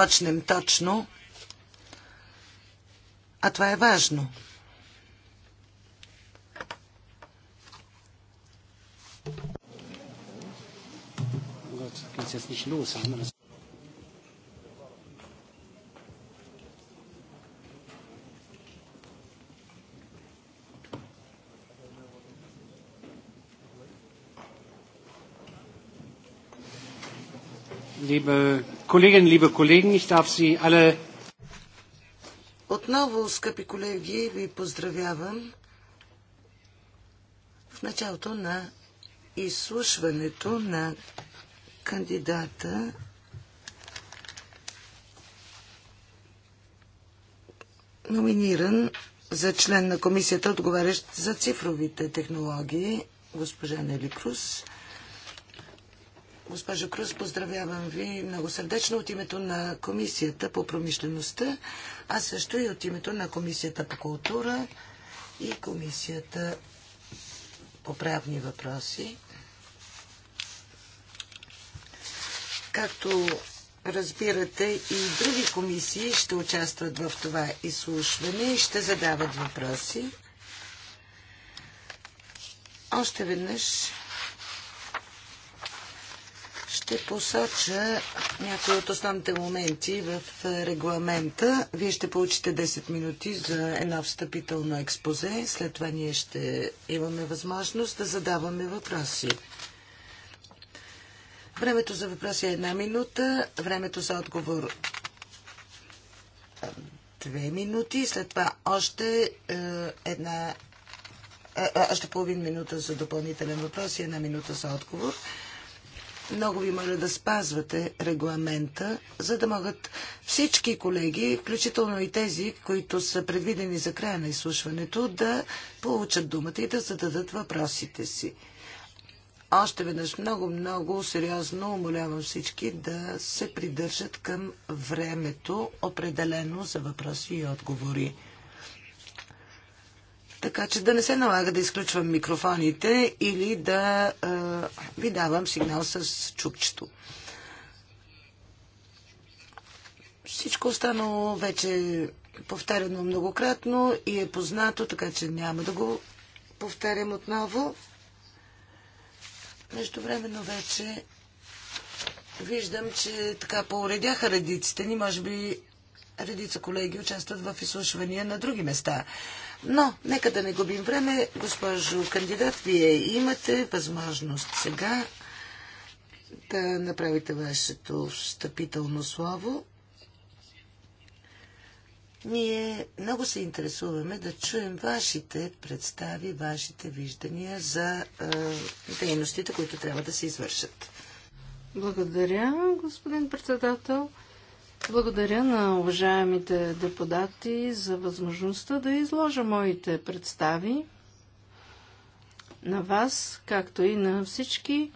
започнем точно, а това е важно. Geht's jetzt nicht los? Haben wir das liebe ich darf Sie alle отново, скъпи колеги, ви поздравявам в началото на изслушването на кандидата номиниран за член на комисията, отговарящ за цифровите технологии, госпожа Нели Крус. Госпожо Крус, поздравявам ви много сърдечно от името на Комисията по промишлеността, а също и от името на Комисията по култура и Комисията по правни въпроси. Както разбирате, и други комисии ще участват в това изслушване и ще задават въпроси. Още веднъж ще посоча някои от основните моменти в е, регламента. Вие ще получите 10 минути за едно встъпително експозе. След това ние ще имаме възможност да задаваме въпроси. Времето за въпроси е една минута, времето за отговор две минути, след това още е, една е, е, още половин минута за допълнителен въпрос и една минута за отговор. Много ви моля да спазвате регламента, за да могат всички колеги, включително и тези, които са предвидени за края на изслушването, да получат думата и да зададат въпросите си. Още веднъж много-много сериозно умолявам всички да се придържат към времето, определено за въпроси и отговори така че да не се налага да изключвам микрофоните или да а, ви давам сигнал с чукчето. Всичко останало вече е повтаряно многократно и е познато, така че няма да го повтарям отново. Между времено вече виждам, че така поуредяха редиците ни. Може би редица колеги участват в изслушвания на други места. Но, нека да не губим време. Госпожо кандидат, вие имате възможност сега да направите вашето встъпително слово. Ние много се интересуваме да чуем вашите представи, вашите виждания за е, дейностите, които трябва да се извършат. Благодаря, господин председател. Благодаря на уважаемите депутати за възможността да изложа моите представи на вас, както и на всички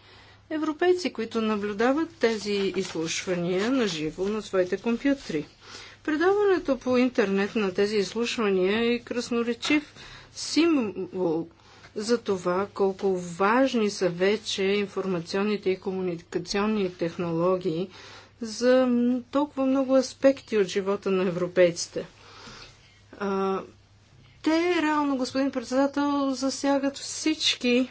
европейци, които наблюдават тези изслушвания на живо на своите компютри. Предаването по интернет на тези изслушвания е красноречив символ за това колко важни са вече информационните и комуникационни технологии – за толкова много аспекти от живота на европейците. А, те реално, господин председател, засягат всички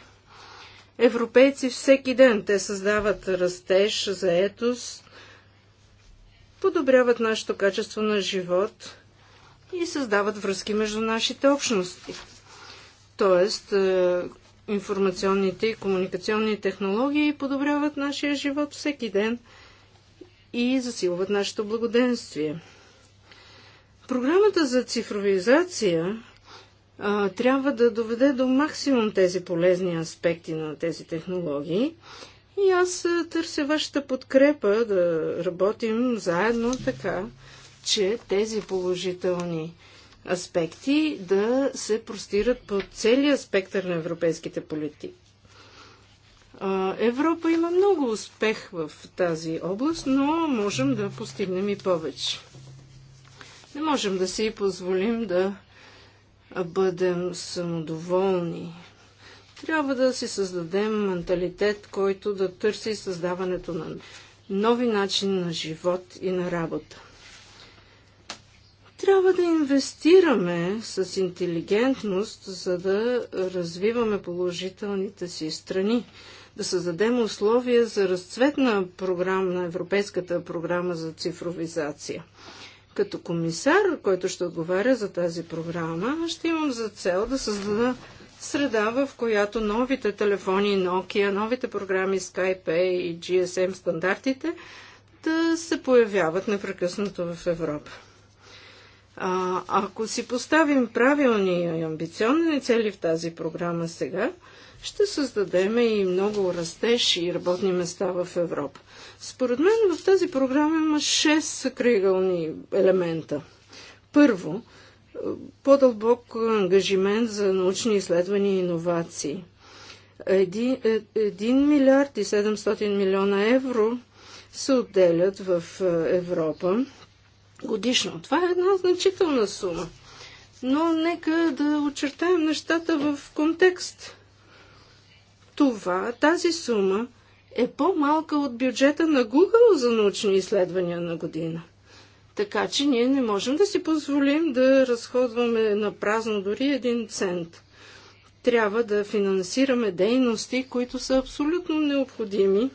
европейци всеки ден. Те създават растеж, заетост, подобряват нашето качество на живот и създават връзки между нашите общности. Тоест, е, информационните и комуникационни технологии подобряват нашия живот всеки ден – и засилват нашето благоденствие. Програмата за цифровизация а, трябва да доведе до максимум тези полезни аспекти на тези технологии. И аз търся вашата подкрепа да работим заедно така, че тези положителни аспекти да се простират по целия спектър на европейските политики. Европа има много успех в тази област, но можем да постигнем и повече. Не можем да си позволим да бъдем самодоволни. Трябва да си създадем менталитет, който да търси създаването на нови начини на живот и на работа. Трябва да инвестираме с интелигентност, за да развиваме положителните си страни да създадем условия за разцветна програма на Европейската програма за цифровизация. Като комисар, който ще отговаря за тази програма, ще имам за цел да създада среда, в която новите телефони Nokia, новите програми Skype и GSM стандартите да се появяват непрекъснато в Европа. А, ако си поставим правилни и амбиционни цели в тази програма сега, ще създадем и много растеж и работни места в Европа. Според мен в тази програма има 6 крайъгълни елемента. Първо, по-дълбок ангажимент за научни изследвания и иновации. 1 е, милиард и 700 милиона евро се отделят в е, Европа годишно. Това е една значителна сума. Но нека да очертаем нещата в контекст това тази сума е по-малка от бюджета на Google за научни изследвания на година. Така че ние не можем да си позволим да разходваме на празно дори един цент. Трябва да финансираме дейности, които са абсолютно необходими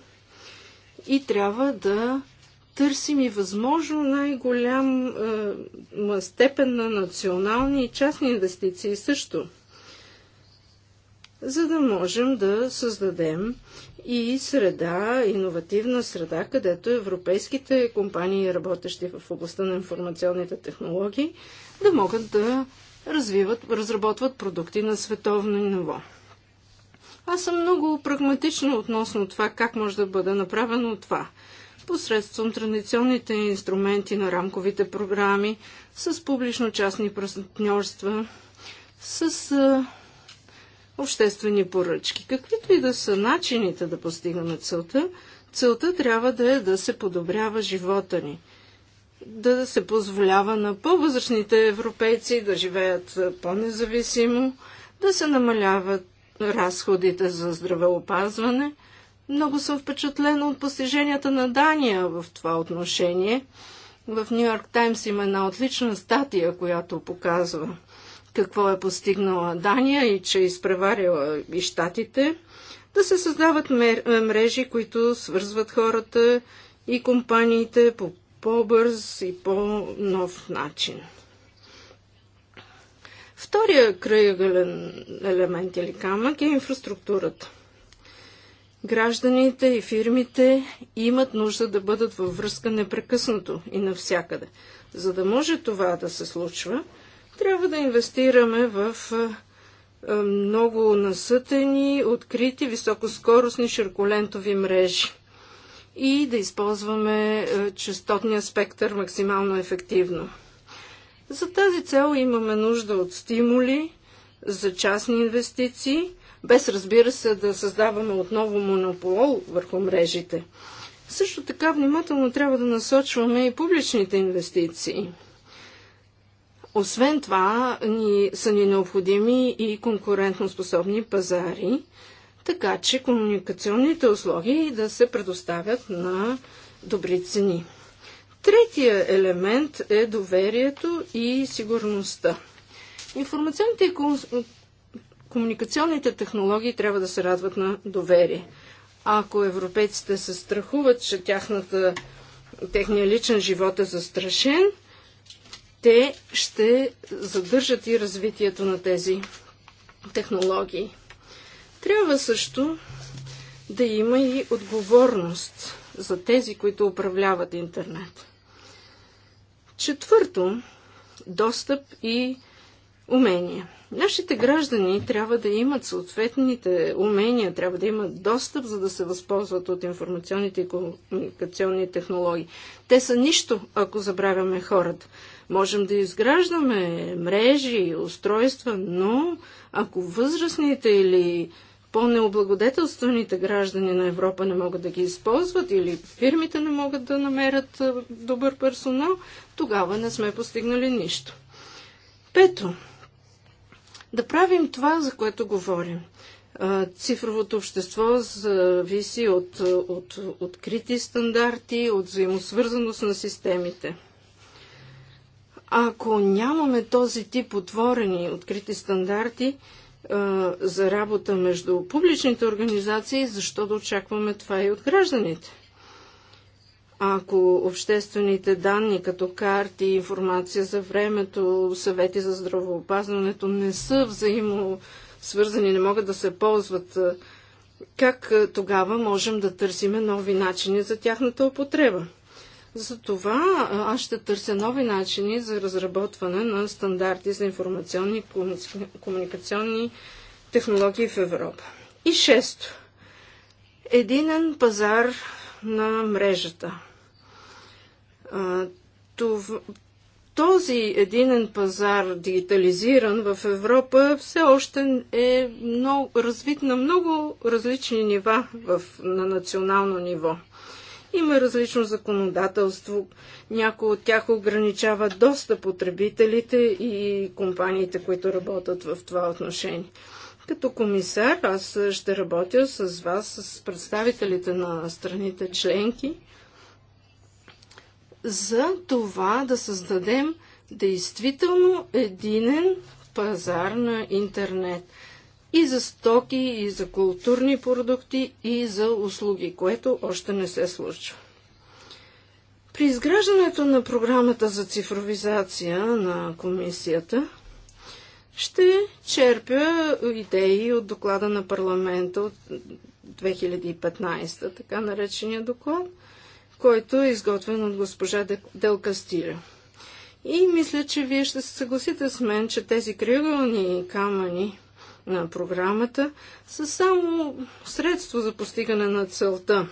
и трябва да търсим и възможно най-голям е, степен на национални и частни инвестиции също за да можем да създадем и среда, иновативна среда, където европейските компании, работещи в областта на информационните технологии, да могат да развиват, разработват продукти на световно ниво. Аз съм много прагматична относно това как може да бъде направено това. Посредством традиционните инструменти на рамковите програми, с публично-частни партньорства, с обществени поръчки. Каквито и да са начините да постигаме целта, целта трябва да е да се подобрява живота ни. Да се позволява на по-възрастните европейци да живеят по-независимо, да се намаляват разходите за здравеопазване. Много съм впечатлена от постиженията на Дания в това отношение. В Нью Йорк Таймс има една отлична статия, която показва – какво е постигнала Дания и че е изпреварила и щатите, да се създават мрежи, които свързват хората и компаниите по по-бърз и по-нов начин. Втория крайъгълен елемент или камък е инфраструктурата. Гражданите и фирмите имат нужда да бъдат във връзка непрекъснато и навсякъде. За да може това да се случва, трябва да инвестираме в много насътени, открити, високоскоростни широколентови мрежи и да използваме частотния спектър максимално ефективно. За тази цел имаме нужда от стимули за частни инвестиции, без разбира се да създаваме отново монопол върху мрежите. Също така внимателно трябва да насочваме и публичните инвестиции. Освен това, ни, са ни необходими и конкурентноспособни пазари, така че комуникационните услуги да се предоставят на добри цени. Третия елемент е доверието и сигурността. Информационните и комуникационните технологии трябва да се радват на доверие. Ако европейците се страхуват, че тяхната, техния личен живот е застрашен – те ще задържат и развитието на тези технологии. Трябва също да има и отговорност за тези, които управляват интернет. Четвърто, достъп и умения. Нашите граждани трябва да имат съответните умения, трябва да имат достъп, за да се възползват от информационните и комуникационни технологии. Те са нищо, ако забравяме хората. Можем да изграждаме мрежи, устройства, но ако възрастните или по-необлагодетелстваните граждани на Европа не могат да ги използват или фирмите не могат да намерят добър персонал, тогава не сме постигнали нищо. Пето, да правим това, за което говорим. Цифровото общество зависи от, от открити стандарти, от взаимосвързаност на системите – ако нямаме този тип отворени, открити стандарти а, е, за работа между публичните организации, защо да очакваме това и от гражданите? Ако обществените данни, като карти, информация за времето, съвети за здравоопазването не са взаимосвързани, не могат да се ползват, е, как е, тогава можем да търсиме нови начини за тяхната употреба? Затова аз ще търся нови начини за разработване на стандарти за информационни и комуникационни технологии в Европа. И шесто. Единен пазар на мрежата. Този единен пазар, дигитализиран в Европа, все още е много, развит на много различни нива в, на национално ниво. Има различно законодателство. Някои от тях ограничава доста потребителите и компаниите, които работят в това отношение. Като комисар аз ще работя с вас, с представителите на страните членки, за това да създадем действително единен пазар на интернет – и за стоки, и за културни продукти, и за услуги, което още не се случва. При изграждането на програмата за цифровизация на комисията ще черпя идеи от доклада на парламента от 2015, така наречения доклад, който е изготвен от госпожа Дел Кастиля. И мисля, че вие ще се съгласите с мен, че тези кръгълни камъни на програмата са само средство за постигане на целта.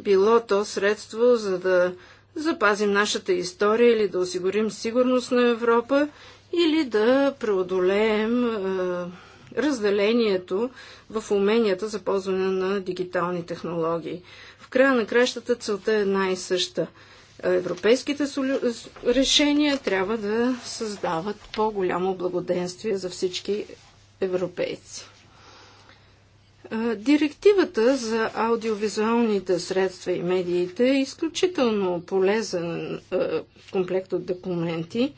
Било то средство за да запазим нашата история или да осигурим сигурност на Европа или да преодолеем е, разделението в уменията за ползване на дигитални технологии. В края на кращата целта е една и съща – европейските решения трябва да създават по-голямо благоденствие за всички европейци. Директивата за аудиовизуалните средства и медиите е изключително полезен комплект от документи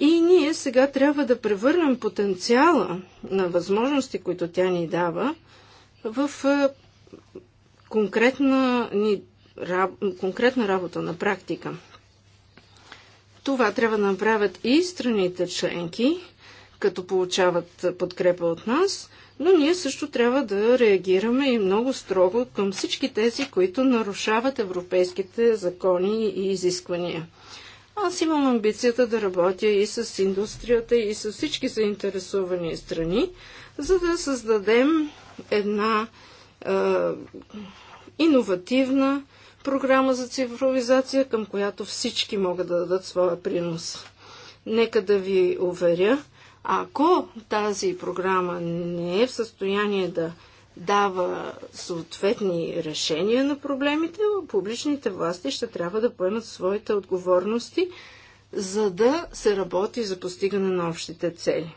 и ние сега трябва да превърнем потенциала на възможности, които тя ни дава, в конкретна ни раб, конкретна работа на практика. Това трябва да направят и страните членки, като получават подкрепа от нас, но ние също трябва да реагираме и много строго към всички тези, които нарушават европейските закони и изисквания. Аз имам амбицията да работя и с индустрията, и с всички заинтересовани страни, за да създадем една е, иновативна, програма за цифровизация, към която всички могат да дадат своя принос. Нека да ви уверя, ако тази програма не е в състояние да дава съответни решения на проблемите, публичните власти ще трябва да поемат своите отговорности, за да се работи за постигане на общите цели.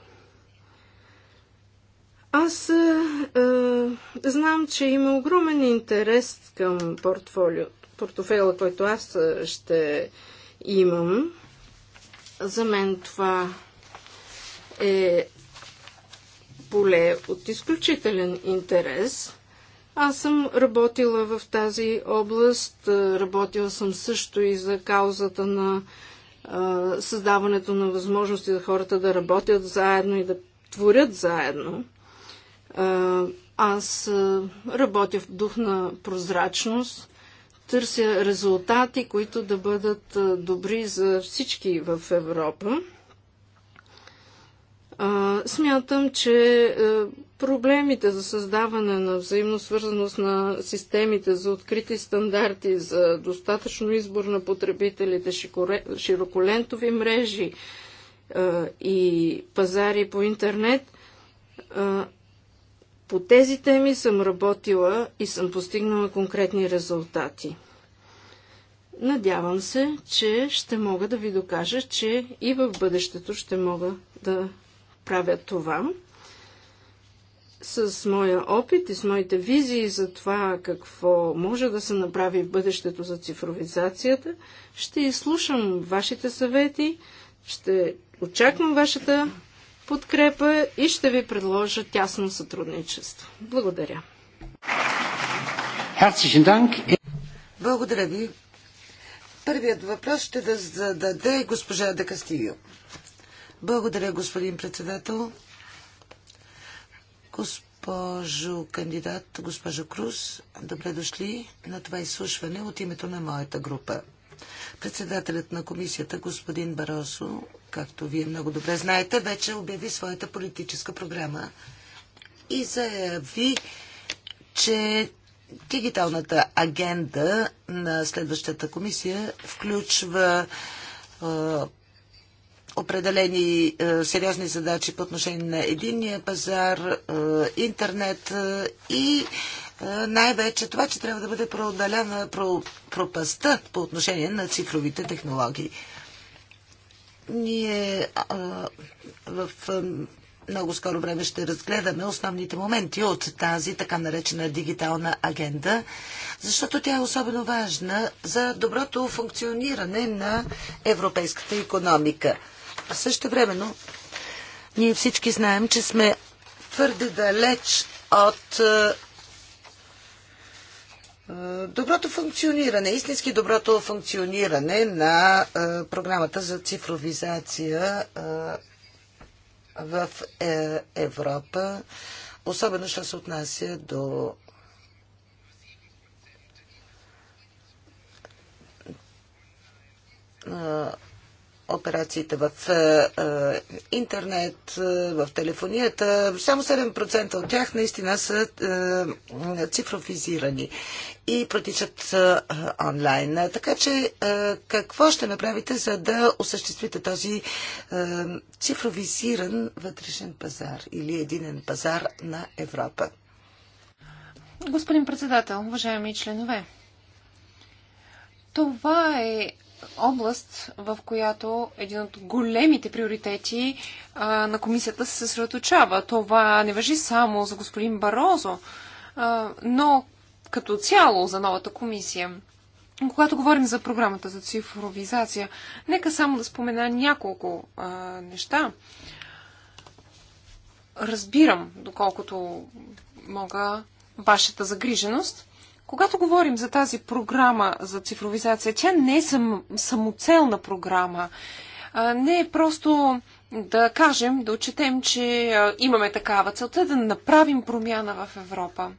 Аз а, е, е, знам, че има огромен интерес към портфолио, портофела, който аз е, ще имам. За мен това е поле от изключителен интерес. Аз съм работила в тази област, работила съм също и за каузата на създаването на възможности за хората да работят заедно и да творят заедно. Аз работя в дух на прозрачност, търся резултати, които да бъдат добри за всички в Европа. Смятам, че проблемите за създаване на взаимно свързаност на системите за открити стандарти, за достатъчно избор на потребителите, широколентови мрежи и пазари по интернет – по тези теми съм работила и съм постигнала конкретни резултати. Надявам се, че ще мога да ви докажа, че и в бъдещето ще мога да правя това. С моя опит и с моите визии за това какво може да се направи в бъдещето за цифровизацията, ще изслушам вашите съвети, ще очаквам вашата подкрепа и ще ви предложа тясно сътрудничество. Благодаря. Благодаря ви. Първият въпрос ще да зададе госпожа Декастио. Благодаря, господин председател. Госпожо кандидат, госпожо Круз, добре дошли на това изслушване от името на моята група. Председателят на комисията, господин Баросо, както вие много добре знаете, вече обяви своята политическа програма и заяви, че дигиталната агенда на следващата комисия включва определени е, сериозни задачи по отношение на единния пазар, е, интернет и най-вече това, че трябва да бъде преодоляна пропаста по отношение на цифровите технологии. Ние в много скоро време ще разгледаме основните моменти от тази така наречена дигитална агенда, защото тя е особено важна за доброто функциониране на европейската економика. Също времено, ние всички знаем, че сме твърде далеч от Доброто функциониране, истински доброто функциониране на програмата за цифровизация в е, Европа, особено що се отнася до операциите в е, е, интернет, е, в телефонията. Само 7% от тях наистина са цифровизирани и протичат онлайн. Така че какво ще направите, за да осъществите този цифровизиран вътрешен пазар или единен пазар на Европа? Господин председател, уважаеми членове, това е област, в която един от големите приоритети а, на комисията се съсредоточава. Това не въжи само за господин Барозо, а, но като цяло за новата комисия. Когато говорим за програмата за цифровизация, нека само да спомена няколко а, неща. Разбирам, доколкото мога, вашата загриженост когато говорим за тази програма за цифровизация, тя не е сам, самоцелна програма. А, не е просто да кажем, да отчетем, че а, имаме такава. Целта е да направим промяна в Европа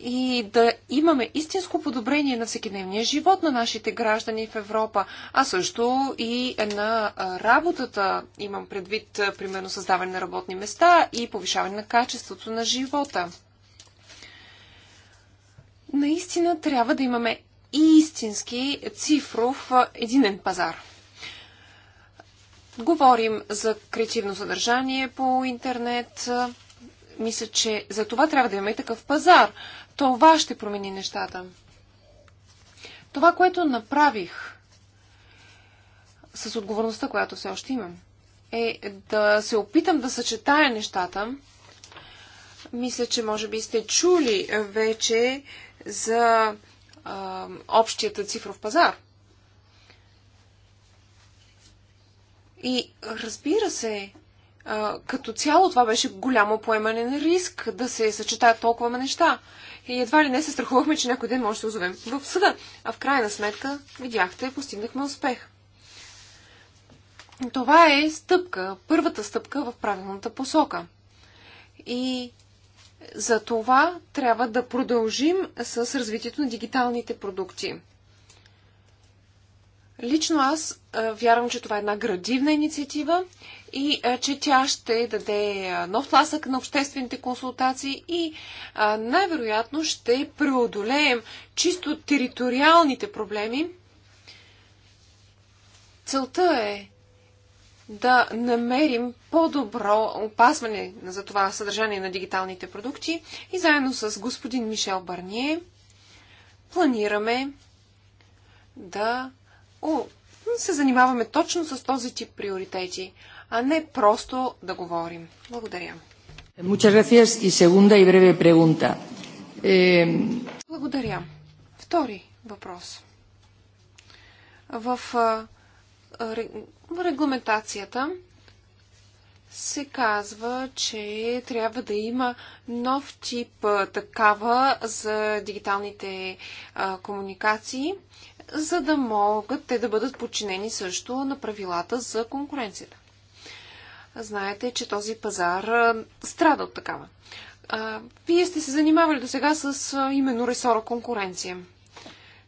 и да имаме истинско подобрение на всекидневния живот на нашите граждани в Европа, а също и на работата. Имам предвид, примерно, създаване на работни места и повишаване на качеството на живота наистина трябва да имаме истински цифров единен пазар. Говорим за креативно съдържание по интернет. Мисля, че за това трябва да имаме и такъв пазар. Това ще промени нещата. Това, което направих с отговорността, която все още имам, е да се опитам да съчетая нещата. Мисля, че може би сте чули вече за а, общият цифров пазар. И разбира се, а, като цяло това беше голямо поемане на риск да се съчетаят толкова неща. И едва ли не се страхувахме, че някой ден може да се озовем в съда. А в крайна сметка, видяхте, постигнахме успех. Това е стъпка, първата стъпка в правилната посока. И за това трябва да продължим с развитието на дигиталните продукти. Лично аз вярвам, че това е една градивна инициатива и че тя ще даде нов тласък на обществените консултации и най-вероятно ще преодолеем чисто териториалните проблеми. Целта е да намерим по-добро опазване за това съдържание на дигиталните продукти и заедно с господин Мишел Барние планираме да О, се занимаваме точно с този тип приоритети, а не просто да говорим. Благодаря. Благодаря. Втори въпрос. В в регламентацията се казва, че трябва да има нов тип такава за дигиталните а, комуникации, за да могат те да бъдат подчинени също на правилата за конкуренцията. Знаете, че този пазар а, страда от такава. А, вие сте се занимавали до сега с именно ресора конкуренция.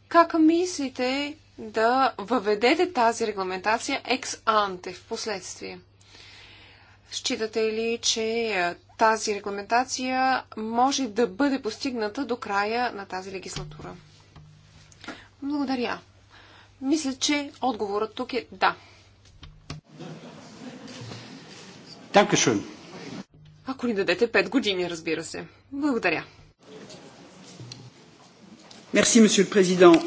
Как мислите да въведете тази регламентация екс-анте в последствие? Считате ли, че тази регламентация може да бъде постигната до края на тази легислатура? Благодаря. Мисля, че отговорът тук е да. Dankeschön. Ако ни дадете 5 години, разбира се. Благодаря. Merci, monsieur le président.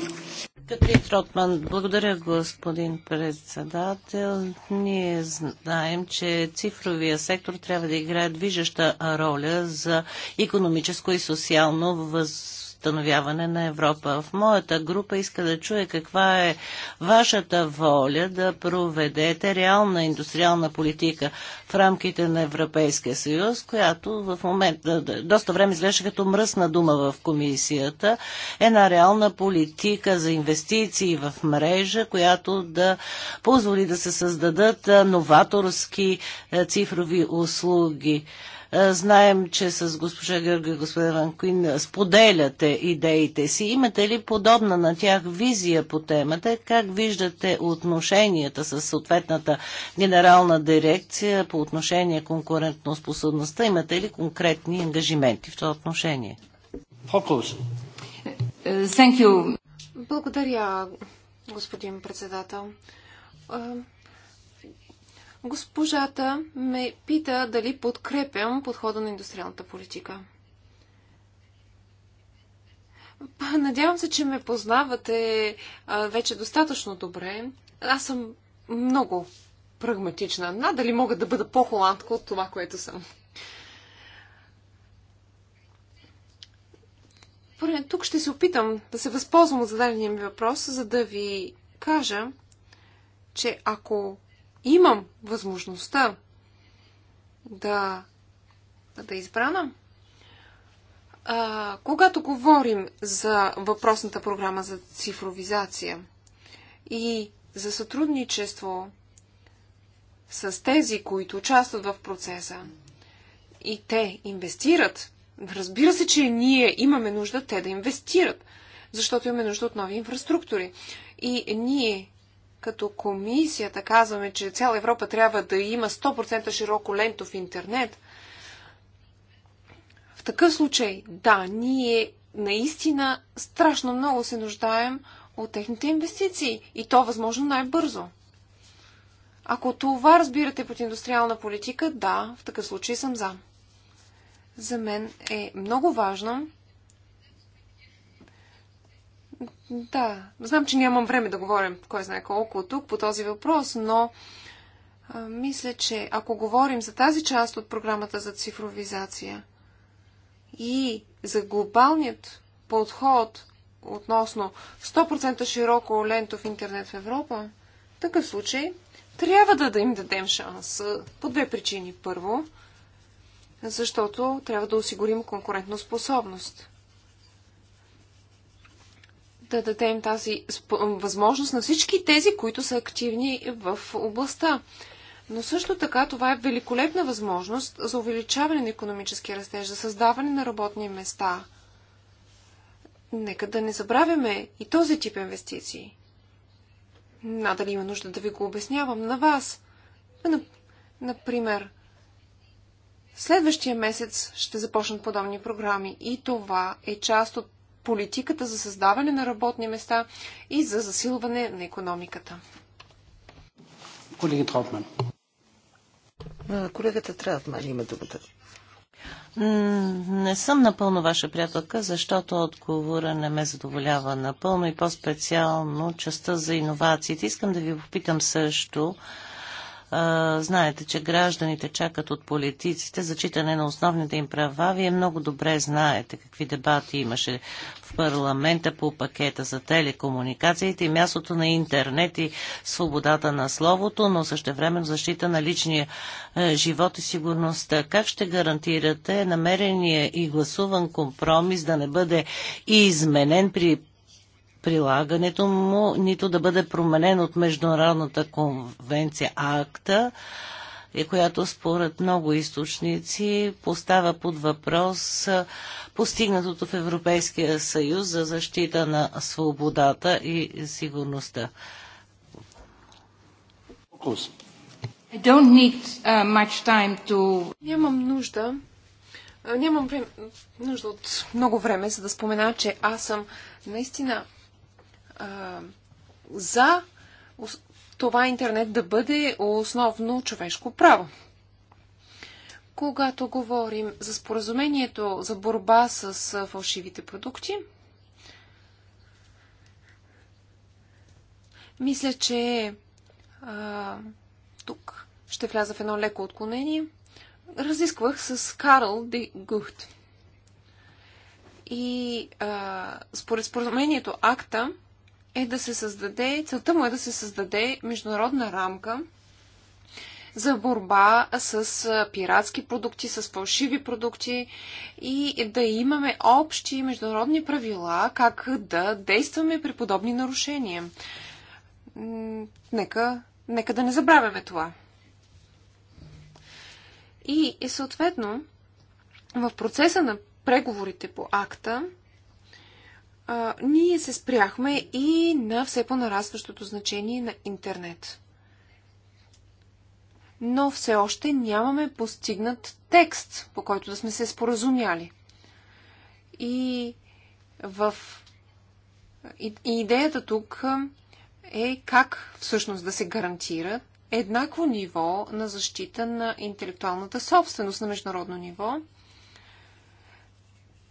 Катрин Тротман, благодаря господин председател. Ние знаем, че цифровия сектор трябва да играе движеща роля за економическо и социално въз възстановяване на Европа. В моята група иска да чуе каква е вашата воля да проведете реална индустриална политика в рамките на Европейския съюз, която в момента доста време изглежда като мръсна дума в комисията. Една реална политика за инвестиции в мрежа, която да позволи да се създадат новаторски цифрови услуги. Е, знаем, че с госпожа Георгия и господин Ранкуин споделяте идеите си. Имате ли подобна на тях визия по темата? Как виждате отношенията с съответната генерална дирекция по отношение конкурентоспособността? Имате ли конкретни ангажименти в това отношение? Е, Благодаря, господин председател. Е, Госпожата ме пита дали подкрепям подхода на индустриалната политика. Надявам се, че ме познавате вече достатъчно добре. Аз съм много прагматична. Надали мога да бъда по-холандка от това, което съм. Тук ще се опитам да се възползвам от зададения ми въпрос, за да ви кажа, че ако имам възможността да да избрана, а, когато говорим за въпросната програма за цифровизация и за сътрудничество с тези, които участват в процеса и те инвестират, разбира се, че ние имаме нужда те да инвестират, защото имаме нужда от нови инфраструктури. И ние като комисията казваме, че цяла Европа трябва да има 100% широко лентов интернет, в такъв случай, да, ние наистина страшно много се нуждаем от техните инвестиции и то възможно най-бързо. Ако това разбирате под индустриална политика, да, в такъв случай съм за. За мен е много важно да, знам, че нямам време да говорим кой знае колко тук по този въпрос, но а, мисля, че ако говорим за тази част от програмата за цифровизация и за глобалният подход относно 100% широко лентов интернет в Европа, в такъв случай трябва да, да им дадем шанс по две причини. Първо, защото трябва да осигурим конкурентоспособност. способност да дадем тази възможност на всички тези, които са активни в областта. Но също така това е великолепна възможност за увеличаване на економически растеж, за създаване на работни места. Нека да не забравяме и този тип инвестиции. Надали има нужда да ви го обяснявам на вас. Например, следващия месец ще започнат подобни програми и това е част от политиката за създаване на работни места и за засилване на економиката. Колеги Траутман. Колегата Траутман има думата. Не съм напълно ваша приятелка, защото отговора не ме задоволява напълно и по-специално частта за иновациите. Искам да ви попитам също знаете, че гражданите чакат от политиците зачитане на основните им права. Вие много добре знаете какви дебати имаше в парламента по пакета за телекомуникациите и мястото на интернет и свободата на словото, но също време защита на личния е, живот и сигурността. Как ще гарантирате намерения и гласуван компромис да не бъде изменен при прилагането му, нито да бъде променен от Международната конвенция АКТА, която според много източници поставя под въпрос постигнатото в Европейския съюз за защита на свободата и сигурността. Need, uh, to... Нямам нужда. Нямам нужда от много време, за да спомена, че аз съм наистина а, за това интернет да бъде основно човешко право. Когато говорим за споразумението за борба с фалшивите продукти, мисля, че а, тук ще вляза в едно леко отклонение. Разисквах с Карл Де Гухт. И а, според споразумението АКТА, е да се създаде, целта му е да се създаде международна рамка за борба с пиратски продукти, с фалшиви продукти и да имаме общи международни правила как да действаме при подобни нарушения. Нека, нека да не забравяме това. И, и съответно, в процеса на преговорите по акта а, ние се спряхме и на все по-нарастващото значение на интернет. Но все още нямаме постигнат текст, по който да сме се споразумяли. И в и, и идеята тук е как всъщност да се гарантира еднакво ниво на защита на интелектуалната собственост на международно ниво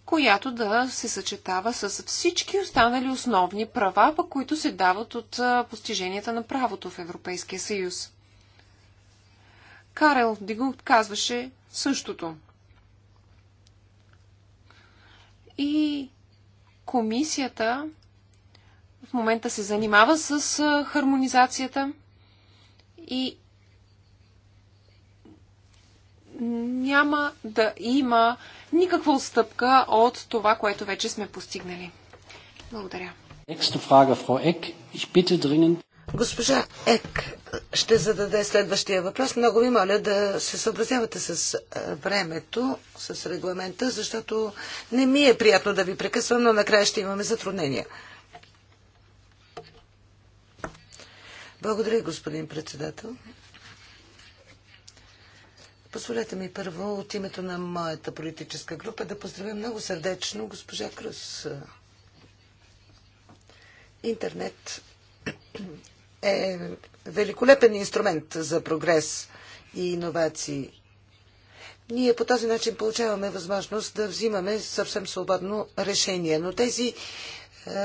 която да се съчетава с всички останали основни права, които се дават от постиженията на правото в Европейския съюз. Карел Дигунт казваше същото. И комисията в момента се занимава с хармонизацията и няма да има никаква отстъпка от това, което вече сме постигнали. Благодаря. Госпожа Ек ще зададе следващия въпрос. Много ви моля да се съобразявате с е, времето, с регламента, защото не ми е приятно да ви прекъсвам, но накрая ще имаме затруднения. Благодаря, господин председател. Позволете ми първо от името на моята политическа група да поздравя много сърдечно госпожа Крус. Интернет е великолепен инструмент за прогрес и иновации. Ние по този начин получаваме възможност да взимаме съвсем свободно решение, но тези е,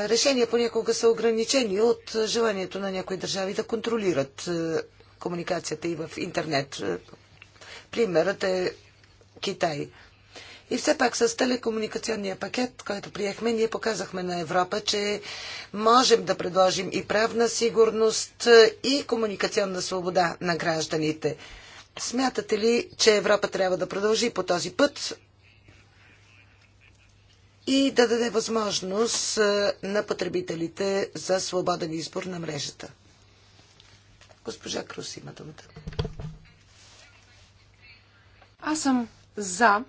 решения понякога са ограничени от желанието на някои държави да контролират е, комуникацията и в интернет. Примерът е Китай. И все пак с телекомуникационния пакет, който приехме, ние показахме на Европа, че можем да предложим и правна сигурност, и комуникационна свобода на гражданите. Смятате ли, че Европа трябва да продължи по този път и да даде възможност е, на потребителите за свободен избор на мрежата? Госпожа Крус има думата. Аз съм за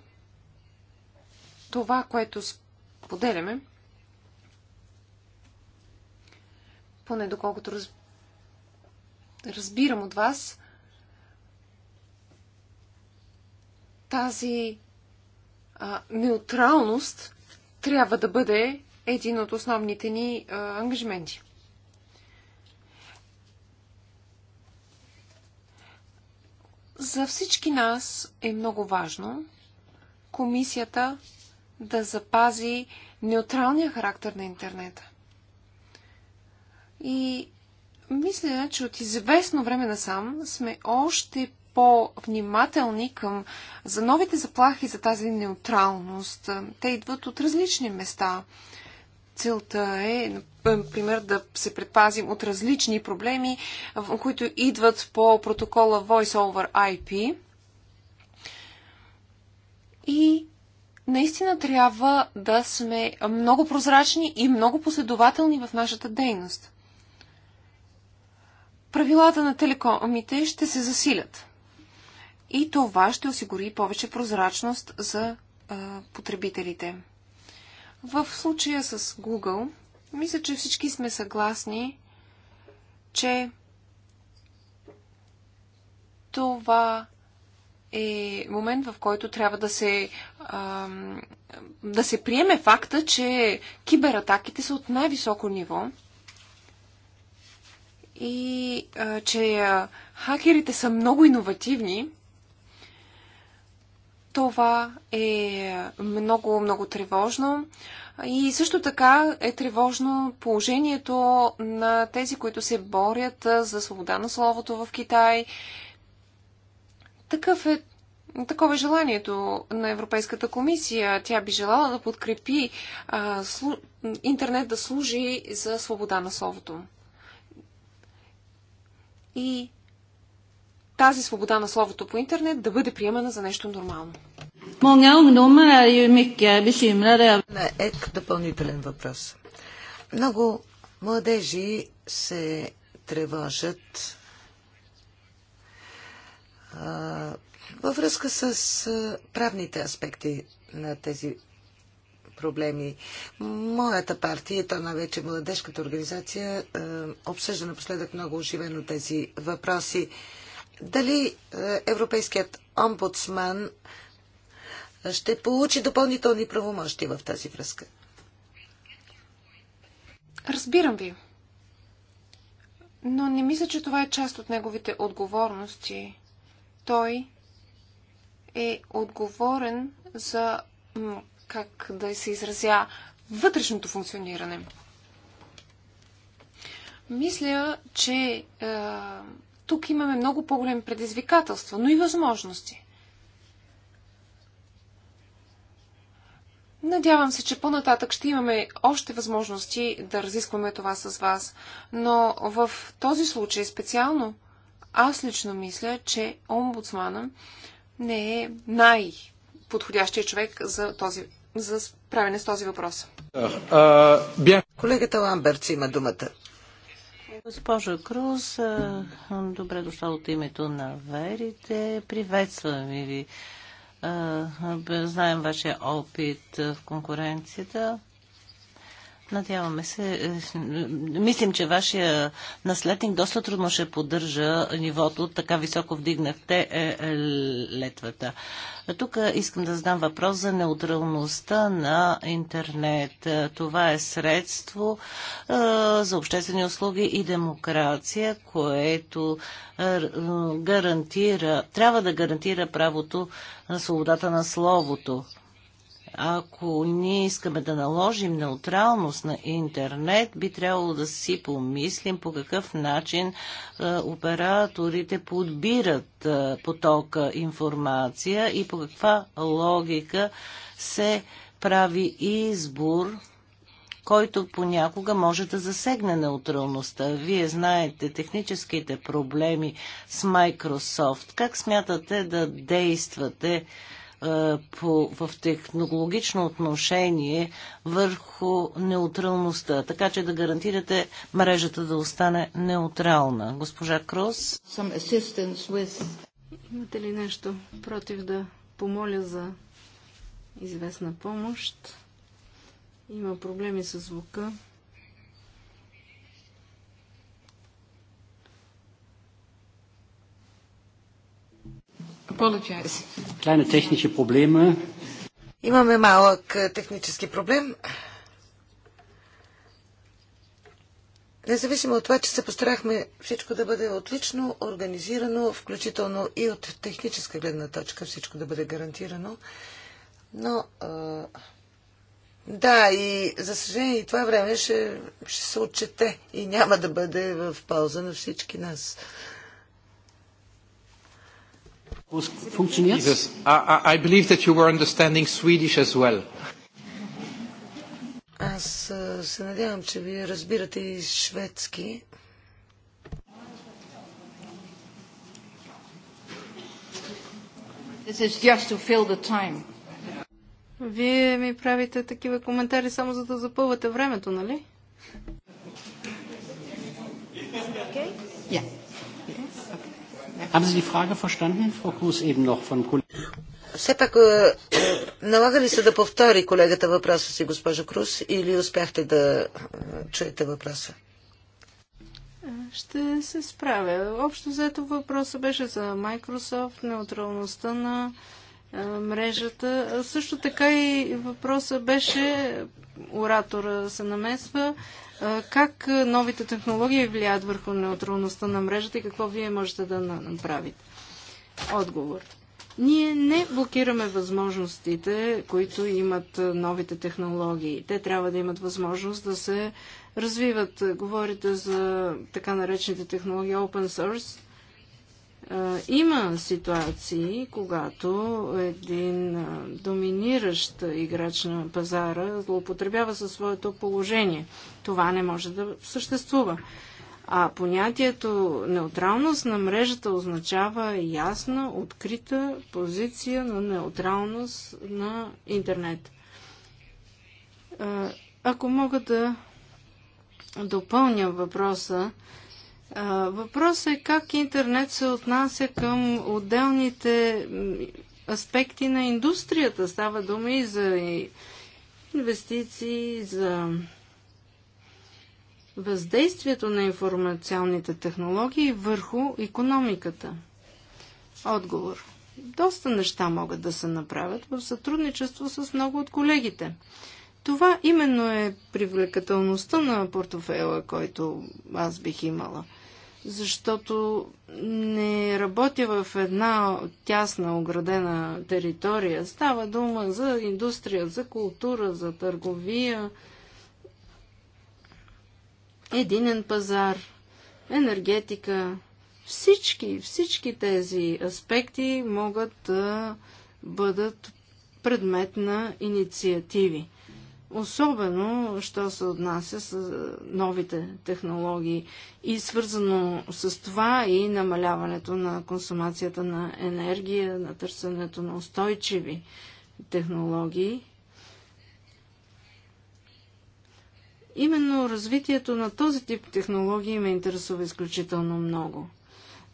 това, което споделяме, поне доколкото раз... разбирам от вас, тази а, неутралност трябва да бъде един от основните ни а, ангажименти. За всички нас е много важно комисията да запази неутралния характер на интернета. И мисля, че от известно време насам сме още по-внимателни към за новите заплахи за тази неутралност. Те идват от различни места. Целта е пример, да се предпазим от различни проблеми, които идват по протокола Voice over IP. И наистина трябва да сме много прозрачни и много последователни в нашата дейност. Правилата на телекомите ще се засилят. И това ще осигури повече прозрачност за а, потребителите. В случая с Google мисля, че всички сме съгласни, че това е момент, в който трябва да се, да се приеме факта, че кибератаките са от най-високо ниво и че хакерите са много иновативни това е много, много тревожно. И също така е тревожно положението на тези, които се борят за свобода на словото в Китай. Такъв е, такова е желанието на Европейската комисия. Тя би желала да подкрепи а, слу, интернет да служи за свобода на словото. И тази свобода на словото по интернет да бъде приемана за нещо нормално. Många ungdomar är ju mycket bekymrade över... Ек допълнителен въпрос. Много младежи се тревожат във връзка с правните аспекти на тези проблеми. Моята партия, то най-вече младежката организация, обсъжда напоследък много оживено тези въпроси дали е, Европейският омбудсман ще получи допълнителни правомощи в тази връзка. Разбирам ви. Но не мисля, че това е част от неговите отговорности. Той е отговорен за, как да се изразя, вътрешното функциониране. Мисля, че е, тук имаме много по-големи предизвикателства, но и възможности. Надявам се, че по-нататък ще имаме още възможности да разискваме това с вас, но в този случай специално аз лично мисля, че омбудсмана не е най-подходящия човек за, този, за справяне с този въпрос. Колегата Ламберц има думата. Госпожо Круз, добре дошла от името на верите. Приветствам ви. Знаем вашия опит в конкуренцията. Надяваме се. Е, мислим, че вашия наследник доста трудно ще поддържа нивото. Така високо вдигнахте е, е, летвата. Тук искам да задам въпрос за неутралността на интернет. Това е средство е, за обществени услуги и демокрация, което е, гарантира, трябва да гарантира правото на свободата на словото. Ако ние искаме да наложим неутралност на интернет, би трябвало да си помислим по какъв начин е, операторите подбират е, потока информация и по каква логика се прави избор който понякога може да засегне неутралността. Вие знаете техническите проблеми с Microsoft. Как смятате да действате е, по, в технологично отношение върху неутралността, така че да гарантирате мрежата да остане неутрална. Госпожа Крос? With... Имате ли нещо против да помоля за известна помощ? Има проблеми с звука. Apologize. Kleine technische Probleme. Имаме малък е, технически проблем. Независимо от това, че се постарахме всичко да бъде отлично организирано, включително и от техническа гледна точка всичко да бъде гарантирано. Но да, и за съжаление и това време ще, ще се отчете и няма да бъде в полза на всички нас. Funktioniert? Dieses, I, I believe that you were understanding Swedish as well. Аз се надявам, че вие разбирате и шведски. This is just to fill the time. Вие ми правите такива коментари само за да запълвате времето, нали? Okay? Yeah. Haben Sie die Frage verstanden, Frau Cruz, eben noch von Все пак, е, налага ли се да повтори колегата въпроса си, госпожо Крус, или успяхте да е, чуете въпроса? Е, ще се справя. Общо заето въпроса беше за Microsoft, неутралността на мрежата. Също така и въпроса беше, оратора се намесва, как новите технологии влияят върху неутралността на мрежата и какво вие можете да направите? Отговор. Ние не блокираме възможностите, които имат новите технологии. Те трябва да имат възможност да се развиват. Говорите за така наречените технологии open source. Има ситуации, когато един доминиращ играч на пазара злоупотребява със своето положение. Това не може да съществува. А понятието неутралност на мрежата означава ясна, открита позиция на неутралност на интернет. Ако мога да допълня въпроса, Въпросът е как интернет се отнася към отделните аспекти на индустрията. Става дума и за инвестиции, за въздействието на информационните технологии върху економиката. Отговор. Доста неща могат да се направят в сътрудничество с много от колегите. Това именно е привлекателността на портофела, който аз бих имала – защото не работя в една тясна оградена територия. Става дума за индустрия, за култура, за търговия, единен пазар, енергетика. Всички, всички тези аспекти могат да бъдат предмет на инициативи особено, що се отнася с е, новите технологии и свързано с това и намаляването на консумацията на енергия, на търсенето на устойчиви технологии. Именно развитието на този тип технологии ме интересува изключително много –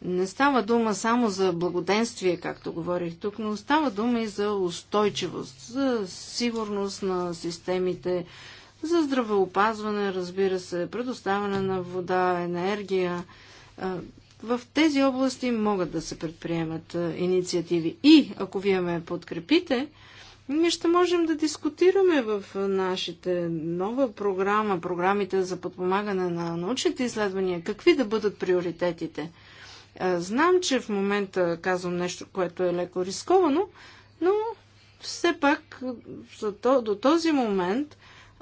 не става дума само за благоденствие, както говорих тук, но става дума и за устойчивост, за сигурност на системите, за здравеопазване, разбира се, предоставяне на вода, енергия. В тези области могат да се предприемат инициативи. И ако вие ме подкрепите, ние ще можем да дискутираме в нашите нова програма, програмите за подпомагане на научните изследвания, какви да бъдат приоритетите. Е, знам, че в момента казвам нещо, което е леко рисковано, но все пак до този момент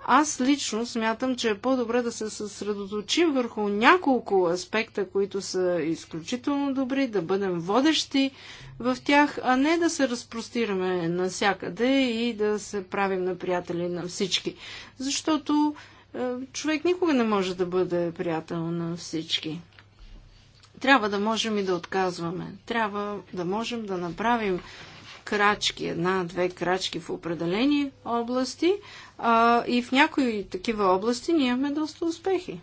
аз лично смятам, че е по-добре да се съсредоточим върху няколко аспекта, които са изключително добри, да бъдем водещи в тях, а не да се разпростираме насякъде и да се правим на приятели на всички. Защото е, човек никога не може да бъде приятел на всички трябва да можем и да отказваме. Трябва да можем да направим крачки, една-две крачки в определени области а, и в някои такива области ние имаме доста успехи.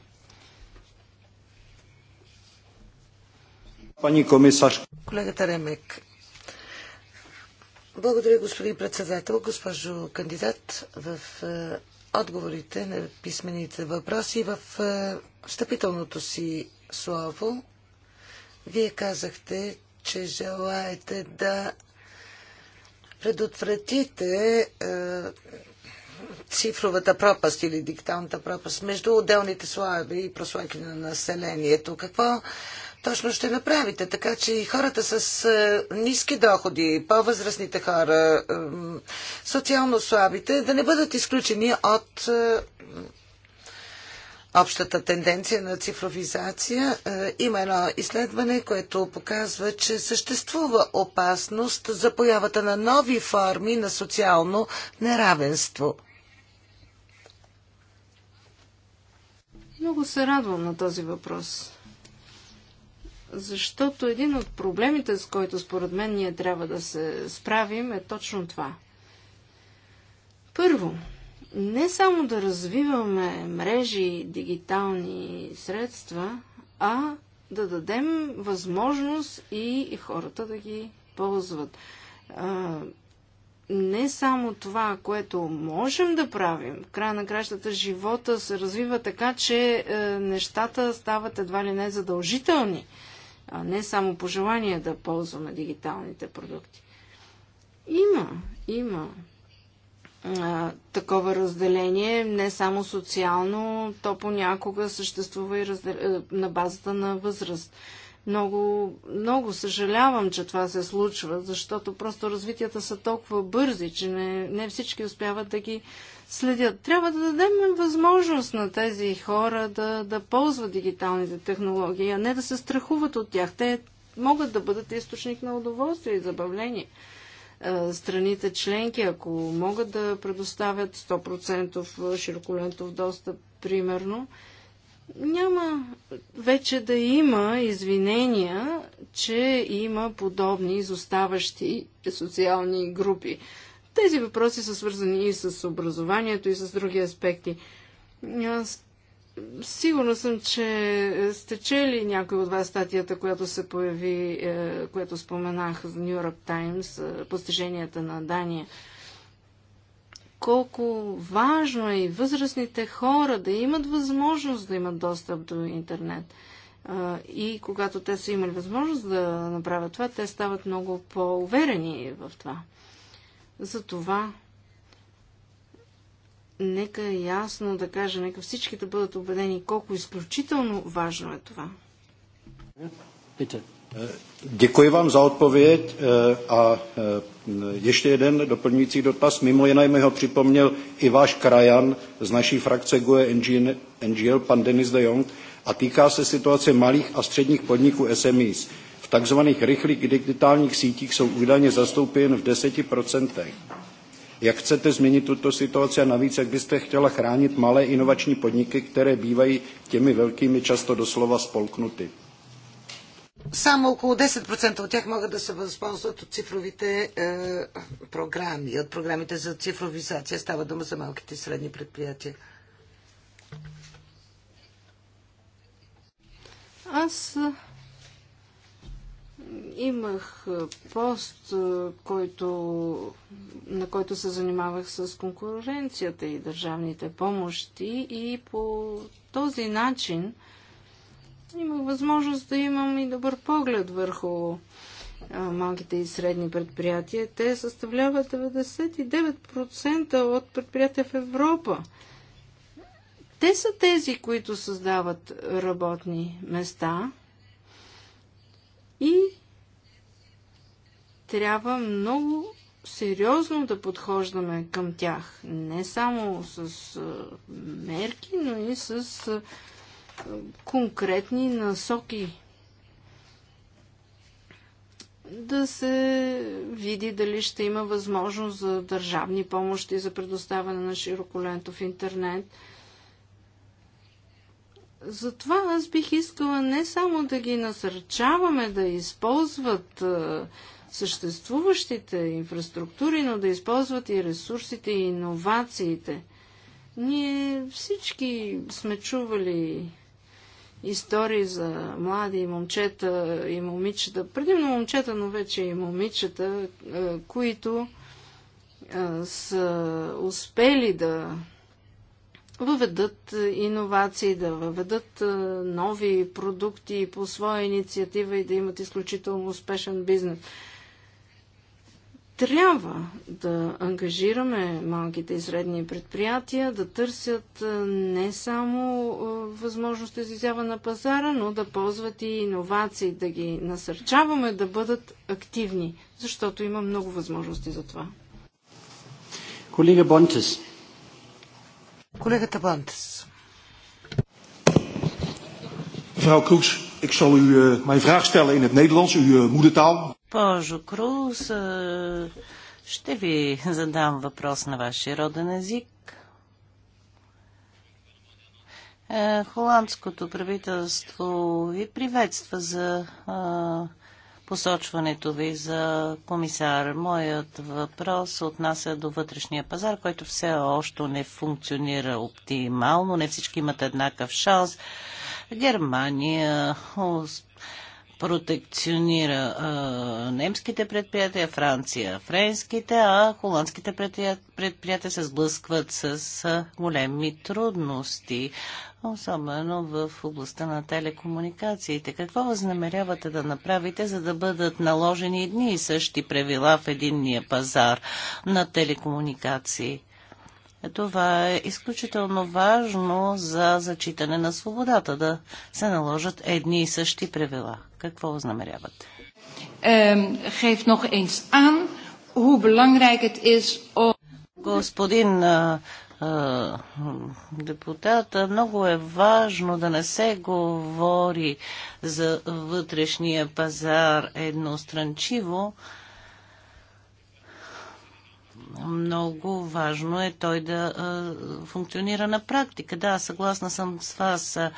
Пани комисар. Колегата Ремек. Благодаря, господин председател. Госпожо кандидат, в е, отговорите на писмените въпроси в е, встъпителното си слово вие казахте, че желаете да предотвратите е, цифровата пропаст или дигиталната пропаст между отделните слаби и прослойки на населението. Какво точно ще направите? Така че и хората с е, ниски доходи, по-възрастните хора, е, социално слабите да не бъдат изключени от е, общата тенденция на цифровизация. Е, има едно изследване, което показва, че съществува опасност за появата на нови форми на социално неравенство. Много се радвам на този въпрос. Защото един от проблемите, с който според мен ние трябва да се справим, е точно това. Първо, не само да развиваме мрежи, дигитални средства, а да дадем възможност и хората да ги ползват. не само това, което можем да правим, в края на кращата живота се развива така, че е, нещата стават едва ли не задължителни, а не само пожелание да ползваме дигиталните продукти. Има, има а, такова разделение, не само социално, то понякога съществува и раздел... Е, на базата на възраст. Много, много съжалявам, че това се случва, защото просто развитията са толкова бързи, че не, не всички успяват да ги следят. Трябва да дадем възможност на тези хора да, да ползват дигиталните технологии, а не да се страхуват от тях. Те могат да бъдат източник на удоволствие и забавление страните членки, ако могат да предоставят 100% широколентов достъп, примерно, няма вече да има извинения, че има подобни изоставащи социални групи. Тези въпроси са свързани и с образованието, и с други аспекти. Аз Сигурно съм, че сте чели някой от вас статията, която се появи, е, която споменах в New York Times, е, постиженията на Дания. Колко важно е и възрастните хора да имат възможност да имат достъп до интернет. Е, и когато те са имали възможност да направят това, те стават много по-уверени в това. Затова нека ясно да кажа, нека всички да бъдат убедени колко изключително важно е това. Děkuji vám za odpověď a ještě jeden doplňující dotaz. Mimo jiné mi ho připomněl i váš krajan z naší frakce GUE NGL, pan Denis de Jong, a týká se situace malých a středních podniků SMEs. V takzvaných rychlých digitálních sítích jsou údajně zastoupen v 10 Jak chcete změnit tuto situaci a navíc, jak byste chtěla chránit malé inovační podniky, které bývají těmi velkými často doslova spolknuty? Само около 10% от тях могат да се възползват от цифровите е, програми, от програмите за цифровизация. Става дума за малките и средни предприятия. Аз имах пост, който, на който се занимавах с конкуренцията и държавните помощи и по този начин имах възможност да имам и добър поглед върху малките и средни предприятия. Те съставляват 99% от предприятия в Европа. Те са тези, които създават работни места и трябва много сериозно да подхождаме към тях. Не само с мерки, но и с конкретни насоки. Да се види дали ще има възможност за държавни помощи за предоставяне на широколентов интернет. Затова аз бих искала не само да ги насърчаваме да използват съществуващите инфраструктури, но да използват и ресурсите и иновациите. Ние всички сме чували истории за млади момчета и момичета, предимно момчета, но вече и момичета, е, които е, са успели да въведат иновации, да въведат е, нови продукти по своя инициатива и да имат изключително успешен бизнес трябва да ангажираме малките и средни предприятия да търсят не само възможности за изява на пазара, но да ползват и иновации, да ги насърчаваме да бъдат активни, защото има много възможности за това. Колега Бонтес. Колегата Бонтес. Mevrouw Kroes, ik zal u uh, mijn vraag stellen in het Nederlands, uw uh, moedertaal. Госпожо Круз, ще ви задам въпрос на вашия роден език. Е, холандското правителство ви приветства за посочването ви за комисар. Моят въпрос отнася до вътрешния пазар, който все още не функционира оптимално. Не всички имат еднакъв шанс. Германия протекционира а, немските предприятия, Франция френските, а холандските предприятия, предприятия се сблъскват с а, големи трудности, особено в областта на телекомуникациите. Какво възнамерявате да направите, за да бъдат наложени едни и същи правила в единния пазар на телекомуникации? Това е изключително важно за зачитане на свободата, да се наложат едни и същи правила. Какво ознамерявате? Geef nog eens aan hoe belangrijk het is Господин депутата, много е важно да не се говори за вътрешния пазар едностранчиво, много важно е той да а, функционира на практика. Да, съгласна съм с вас. А,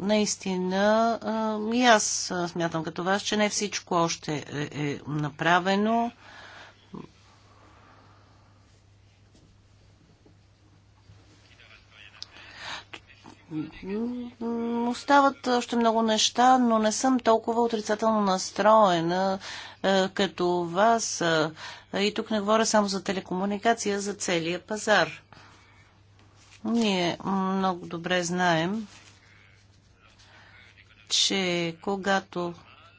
наистина, а, и аз смятам като вас, че не всичко още е, е направено. А, Остават още много неща, но не съм толкова отрицателно настроена е, като вас. Е, и тук не говоря само за телекомуникация, за целия пазар. Ние много добре знаем, че когато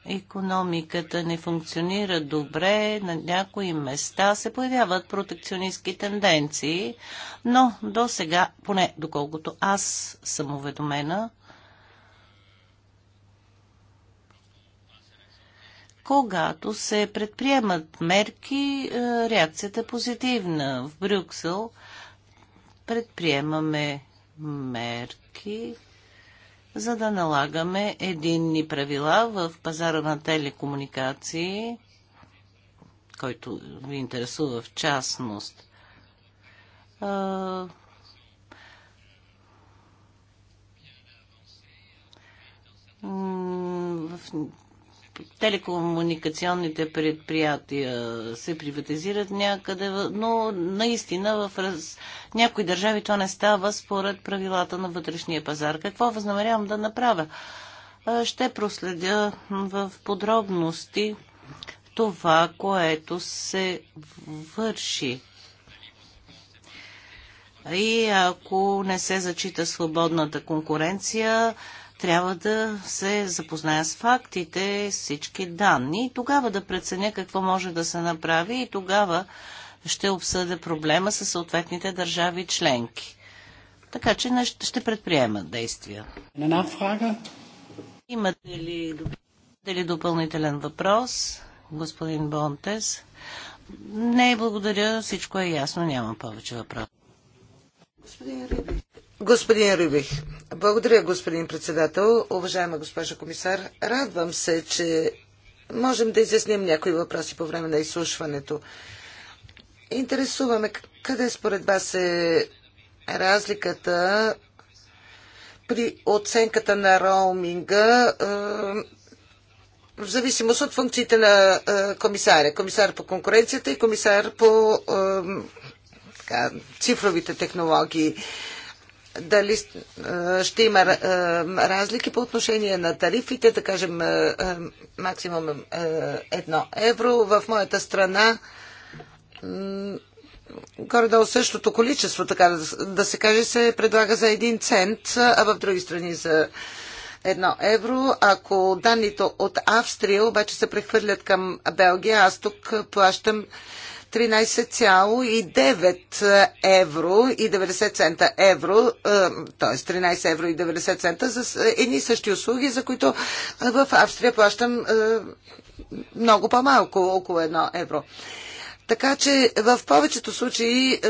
економиката не функционира добре, на някои места се появяват протекционистски тенденции, но до сега, поне доколкото аз съм уведомена, когато се предприемат мерки, е, реакцията е позитивна. В Брюксел предприемаме мерки, за да налагаме единни правила в пазара на телекомуникации, който ви интересува в частност. В телекомуникационните предприятия се приватизират някъде, но наистина в раз... някои държави това не става според правилата на вътрешния пазар. Какво възнамерявам да направя? Ще проследя в подробности това, което се върши. И ако не се зачита свободната конкуренция, трябва да се запозная с фактите, с всички данни и тогава да преценя какво може да се направи и тогава ще обсъда проблема с съответните държави членки. Така че ще предприемат действия. Имате ли, имате ли допълнителен въпрос, господин Бонтес? Не, благодаря. Всичко е ясно. Няма повече въпроси. Господин Риби. Господин Рюбих, благодаря, господин председател. Уважаема госпожа комисар, радвам се, че можем да изясним някои въпроси по време на изслушването. Интересуваме къде според вас е разликата при оценката на роуминга е, в зависимост от функциите на е, комисаря. Комисар по конкуренцията и комисар по е, цифровите технологии дали ще има разлики по отношение на тарифите, да кажем максимум едно евро. В моята страна горе-долу същото количество, така да се каже, се предлага за един цент, а в други страни за едно евро. Ако данните от Австрия обаче се прехвърлят към Белгия, аз тук плащам 13,9 е, евро и 90 цента евро, е, т.е. 13 евро и 90 цента за е, едни същи услуги, за които в Австрия плащам много по-малко, около 1 евро. Така че в повечето случаи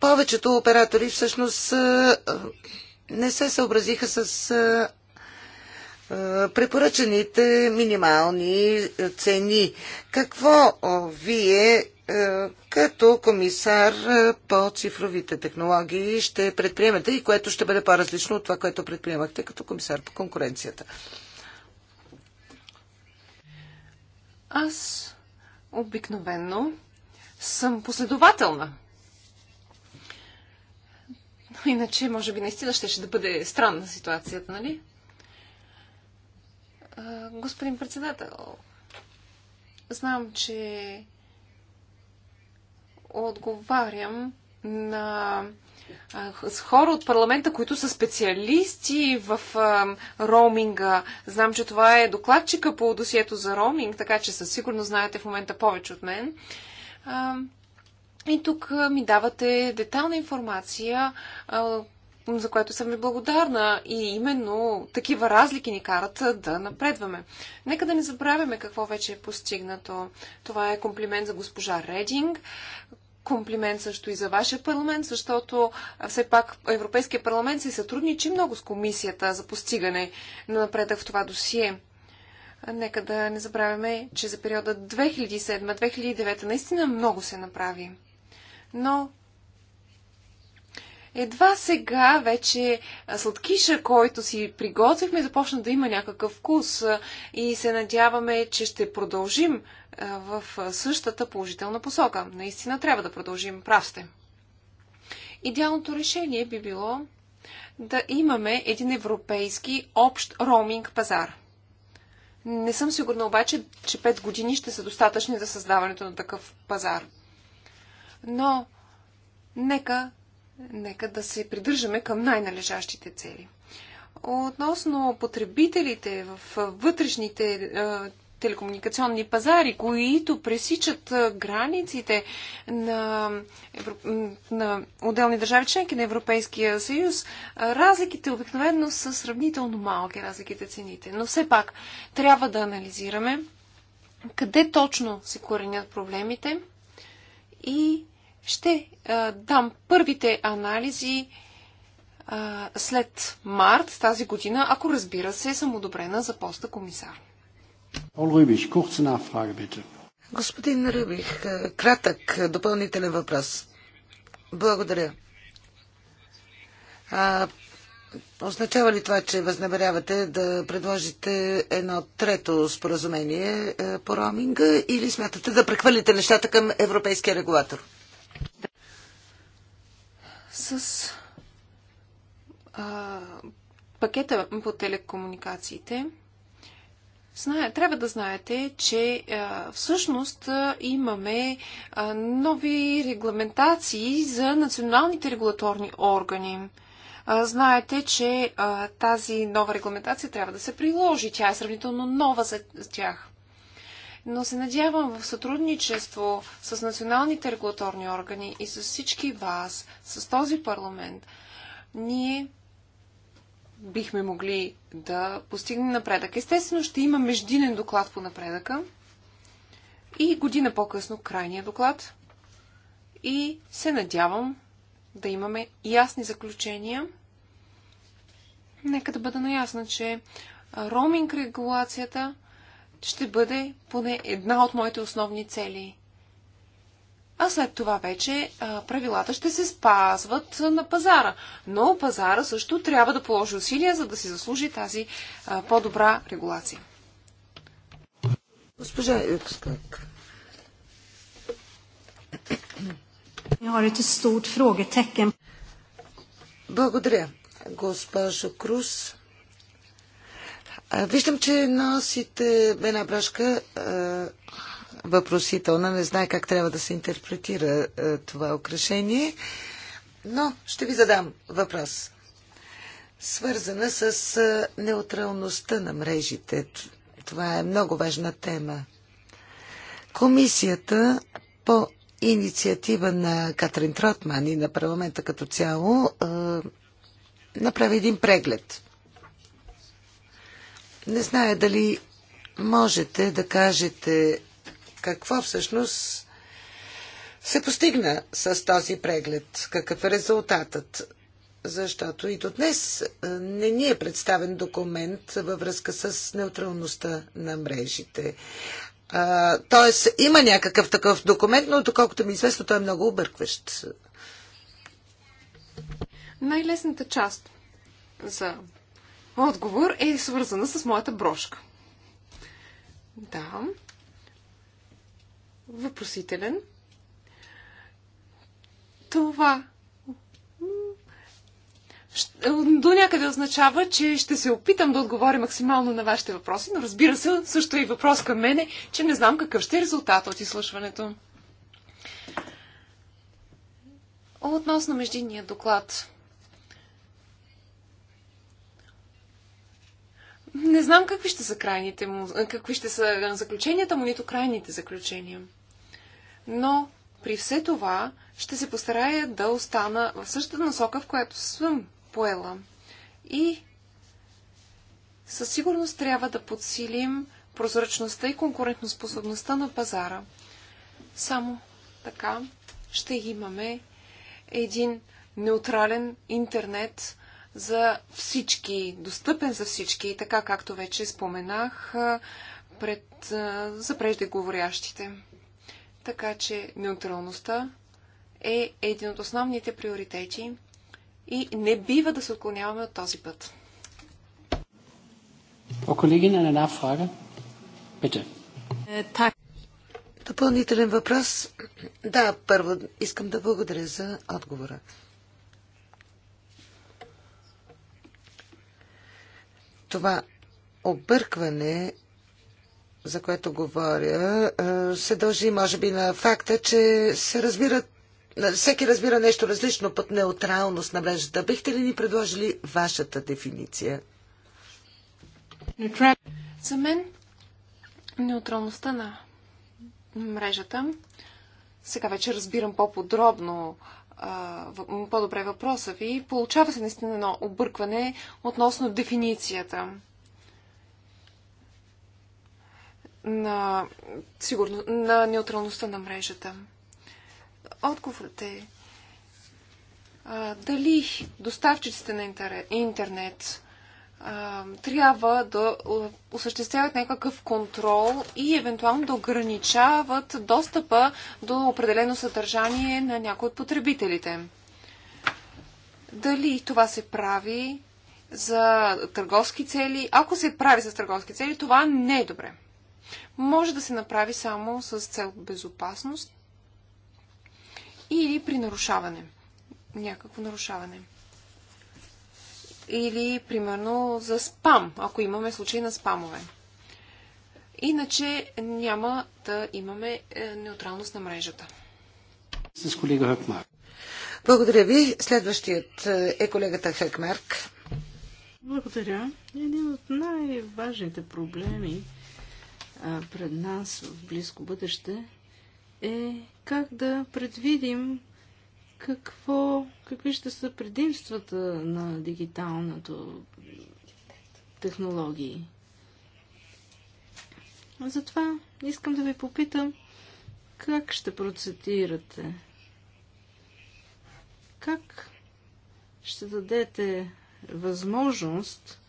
повечето оператори всъщност не се съобразиха с препоръчаните минимални цени. Какво вие като комисар по цифровите технологии ще предприемете и което ще бъде по-различно от това, което предприемахте като комисар по конкуренцията? Аз обикновенно съм последователна. Иначе, може би, наистина ще, ще да бъде странна ситуацията, нали? Господин председател, знам, че отговарям на с хора от парламента, които са специалисти в а, роуминга. Знам, че това е докладчика по досието за роуминг, така че със сигурност знаете в момента повече от мен. А, и тук ми давате детална информация а, за което съм ви благодарна. И именно такива разлики ни карат да напредваме. Нека да не забравяме какво вече е постигнато. Това е комплимент за госпожа Рединг, комплимент също и за вашия парламент, защото все пак Европейския парламент се сътрудничи много с комисията за постигане на напредък в това досие. Нека да не забравяме, че за периода 2007-2009 наистина много се направи. Но едва сега вече сладкиша, който си приготвихме, започна да има някакъв вкус и се надяваме, че ще продължим в същата положителна посока. Наистина трябва да продължим. Прав сте. Идеалното решение би било да имаме един европейски общ роуминг пазар. Не съм сигурна обаче, че 5 години ще са достатъчни за създаването на такъв пазар. Но нека нека да се придържаме към най-належащите цели. Относно потребителите в вътрешните е, телекомуникационни пазари, които пресичат е, границите на, Евро... на отделни държави членки на Европейския съюз, разликите обикновено са сравнително малки, разликите цените. Но все пак трябва да анализираме къде точно се коренят проблемите и ще а, дам първите анализи а, след март тази година, ако разбира се съм одобрена за поста комисар. Господин Рюбих, кратък допълнителен въпрос. Благодаря. А, Означава ли това, че възнамерявате да предложите едно трето споразумение по роминга, или смятате да прехвърлите нещата към европейския регулатор? с а, пакета по телекомуникациите, Знае, трябва да знаете, че а, всъщност а, имаме а, нови регламентации за националните регулаторни органи. А, знаете, че а, тази нова регламентация трябва да се приложи. Тя е сравнително нова за тях но се надявам в сътрудничество с националните регулаторни органи и с всички вас, с този парламент, ние бихме могли да постигнем напредък. Естествено, ще има междинен доклад по напредъка и година по-късно крайния доклад. И се надявам да имаме ясни заключения. Нека да бъда наясна, че роуминг регулацията – ще бъде поне една от моите основни цели. А след това вече а, правилата ще се спазват на пазара. Но пазара също трябва да положи усилия, за да си заслужи тази по-добра регулация. Госпожа Юкскак. Благодаря. Госпожо Круз. Виждам, че носите една брашка въпросителна. Не знае как трябва да се интерпретира това украшение. Но ще ви задам въпрос. Свързана с неутралността на мрежите. Това е много важна тема. Комисията по инициатива на Катрин Тротман и на парламента като цяло направи един преглед не зная дали можете да кажете какво всъщност се постигна с този преглед, какъв е резултатът. Защото и до днес е, не ни е представен документ във връзка с неутралността на мрежите. А, е, тоест, има някакъв такъв документ, но доколкото ми е известно, той е много объркващ. Най-лесната част за отговор е свързана с моята брошка. Да. Въпросителен. Това е, до някъде означава, че ще се опитам да отговоря максимално на вашите въпроси, но разбира се, също е и въпрос към мене, че не знам какъв ще е резултат от изслушването. Относно междинния доклад. Не знам какви ще са крайните му, какви ще са заключенията му, нито крайните заключения. Но при все това ще се постарая да остана в същата насока, в която съм поела. И със сигурност трябва да подсилим прозрачността и конкурентоспособността на пазара. Само така ще имаме един неутрален интернет, за всички, достъпен за всички, така както вече споменах пред, за преждеговорящите. Така че неутралността е един от основните приоритети и не бива да се отклоняваме от този път. О, на една фрага. Пете. Так. Допълнителен въпрос. Да, първо искам да благодаря за отговора. Това объркване, за което говоря, се дължи, може би, на факта, че се разбират всеки разбира нещо различно под неутралност на мрежата. Бихте ли ни предложили вашата дефиниция? За мен неутралността на мрежата, сега вече разбирам по-подробно по-добре въпроса ви. Получава се наистина едно объркване относно дефиницията на, сигурно, на неутралността на мрежата. Отговорът е а, дали доставчиците на интернет трябва да осъществяват някакъв контрол и евентуално да ограничават достъпа до определено съдържание на някои от потребителите. Дали това се прави за търговски цели? Ако се прави с търговски цели, това не е добре. Може да се направи само с цел безопасност или при нарушаване. Някакво нарушаване или примерно за спам, ако имаме случай на спамове. Иначе няма да имаме е, неутралност на мрежата. С колега Хакмарк. Благодаря ви. Следващият е, е колегата Хакмарк. Благодаря. Един от най-важните проблеми пред нас в близко бъдеще е как да предвидим какво, какви ще са предимствата на дигиталното технологии. Затова искам да ви попитам как ще процедирате. Как ще дадете възможност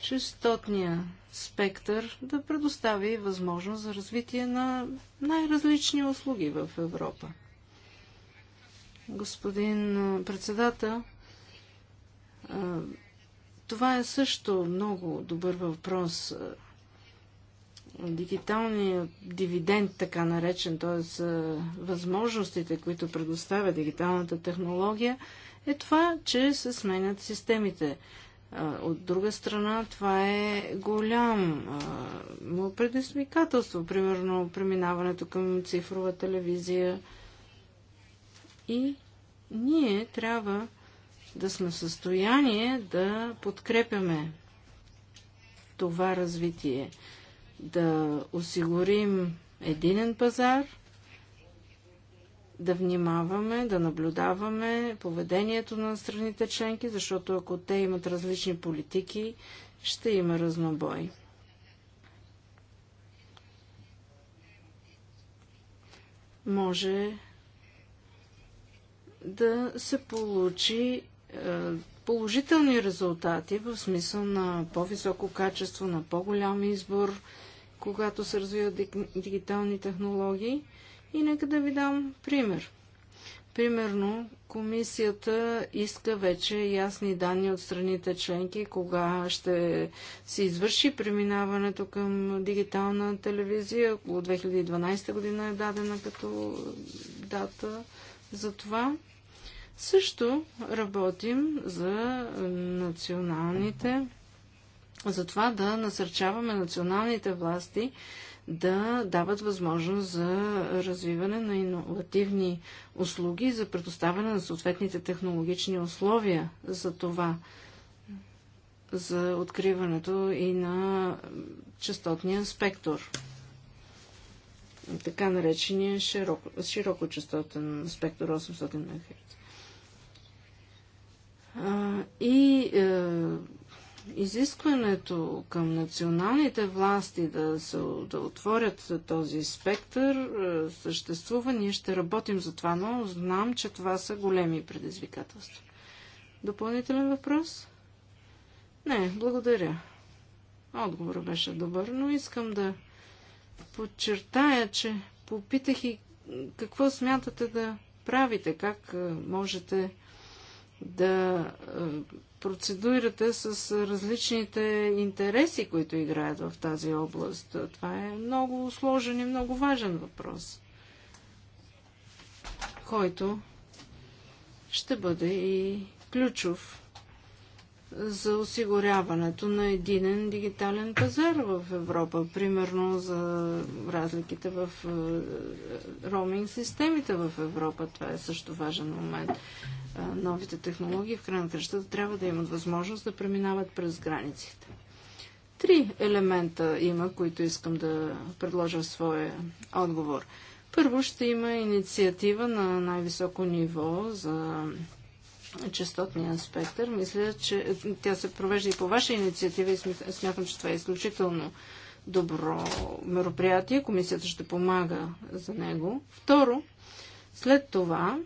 честотния спектър да предостави възможност за развитие на най-различни услуги в Европа господин председател. Това е също много добър въпрос. Дигиталният дивиденд, така наречен, т.е. възможностите, които предоставя дигиталната технология, е това, че се сменят системите. От друга страна, това е голям предизвикателство, примерно преминаването към цифрова телевизия, и ние трябва да сме в състояние да подкрепяме това развитие, да осигурим единен пазар, да внимаваме, да наблюдаваме поведението на страните членки, защото ако те имат различни политики, ще има разнобой. Може да се получи е, положителни резултати в смисъл на по-високо качество, на по-голям избор, когато се развиват дигитални технологии. И нека да ви дам пример. Примерно, комисията иска вече ясни данни от страните членки, кога ще се извърши преминаването към дигитална телевизия. Около 2012 година е дадена като дата за това. Също работим за националните, за това да насърчаваме националните власти да дават възможност за развиване на иновативни услуги, за предоставяне на съответните технологични условия за това, за откриването и на частотния спектър, така наречения широко, широкочастотен спектър 800 МГц и е, изискването към националните власти да, се, да отворят този спектър е, съществува. Ние ще работим за това, но знам, че това са големи предизвикателства. Допълнителен въпрос? Не, благодаря. Отговорът беше добър, но искам да подчертая, че попитах и какво смятате да правите, как е, можете да е, процедурите с различните интереси, които играят в тази област. Това е много сложен и много важен въпрос, който ще бъде и ключов за осигуряването на единен дигитален пазар в Европа, примерно за разликите в е, роуминг системите в Европа. Това е също важен момент. Е, новите технологии в крайна кръщата трябва да имат възможност да преминават през границите. Три елемента има, които искам да предложа в своя отговор. Първо ще има инициатива на най-високо ниво за частотния спектър. Мисля, че тя се провежда и по ваша инициатива и смятам, че това е изключително добро мероприятие. Комисията ще помага за него. Второ, след това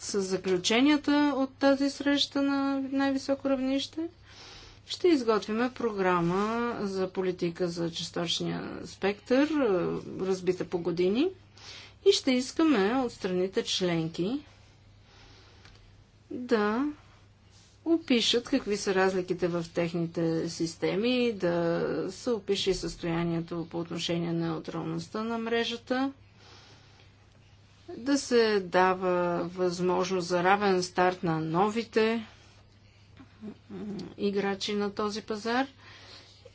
с заключенията от тази среща на най-високо равнище ще изготвиме програма за политика за честочния спектър, разбита по години. И ще искаме от страните членки да опишат какви са разликите в техните системи, да се опише състоянието по отношение на неутралността на мрежата, да се дава възможност за равен старт на новите играчи на този пазар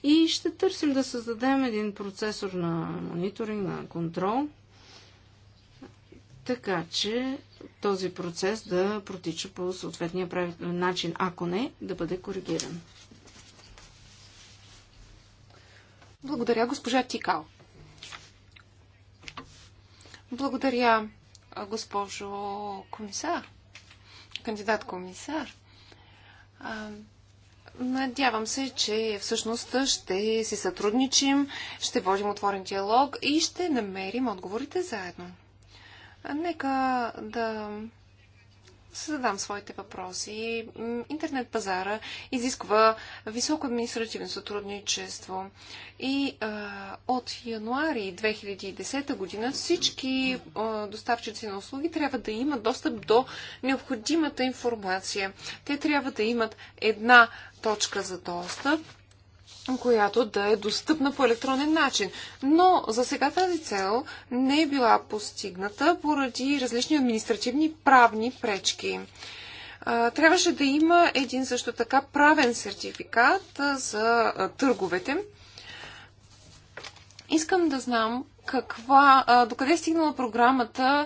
и ще търсим да създадем един процесор на мониторинг, на контрол, така че този процес да протича по съответния прави... начин, ако не, да бъде коригиран. Благодаря, госпожа Тикал. Благодаря, госпожо комисар, кандидат комисар. Надявам се, че всъщност ще си сътрудничим, ще водим отворен диалог и ще намерим отговорите заедно. Нека да задам своите въпроси. Интернет пазара изисква високо административно сътрудничество. И а, от януари 2010 година всички а, доставчици на услуги трябва да имат достъп до необходимата информация. Те трябва да имат една точка за достъп която да е достъпна по електронен начин. Но за сега тази цел не е била постигната поради различни административни правни пречки. Трябваше да има един също така правен сертификат за търговете. Искам да знам каква, докъде е стигнала програмата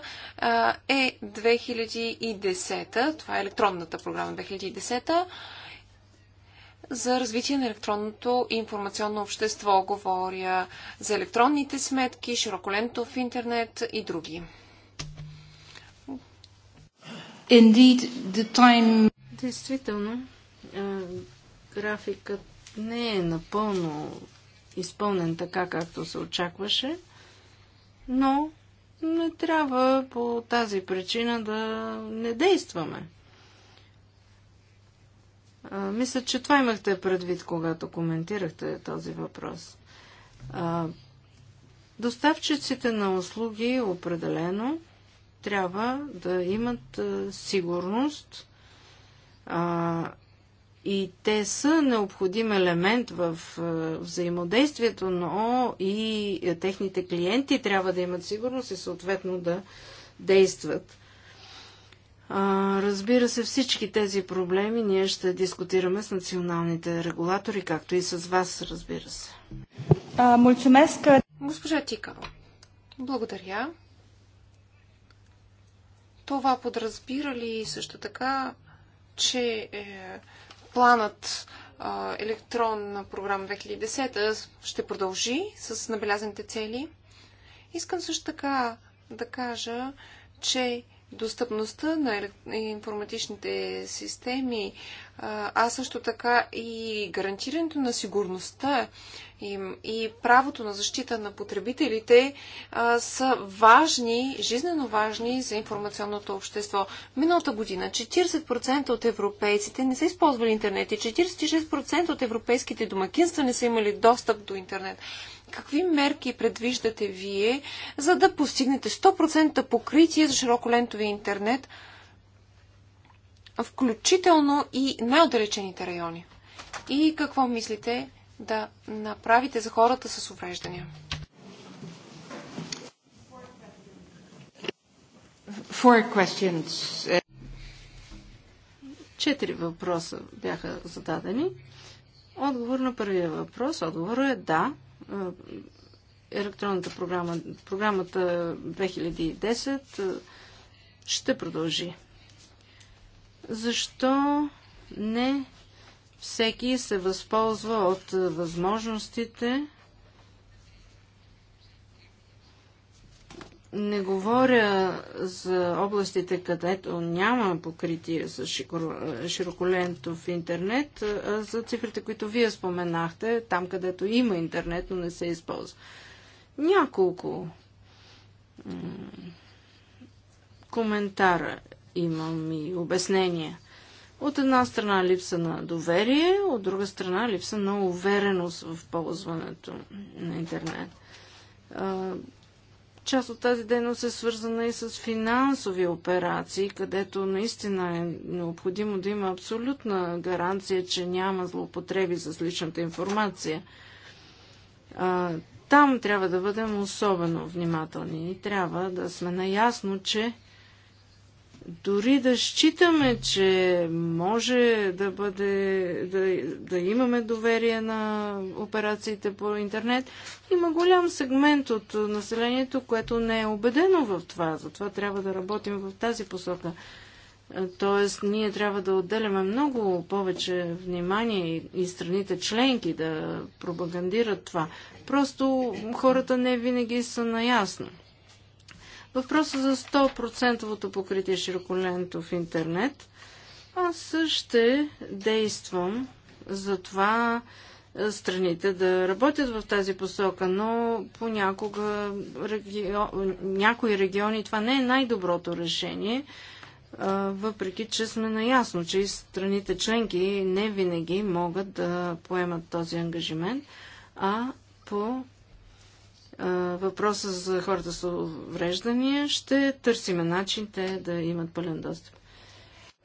е 2010, това е електронната програма 2010, за развитие на електронното и информационно общество. Говоря за електронните сметки, в интернет и други. Indeed, the time... Действително, графикът не е напълно изпълнен така, както се очакваше, но не трябва по тази причина да не действаме мисля, че това имахте предвид, когато коментирахте този въпрос. А, доставчиците на услуги определено трябва да имат сигурност а, и те са необходим елемент в взаимодействието, но и техните клиенти трябва да имат сигурност и съответно да действат Разбира се, всички тези проблеми ние ще дискутираме с националните регулатори, както и с вас, разбира се. Мулцумеск. Госпожа Тика, благодаря. Това подразбира ли също така, че е, планът е, електронна програма 2010 ще продължи с набелязаните цели? Искам също така да кажа, че достъпността на информатичните системи, а също така и гарантирането на сигурността им и правото на защита на потребителите са важни, жизненно важни за информационното общество. Миналата година 40% от европейците не са използвали интернет и 46% от европейските домакинства не са имали достъп до интернет. Какви мерки предвиждате вие, за да постигнете 100% покритие за широколентови интернет, включително и най-отдалечените райони? И какво мислите да направите за хората с увреждания? Четири въпроса бяха зададени. Отговор на първия въпрос. Отговорът е да, е, електронната програма, програмата 2010 е, ще продължи. Защо не всеки се възползва от е, възможностите Не говоря за областите, където няма покритие с широколентов интернет, а за цифрите, които вие споменахте, там където има интернет, но не се използва. Няколко коментара имам и обяснения. От една страна липса на доверие, от друга страна липса на увереност в ползването на интернет Част от тази дейност е свързана и с финансови операции, където наистина е необходимо да има абсолютна гаранция, че няма злоупотреби с личната информация. А, там трябва да бъдем особено внимателни и трябва да сме наясно, че дори да считаме, че може да бъде, да, да имаме доверие на операциите по интернет, има голям сегмент от населението, което не е убедено в това. Затова трябва да работим в тази посока. Тоест, ние трябва да отделяме много повече внимание и страните членки да пропагандират това. Просто хората не винаги са наясно въпроса за 100 покритие широколентов интернет. Аз ще действам за това е, страните да работят в тази посока, но понякога регион, някои региони това не е най-доброто решение, е, въпреки че сме наясно, че и страните членки не винаги могат да поемат този ангажимент, а по въпроса за хората с увреждания, ще търсиме начин те да имат пълен достъп.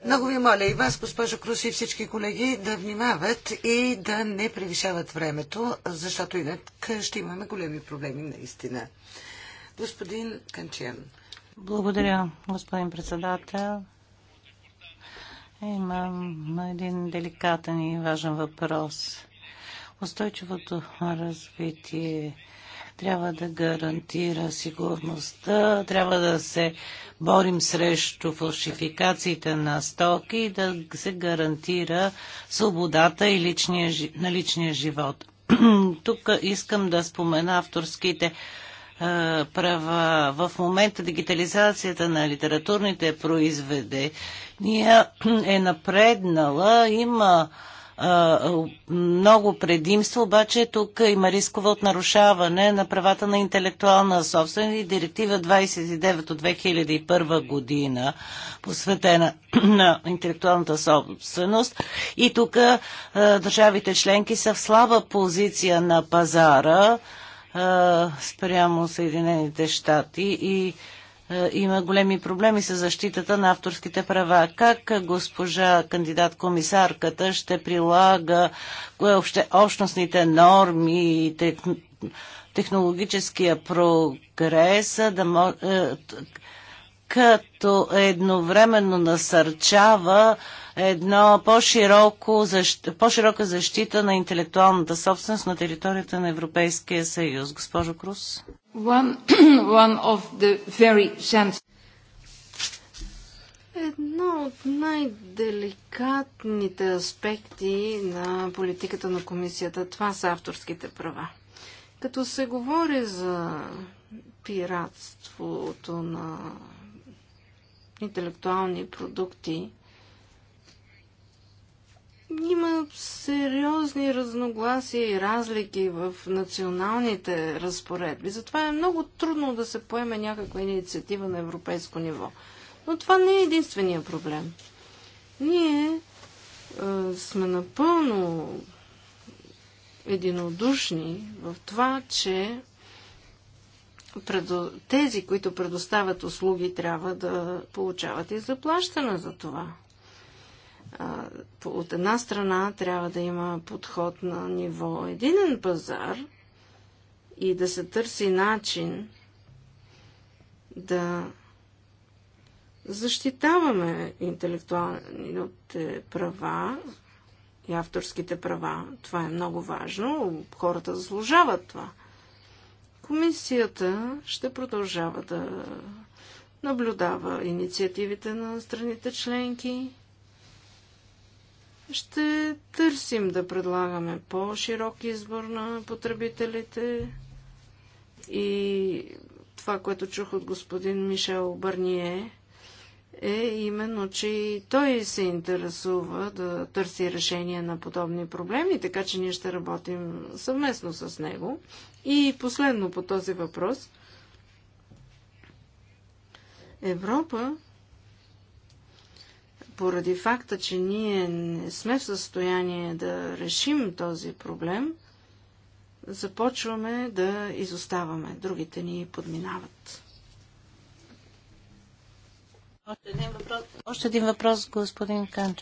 Много ви моля и вас, госпожо Крус и всички колеги, да внимават и да не превишават времето, защото инак ще имаме големи проблеми наистина. Господин Канчен. Благодаря, господин председател. Имам един деликатен и важен въпрос. Устойчивото развитие трябва да гарантира сигурността, трябва да се борим срещу фалшификациите на стоки и да се гарантира свободата и личния, на личния живот. Тук искам да спомена авторските права. В момента дигитализацията на литературните произведения е напреднала. Има много предимство, обаче тук има рискова от нарушаване на правата на интелектуална собственост и директива 29 от 2001 година, посветена на интелектуалната собственост. И тук държавите членки са в слаба позиция на пазара спрямо Съединените щати и е, има големи проблеми с защитата на авторските права. Как е, госпожа кандидат-комисарката ще прилага е, общностните норми и технологическия прогрес, да, като едновременно насърчава едно по-широко, по-широка защита на интелектуалната собственост на територията на Европейския съюз. Госпожо Крус. One, one Едно от най-деликатните аспекти на политиката на комисията, това са авторските права. Като се говори за пиратството на интелектуални продукти. Има сериозни разногласия и разлики в националните разпоредби. Затова е много трудно да се поеме някаква инициатива на европейско ниво. Но това не е единствения проблем. Ние е, сме напълно единодушни в това, че тези, които предоставят услуги, трябва да получават и заплащане за това. От една страна трябва да има подход на ниво единен пазар и да се търси начин да защитаваме интелектуалните права и авторските права. Това е много важно. Хората заслужават това – Комисията ще продължава да наблюдава инициативите на страните членки. Ще търсим да предлагаме по-широк избор на потребителите и това, което чух от господин Мишел Бърние, е именно, че и той се интересува да търси решение на подобни проблеми, така че ние ще работим съвместно с него. И последно по този въпрос. Европа, поради факта, че ние не сме в състояние да решим този проблем, започваме да изоставаме. Другите ни подминават. Още един въпрос, Още един въпрос господин Канч.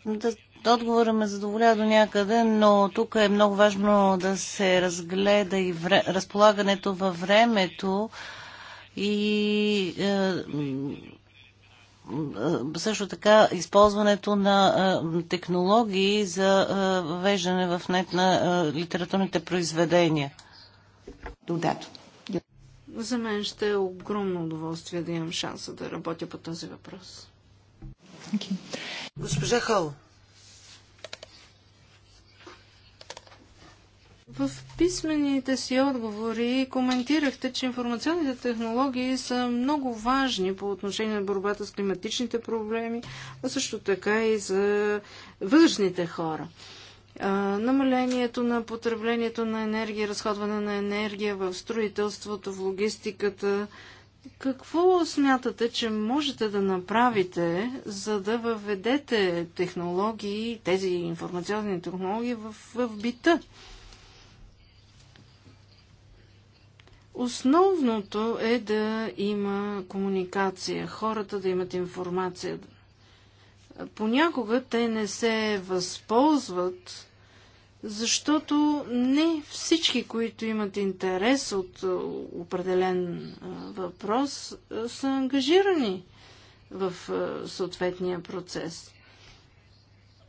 Да, отговора ме задоволява до някъде, но тук е много важно да се разгледа и вре, разполагането във времето и е, също така използването на технологии за въвеждане в нет на литературните произведения. Додато. За мен ще е огромно удоволствие да имам шанса да работя по този въпрос. Okay. Госпожа Хол, В писмените си отговори коментирахте, че информационните технологии са много важни по отношение на борбата с климатичните проблеми, а също така и за възрастните хора. намалението на потреблението на енергия, разходване на енергия в строителството, в логистиката. Какво смятате, че можете да направите, за да въведете технологии, тези информационни технологии в, в бита? Основното е да има комуникация, хората да имат информация. Понякога те не се възползват, защото не всички, които имат интерес от определен въпрос, са ангажирани в съответния процес.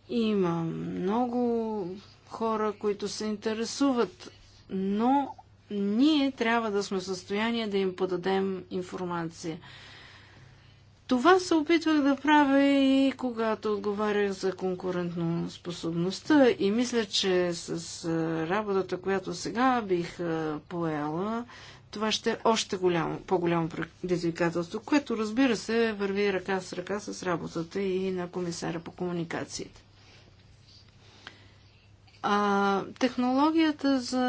Има много хора, които се интересуват, но ние трябва да сме в състояние да им подадем информация. Това се опитвах да правя и когато отговарях за конкурентно способността и мисля, че с работата, която сега бих поела, това ще е още голямо, по-голямо предизвикателство, което разбира се върви ръка с ръка с работата и на комисара по комуникациите. А, технологията за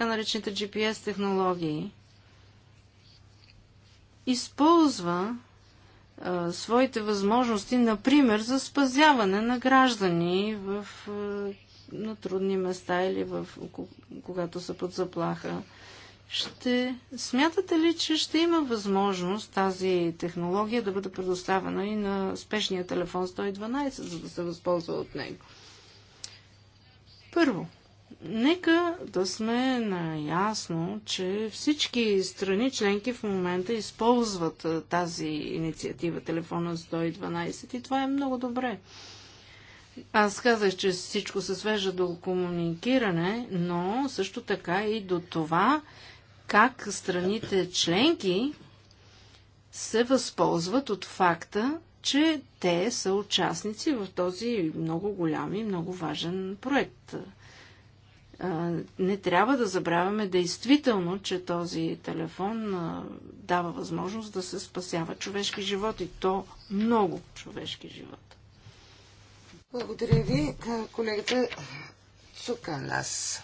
така наречените GPS технологии, използва а, своите възможности, например, за спазяване на граждани в, а, на трудни места или в, когато са под заплаха. Ще смятате ли, че ще има възможност тази технология да бъде предоставена и на спешния телефон 112, за да се възползва от него? Първо, Нека да сме наясно, че всички страни членки в момента използват тази инициатива Телефона 112 и това е много добре. Аз казах, че всичко се свежда до комуникиране, но също така и до това как страните членки се възползват от факта, че те са участници в този много голям и много важен проект не трябва да забравяме действително, че този телефон дава възможност да се спасява човешки живот и то много човешки живот. Благодаря ви, колегата Цуканас.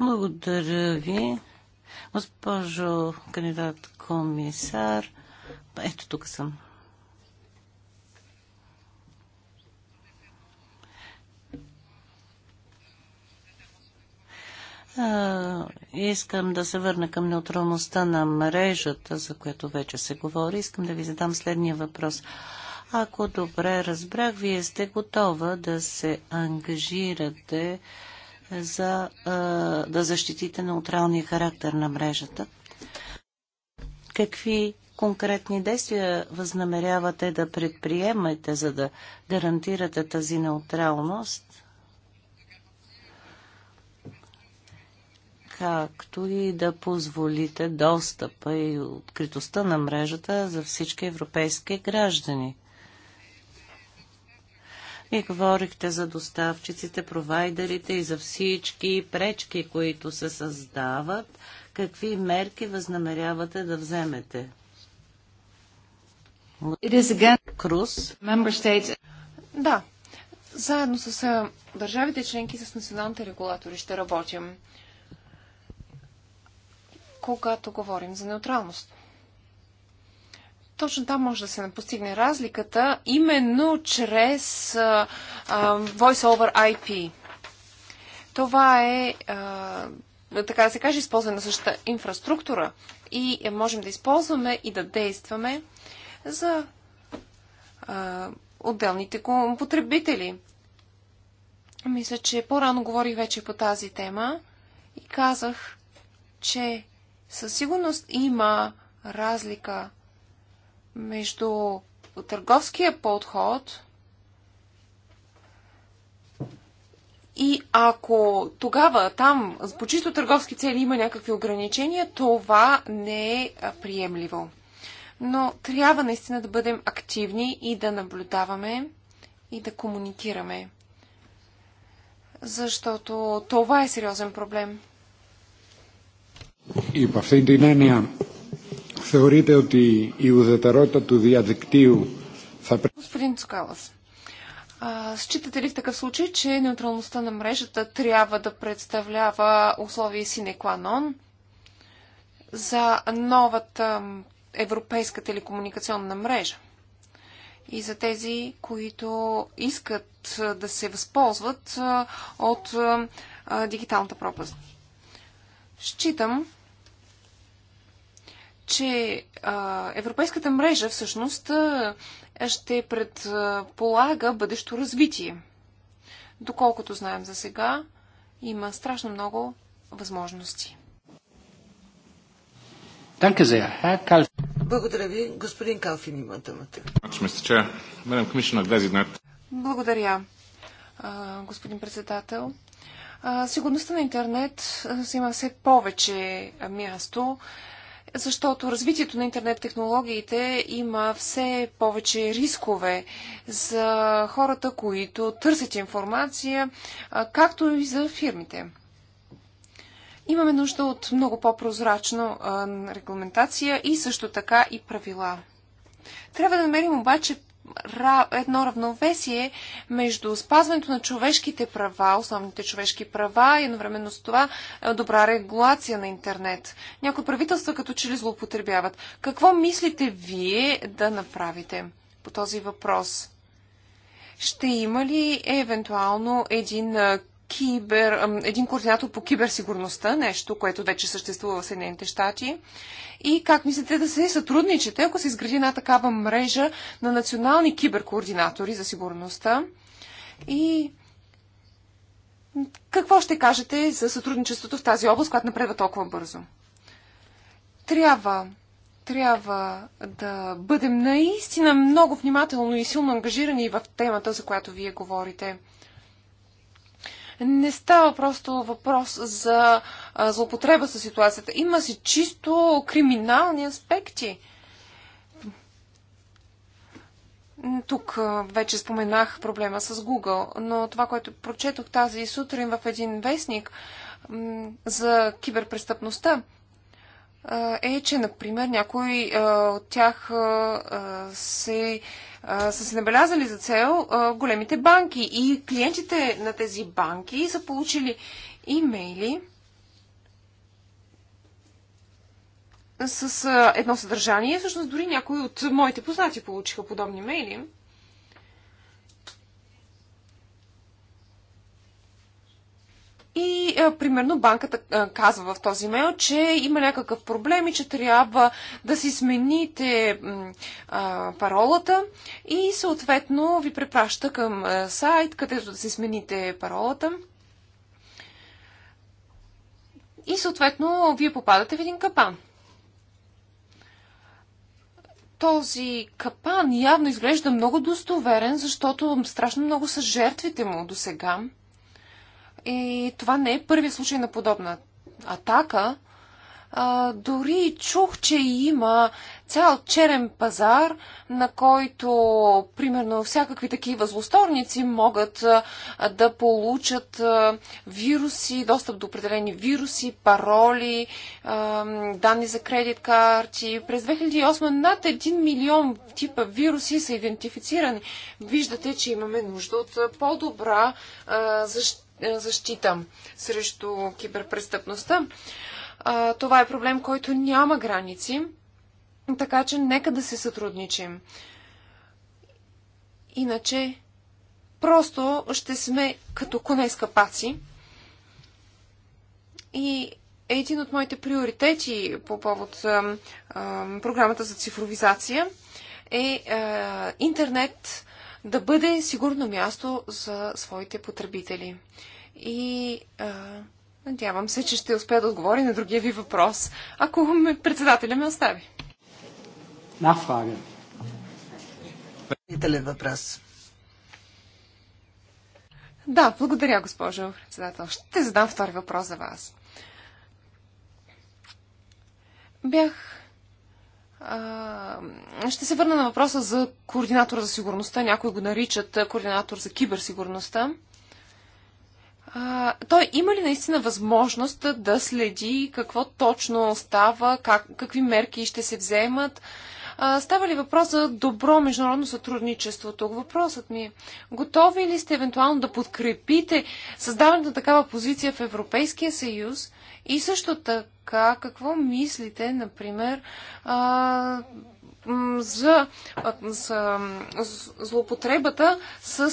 Благодаря ви, госпожо кандидат комисар. Ето тук съм. А, искам да се върна към неутралността на мрежата, за която вече се говори. Искам да ви задам следния въпрос. Ако добре разбрах, вие сте готова да се ангажирате за а, да защитите неутралния характер на мрежата. Какви конкретни действия възнамерявате да предприемате, за да гарантирате тази неутралност? както и да позволите достъпа и откритостта на мрежата за всички европейски граждани. И говорихте за доставчиците, провайдерите и за всички пречки, които се създават. Какви мерки възнамерявате да вземете? Круз. Да. Заедно с държавите членки, с националните регулатори ще работим когато говорим за неутралност. Точно там може да се постигне разликата, именно чрез Voice over IP. Това е, така да се каже, използване на същата инфраструктура и можем да използваме и да действаме за отделните потребители. Мисля, че по-рано говорих вече по тази тема и казах, че със сигурност има разлика между търговския подход и ако тогава там по чисто търговски цели има някакви ограничения, това не е приемливо. Но трябва наистина да бъдем активни и да наблюдаваме и да комуникираме. Защото това е сериозен проблем. Υπ' αυτή την έννοια θεωρείτε ότι η ουδετερότητα του διαδικτύου θα πρέπει... Господин Цукалас, считате ли в такъв случай, че неутралността на мрежата трябва да представлява условие sine qua non за новата европейска телекомуникационна мрежа? и за тези, които искат да се възползват от дигиталната пропаст. Считам, че а, Европейската мрежа всъщност ще предполага бъдещо развитие. Доколкото знаем за сега, има страшно много възможности. Благодаря ви. Господин Калфин има думата. Благодаря, господин председател сигурността на интернет взима все повече място, защото развитието на интернет технологиите има все повече рискове за хората, които търсят информация, както и за фирмите. Имаме нужда от много по-прозрачна регламентация и също така и правила. Трябва да намерим обаче едно равновесие между спазването на човешките права, основните човешки права и едновременно с това е, добра регулация на интернет. Някои правителства като че ли злоупотребяват. Какво мислите вие да направите по този въпрос? Ще има ли евентуално един е, кибер, един координатор по киберсигурността, нещо, което вече съществува в Съединените щати. И как мислите да се сътрудничите, ако се изгради една такава мрежа на национални киберкоординатори за сигурността? И какво ще кажете за сътрудничеството в тази област, която напредва толкова бързо? Трябва трябва да бъдем наистина много внимателно и силно ангажирани в темата, за която вие говорите не става просто въпрос за злоупотреба с ситуацията. Има си чисто криминални аспекти. Тук вече споменах проблема с Google, но това, което прочетох тази сутрин в един вестник за киберпрестъпността, е, че, например, някои от тях се, са се набелязали за цел големите банки и клиентите на тези банки са получили имейли с едно съдържание. Всъщност, дори някои от моите познати получиха подобни имейли. И, е, примерно, банката е, казва в този имейл, че има някакъв проблем и че трябва да си смените е, паролата и съответно ви препраща към е, сайт, където да си смените паролата. И съответно, вие попадате в един капан. Този капан явно изглежда много достоверен, защото страшно много са жертвите му до сега. И това не е първи случай на подобна атака. А, дори чух, че има цял черен пазар, на който, примерно, всякакви такива злосторници могат а, да получат а, вируси, достъп до определени вируси, пароли, а, данни за кредит карти. През 2008 над 1 милион типа вируси са идентифицирани. Виждате, че имаме нужда от по-добра защита е, защита срещу киберпрестъпността. Това е проблем, който няма граници, така че нека да се сътрудничим. Иначе просто ще сме като коне с капаци. И е един от моите приоритети по повод а, а, програмата за цифровизация е а, интернет да бъде сигурно място за своите потребители. И а, надявам се, че ще успея да отговоря на другия ви въпрос, ако ме, председателя ме остави. Нахвага. въпрос. Да, благодаря, госпожо председател. Ще задам втори въпрос за вас. Бях ще се върна на въпроса за координатора за сигурността. Някои го наричат координатор за киберсигурността. А, той има ли наистина възможност да следи какво точно става, как, какви мерки ще се вземат? А, става ли въпрос за добро международно сътрудничество тук? Въпросът ми е, готови ли сте евентуално да подкрепите създаването на такава позиция в Европейския съюз, и също така, какво мислите, например, а, за, а, за злоупотребата с,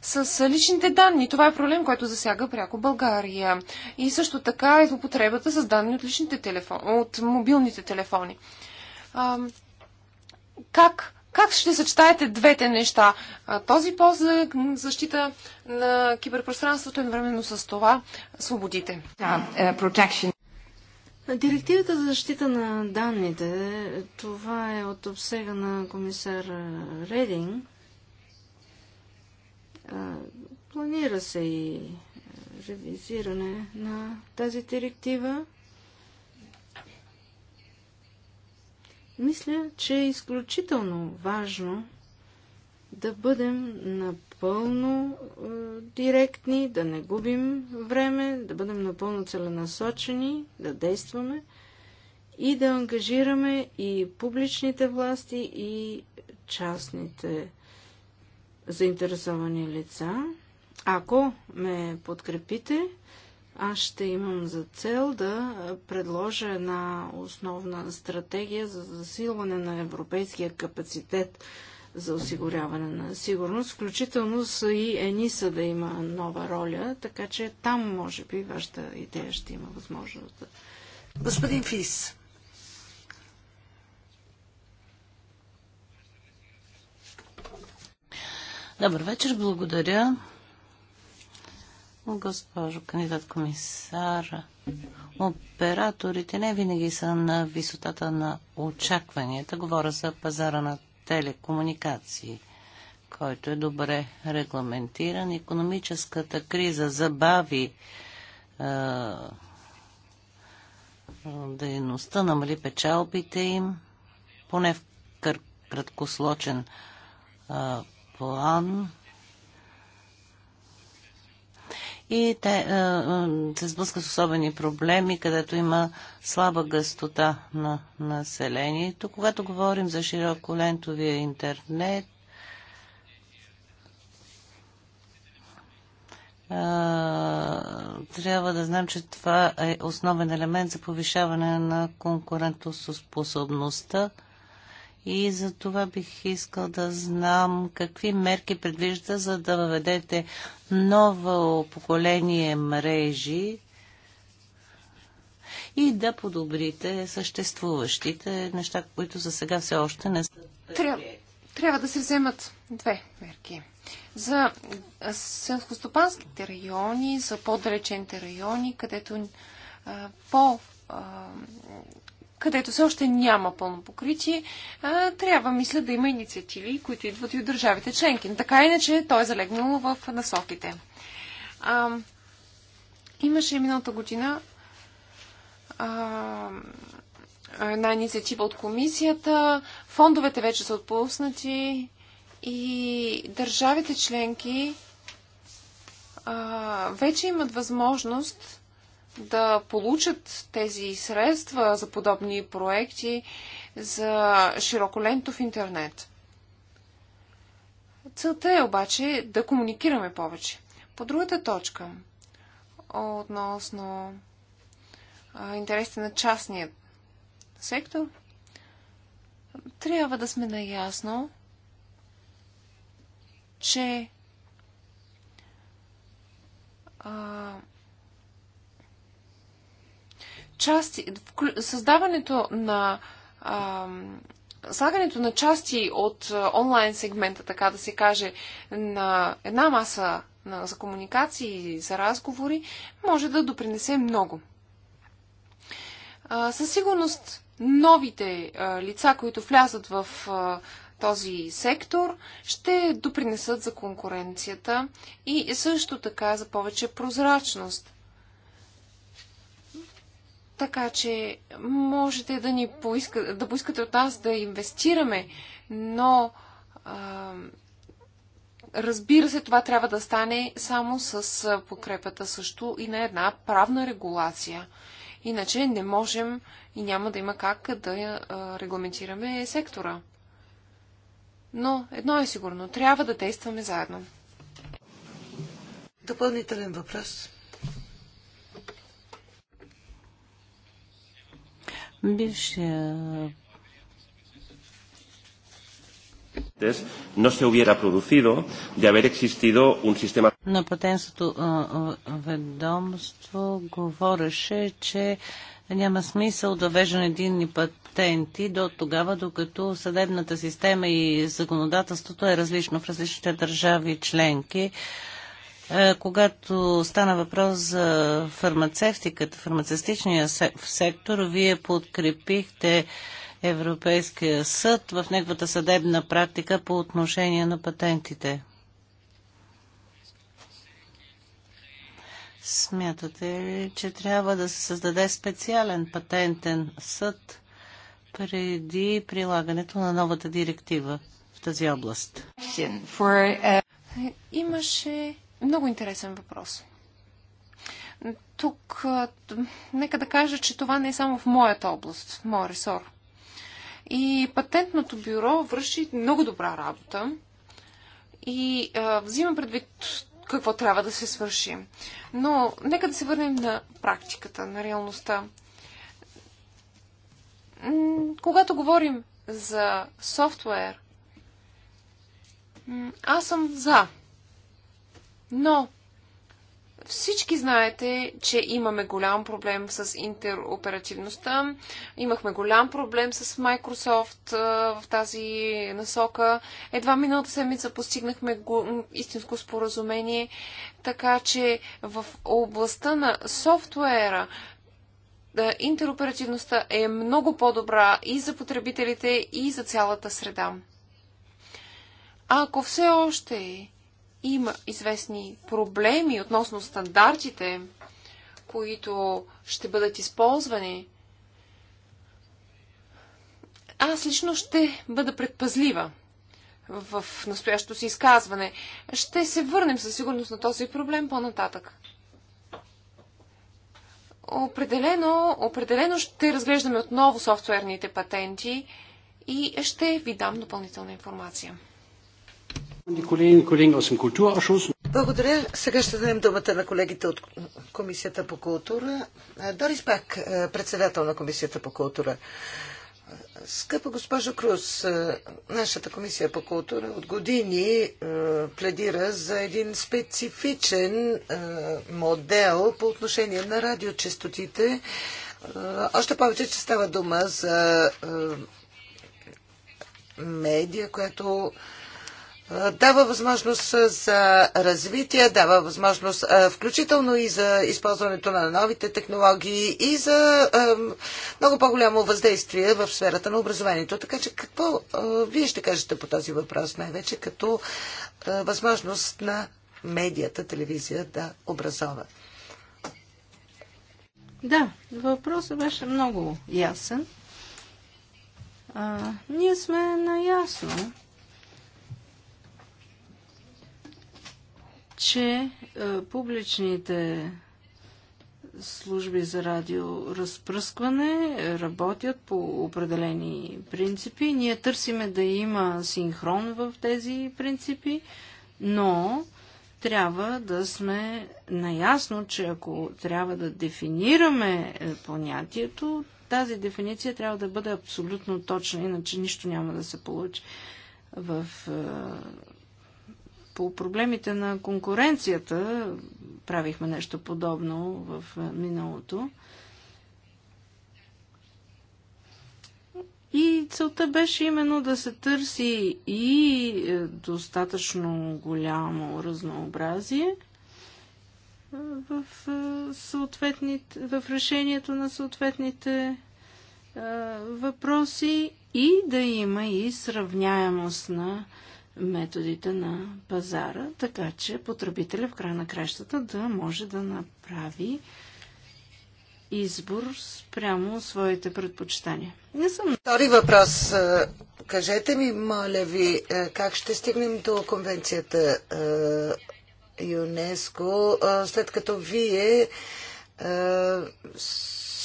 с, с личните данни? Това е проблем, който засяга пряко България. И също така е злоупотребата с данни от, личните от мобилните телефони. А, как как ще съчетаете двете неща? Този пост за защита на киберпространството едновременно с това свободите. Е, директивата за защита на данните, това е от обсега на комисар Рединг. Планира се и ревизиране на тази директива. Мисля, че е изключително важно да бъдем напълно е, директни, да не губим време, да бъдем напълно целенасочени, да действаме и да ангажираме и публичните власти, и частните заинтересовани лица. Ако ме подкрепите, аз ще имам за цел да предложа една основна стратегия за засилване на европейския капацитет за осигуряване на сигурност, включително са и ЕНИСА да има нова роля, така че там, може би, вашата идея ще има възможност. Господин Фис. Добър вечер, благодаря. Госпожо кандидат комисар, операторите не винаги са на висотата на очакванията. Говоря за пазара на телекомуникации, който е добре регламентиран. Економическата криза забави е, дейността, намали печалбите им, поне в краткосрочен е, план и те е, е, се сблъскат с особени проблеми, където има слаба гъстота на населението. Когато говорим за широколентовия интернет, е, трябва да знам, че това е основен елемент за повишаване на конкурентоспособността и за това бих искал да знам какви мерки предвижда, за да въведете ново поколение мрежи и да подобрите съществуващите неща, които за сега все още не са. Трябва, трябва да се вземат две мерки. За селскостопанските райони, за по-далечените райони, където а, по а, където все още няма пълно покритие, трябва, мисля, да има инициативи, които идват и от държавите членки. Така иначе той е залегнал в насоките. А, имаше миналата година а, една инициатива от комисията, фондовете вече са отпуснати и държавите членки а, вече имат възможност да получат тези средства за подобни проекти за широколентов интернет. Целта е обаче да комуникираме повече. По другата точка, относно интересите на частния сектор, трябва да сме наясно, че а, части, създаването на а, слагането на части от онлайн сегмента, така да се каже, на една маса на, за комуникации, и за разговори, може да допринесе много. А, със сигурност новите а, лица, които влязат в а, този сектор, ще допринесат за конкуренцията и също така за повече прозрачност. Така че можете да, ни поиска, да поискате от нас да инвестираме, но а, разбира се, това трябва да стане само с подкрепата също и на една правна регулация. Иначе не можем и няма да има как да регламентираме сектора. Но едно е сигурно, трябва да действаме заедно. Допълнителен въпрос. бившия no se hubiera producido de haber existido un sistema На патентното ведомство говореше, че няма смисъл да веждам единни патенти до тогава, докато съдебната система и законодателството е различно в различните държави членки. Uh, е, когато стана въпрос за фармацевтиката, фармацевтичния сектор, вие подкрепихте Европейския съд в неговата съдебна практика по отношение на патентите. Смятате ли, че трябва да се създаде специален патентен съд преди прилагането на новата директива в тази област? Имаше много интересен въпрос. Тук, нека да кажа, че това не е само в моята област, в моя ресор. И патентното бюро върши много добра работа и а, взима предвид какво трябва да се свърши. Но нека да се върнем на практиката, на реалността. Когато говорим за софтуер, аз съм за но всички знаете, че имаме голям проблем с интероперативността. Имахме голям проблем с Microsoft в тази насока. Едва миналата седмица постигнахме истинско споразумение, така че в областта на софтуера интероперативността е много по-добра и за потребителите, и за цялата среда. Ако все още има известни проблеми относно стандартите, които ще бъдат използвани, аз лично ще бъда предпазлива в настоящото си изказване. Ще се върнем със сигурност на този проблем по-нататък. Определено, определено ще разглеждаме отново софтуерните патенти и ще ви дам допълнителна информация. Благодаря. Сега ще дадем думата на колегите от Комисията по култура. Дорис Пак, председател на Комисията по култура. Скъпа госпожо Круз, нашата комисия по култура от години пледира за един специфичен модел по отношение на радиочестотите. Още повече, че става дума за медия, която дава възможност за развитие, дава възможност включително и за използването на новите технологии и за много по-голямо въздействие в сферата на образованието. Така че какво вие ще кажете по този въпрос най-вече като възможност на медията, телевизия да образова? Да, въпросът беше много ясен. А, ние сме наясно, че е, публичните служби за радиоразпръскване работят по определени принципи. Ние търсиме да има синхрон в тези принципи, но трябва да сме наясно, че ако трябва да дефинираме е, понятието, тази дефиниция трябва да бъде абсолютно точна, иначе нищо няма да се получи. В е, по проблемите на конкуренцията правихме нещо подобно в е, миналото. И целта беше именно да се търси и е, достатъчно голямо разнообразие е, в, в решението на съответните въпроси и да има и сравняемост на методите на пазара, така че потребителя в края на кращата да може да направи избор спрямо своите предпочитания. Не съм... Втори въпрос. Е, кажете ми, моля ви, е, как ще стигнем до конвенцията е, ЮНЕСКО, след като вие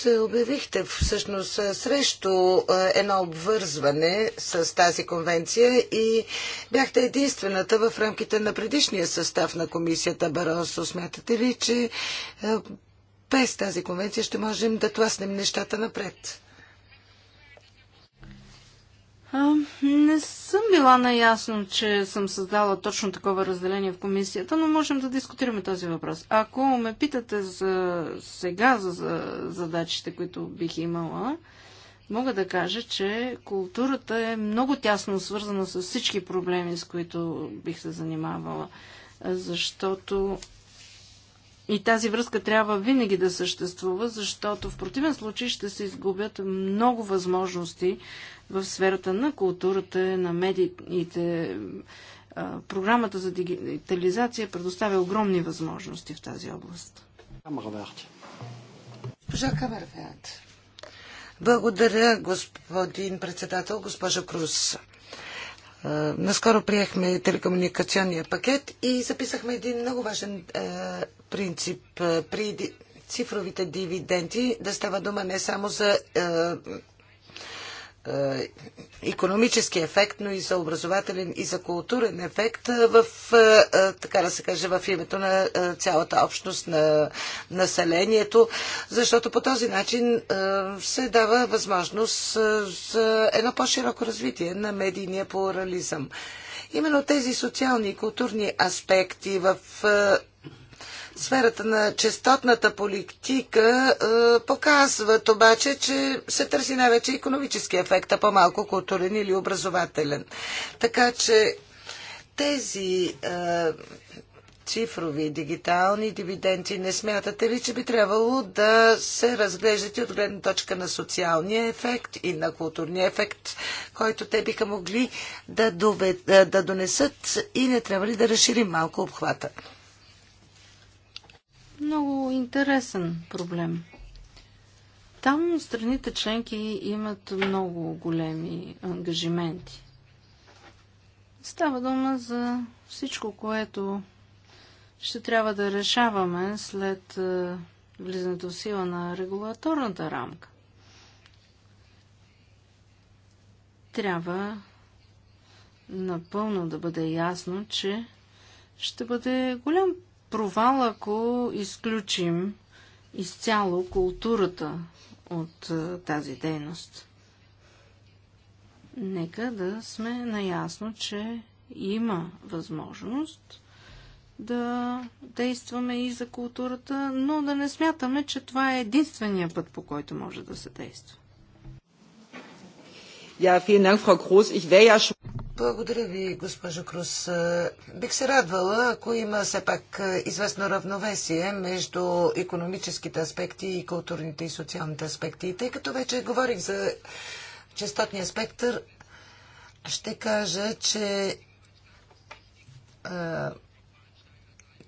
се обявихте всъщност срещу едно обвързване с тази конвенция и бяхте единствената в рамките на предишния състав на комисията Баросо. Смятате ли, че без тази конвенция ще можем да тласнем нещата напред? А, не съм била наясно, че съм създала точно такова разделение в комисията, но можем да дискутираме този въпрос. Ако ме питате за сега за, за задачите, които бих имала, мога да кажа, че културата е много тясно свързана с всички проблеми, с които бих се занимавала, защото и тази връзка трябва винаги да съществува, защото в противен случай ще се изгубят много възможности в сферата на културата, на медиите. Програмата за дигитализация предоставя огромни възможности в тази област. Госпожа Благодаря, господин председател, госпожа Крус. Е, наскоро приехме телекомуникационния пакет и записахме един много важен е, принцип е, при цифровите дивиденти. Да става дума не само за економически ефект, но и за образователен и за културен ефект е, в, е, е, така да се каже, в името на цялата общност на населението, защото по този начин се дава възможност за едно по-широко развитие на медийния плурализъм. Именно тези социални и културни аспекти в сферата на честотната политика показват обаче, че се търси най-вече економически ефект, а по-малко културен или образователен. Така че тези е, цифрови дигитални дивиденти не смятате ли, че би трябвало да се разглеждат от гледна точка на социалния ефект и на културния ефект, който те биха могли да, довед, да донесат и не трябва ли да разширим малко обхвата? много интересен проблем. Там страните членки имат много големи ангажименти. Става дума за всичко, което ще трябва да решаваме след е, влизането в сила на регулаторната рамка. Трябва напълно да бъде ясно, че ще бъде голям провал, ако изключим изцяло културата от е, тази дейност. Нека да сме наясно, че има възможност да действаме и за културата, но да не смятаме, че това е единствения път, по който може да се действа. Ja, vielen Dank, Frau Groß. Ich wäre ja schon благодаря ви, госпожо Крус. Бих се радвала, ако има все пак известно равновесие между економическите аспекти и културните и социалните аспекти. И тъй като вече говорих за частотния спектър, ще кажа, че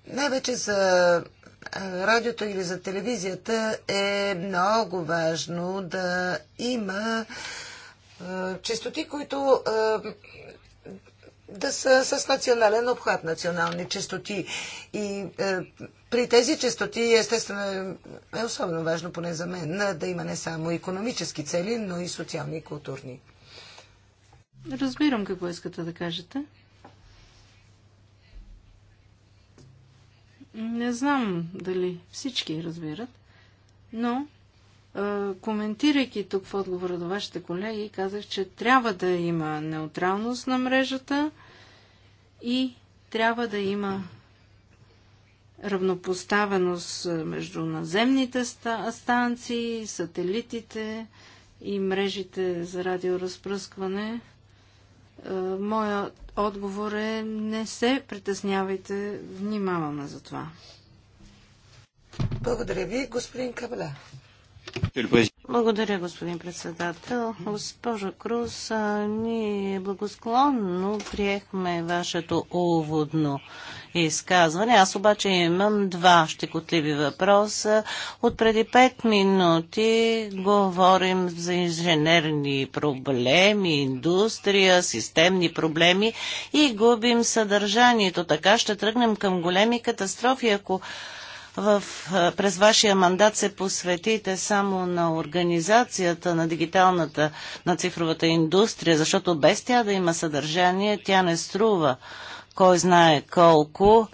най-вече за радиото или за телевизията е много важно да има честоти, които да са с национален обхват, национални частоти. И е, при тези частоти, естествено, е особено важно, поне за мен, да има не само економически цели, но и социални и културни. Разбирам какво искате да кажете. Не знам дали всички разбират, но е, коментирайки тук в отговора до вашите колеги, казах, че трябва да има неутралност на мрежата, и трябва да има равнопоставеност между наземните станции, сателитите и мрежите за радиоразпръскване. Е, моя отговор е не се притеснявайте, внимаваме за това. Благодаря ви, господин Кабеля. Благодаря, господин председател. Госпожо Круз, ние благосклонно приехме вашето уводно изказване. Аз обаче имам два щекотливи въпроса. От преди пет минути говорим за инженерни проблеми, индустрия, системни проблеми и губим съдържанието. Така ще тръгнем към големи катастрофи, ако в, през вашия мандат се посветите само на организацията на дигиталната, на цифровата индустрия, защото без тя да има съдържание, тя не струва кой знае колко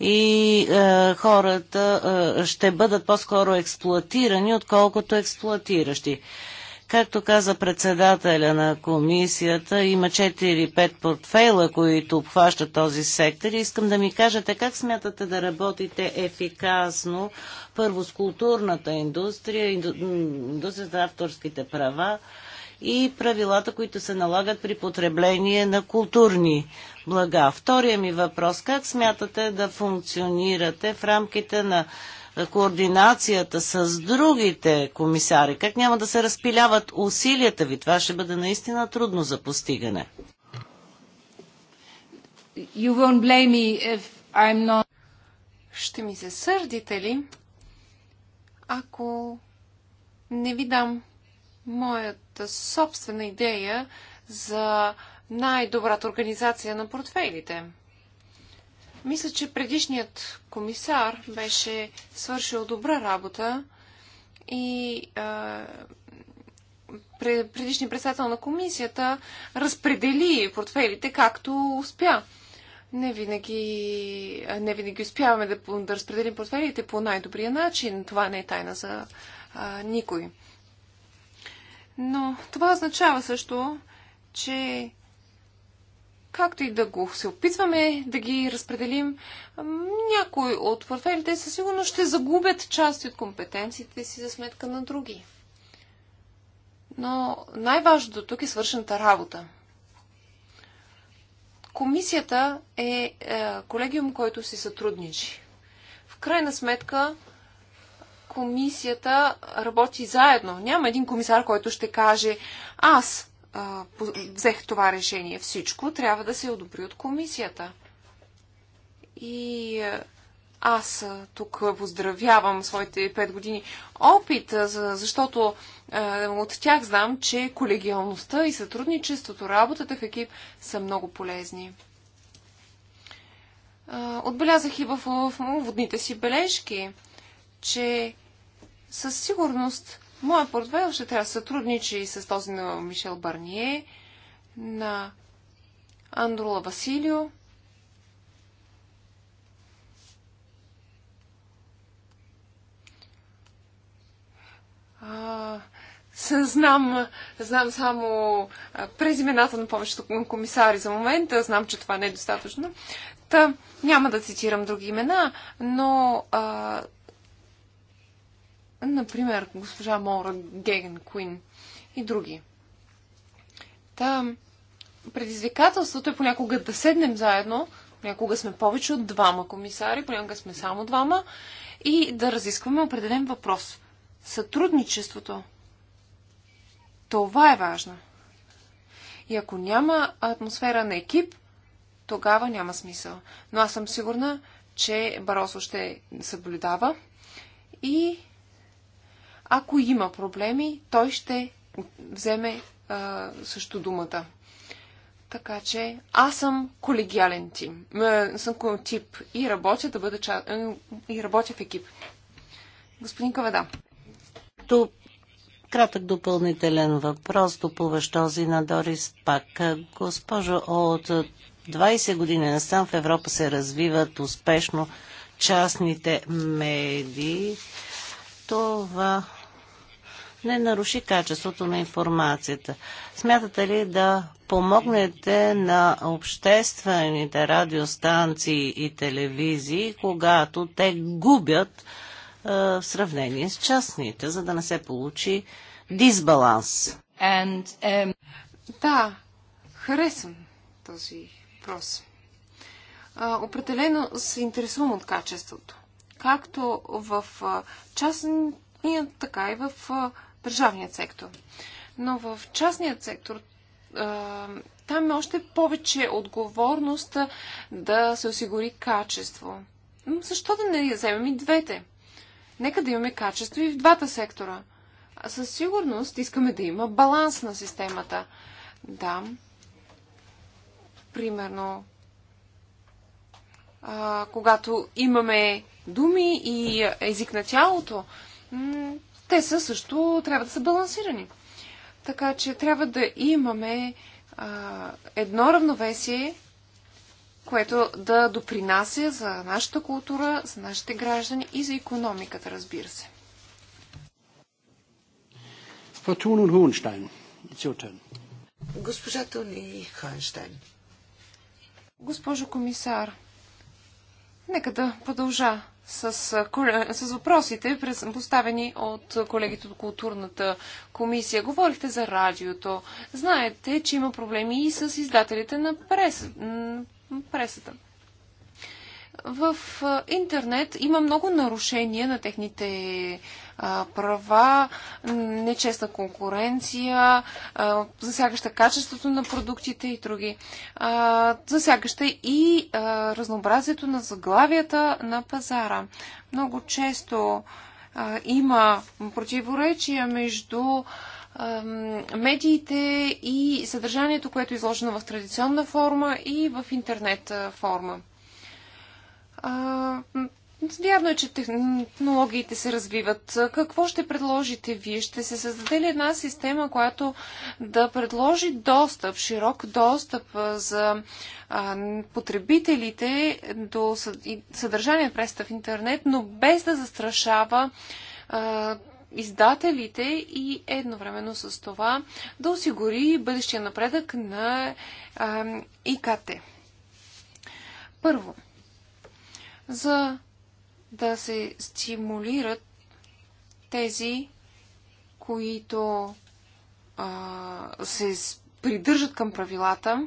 и е, хората е, ще бъдат по-скоро експлуатирани, отколкото експлуатиращи. Както каза председателя на комисията, има 4-5 портфейла, които обхващат този сектор. Искам да ми кажете как смятате да работите ефикасно първо с културната индустрия, индустрията на авторските права и правилата, които се налагат при потребление на културни блага. Втория ми въпрос. Как смятате да функционирате в рамките на координацията с другите комисари? Как няма да се разпиляват усилията ви? Това ще бъде наистина трудно за постигане. You won't blame me if I'm not... Ще ми се сърдите ли, ако не ви дам моята собствена идея за най-добрата организация на портфейлите? Мисля, че предишният комисар беше свършил добра работа и а, предишният председател на комисията разпредели портфелите както успя. Не винаги, не винаги успяваме да, да разпределим портфелите по най-добрия начин. Това не е тайна за а, никой. Но това означава също, че както и да го се опитваме да ги разпределим, някои от портфелите със сигурност ще загубят части от компетенциите си за сметка на други. Но най-важното тук е свършената работа. Комисията е, е колегиум, който си сътрудничи. В крайна сметка, комисията работи заедно. Няма един комисар, който ще каже аз а, взех това решение. Всичко трябва да се одобри от комисията. И аз тук поздравявам своите 5 години опит, защото от тях знам, че колегиалността и сътрудничеството, работата в екип са много полезни. отбелязах и в, в водните си бележки, че със сигурност Моя портфел ще трябва да сътрудничи и с този на Мишел Барние, на Андрула Василио. А, знам, знам само имената на повечето комисари за момента. Знам, че това не е достатъчно. Та, няма да цитирам други имена, но а, Например, госпожа Мора Геген Куин и други. Та, предизвикателството е понякога да седнем заедно, понякога сме повече от двама комисари, понякога сме само двама и да разискваме определен въпрос. Сътрудничеството. Това е важно. И ако няма атмосфера на екип, тогава няма смисъл. Но аз съм сигурна, че Баросо ще съблюдава и ако има проблеми, той ще вземе а, също думата. Така че аз съм колегиален тим, съм тип и работя да бъда ча... и работя в екип. Господин Каведа. То Кратък допълнителен въпрос, допълващ този на Дорис Пак. Госпожо, от 20 години насам в Европа се развиват успешно частните медии. Това не наруши качеството на информацията. Смятате ли да помогнете на обществените радиостанции и телевизии, когато те губят е, в сравнение с частните, за да не се получи дисбаланс? And, um... Да, харесвам този въпрос. определено се интересувам от качеството. Както в частния, така и в държавният сектор. Но в частният сектор там е още повече отговорност да се осигури качество. Но защо да не вземем и двете? Нека да имаме качество и в двата сектора. А със сигурност искаме да има баланс на системата. Да. Примерно, а, когато имаме думи и език на тялото, те са също, трябва да са балансирани. Така че трябва да имаме а, едно равновесие, което да допринася за нашата култура, за нашите граждани и за економиката, разбира се. Госпожа Тони Хойнштайн. Госпожо комисар, нека да продължа с, с въпросите, поставени от колегите от културната комисия. Говорихте за радиото. Знаете, че има проблеми и с издателите на прес, пресата. В интернет има много нарушения на техните права, нечестна конкуренция, засягаща качеството на продуктите и други, засягаща и разнообразието на заглавията на пазара. Много често има противоречия между медиите и съдържанието, което е изложено в традиционна форма и в интернет форма. Вярно е, че технологиите се развиват. Какво ще предложите вие? Ще се създаде ли една система, която да предложи достъп, широк достъп за потребителите до съдържание преста в интернет, но без да застрашава издателите и едновременно с това да осигури бъдещия напредък на ИКТ? Първо, за да се стимулират тези, които а, се придържат към правилата,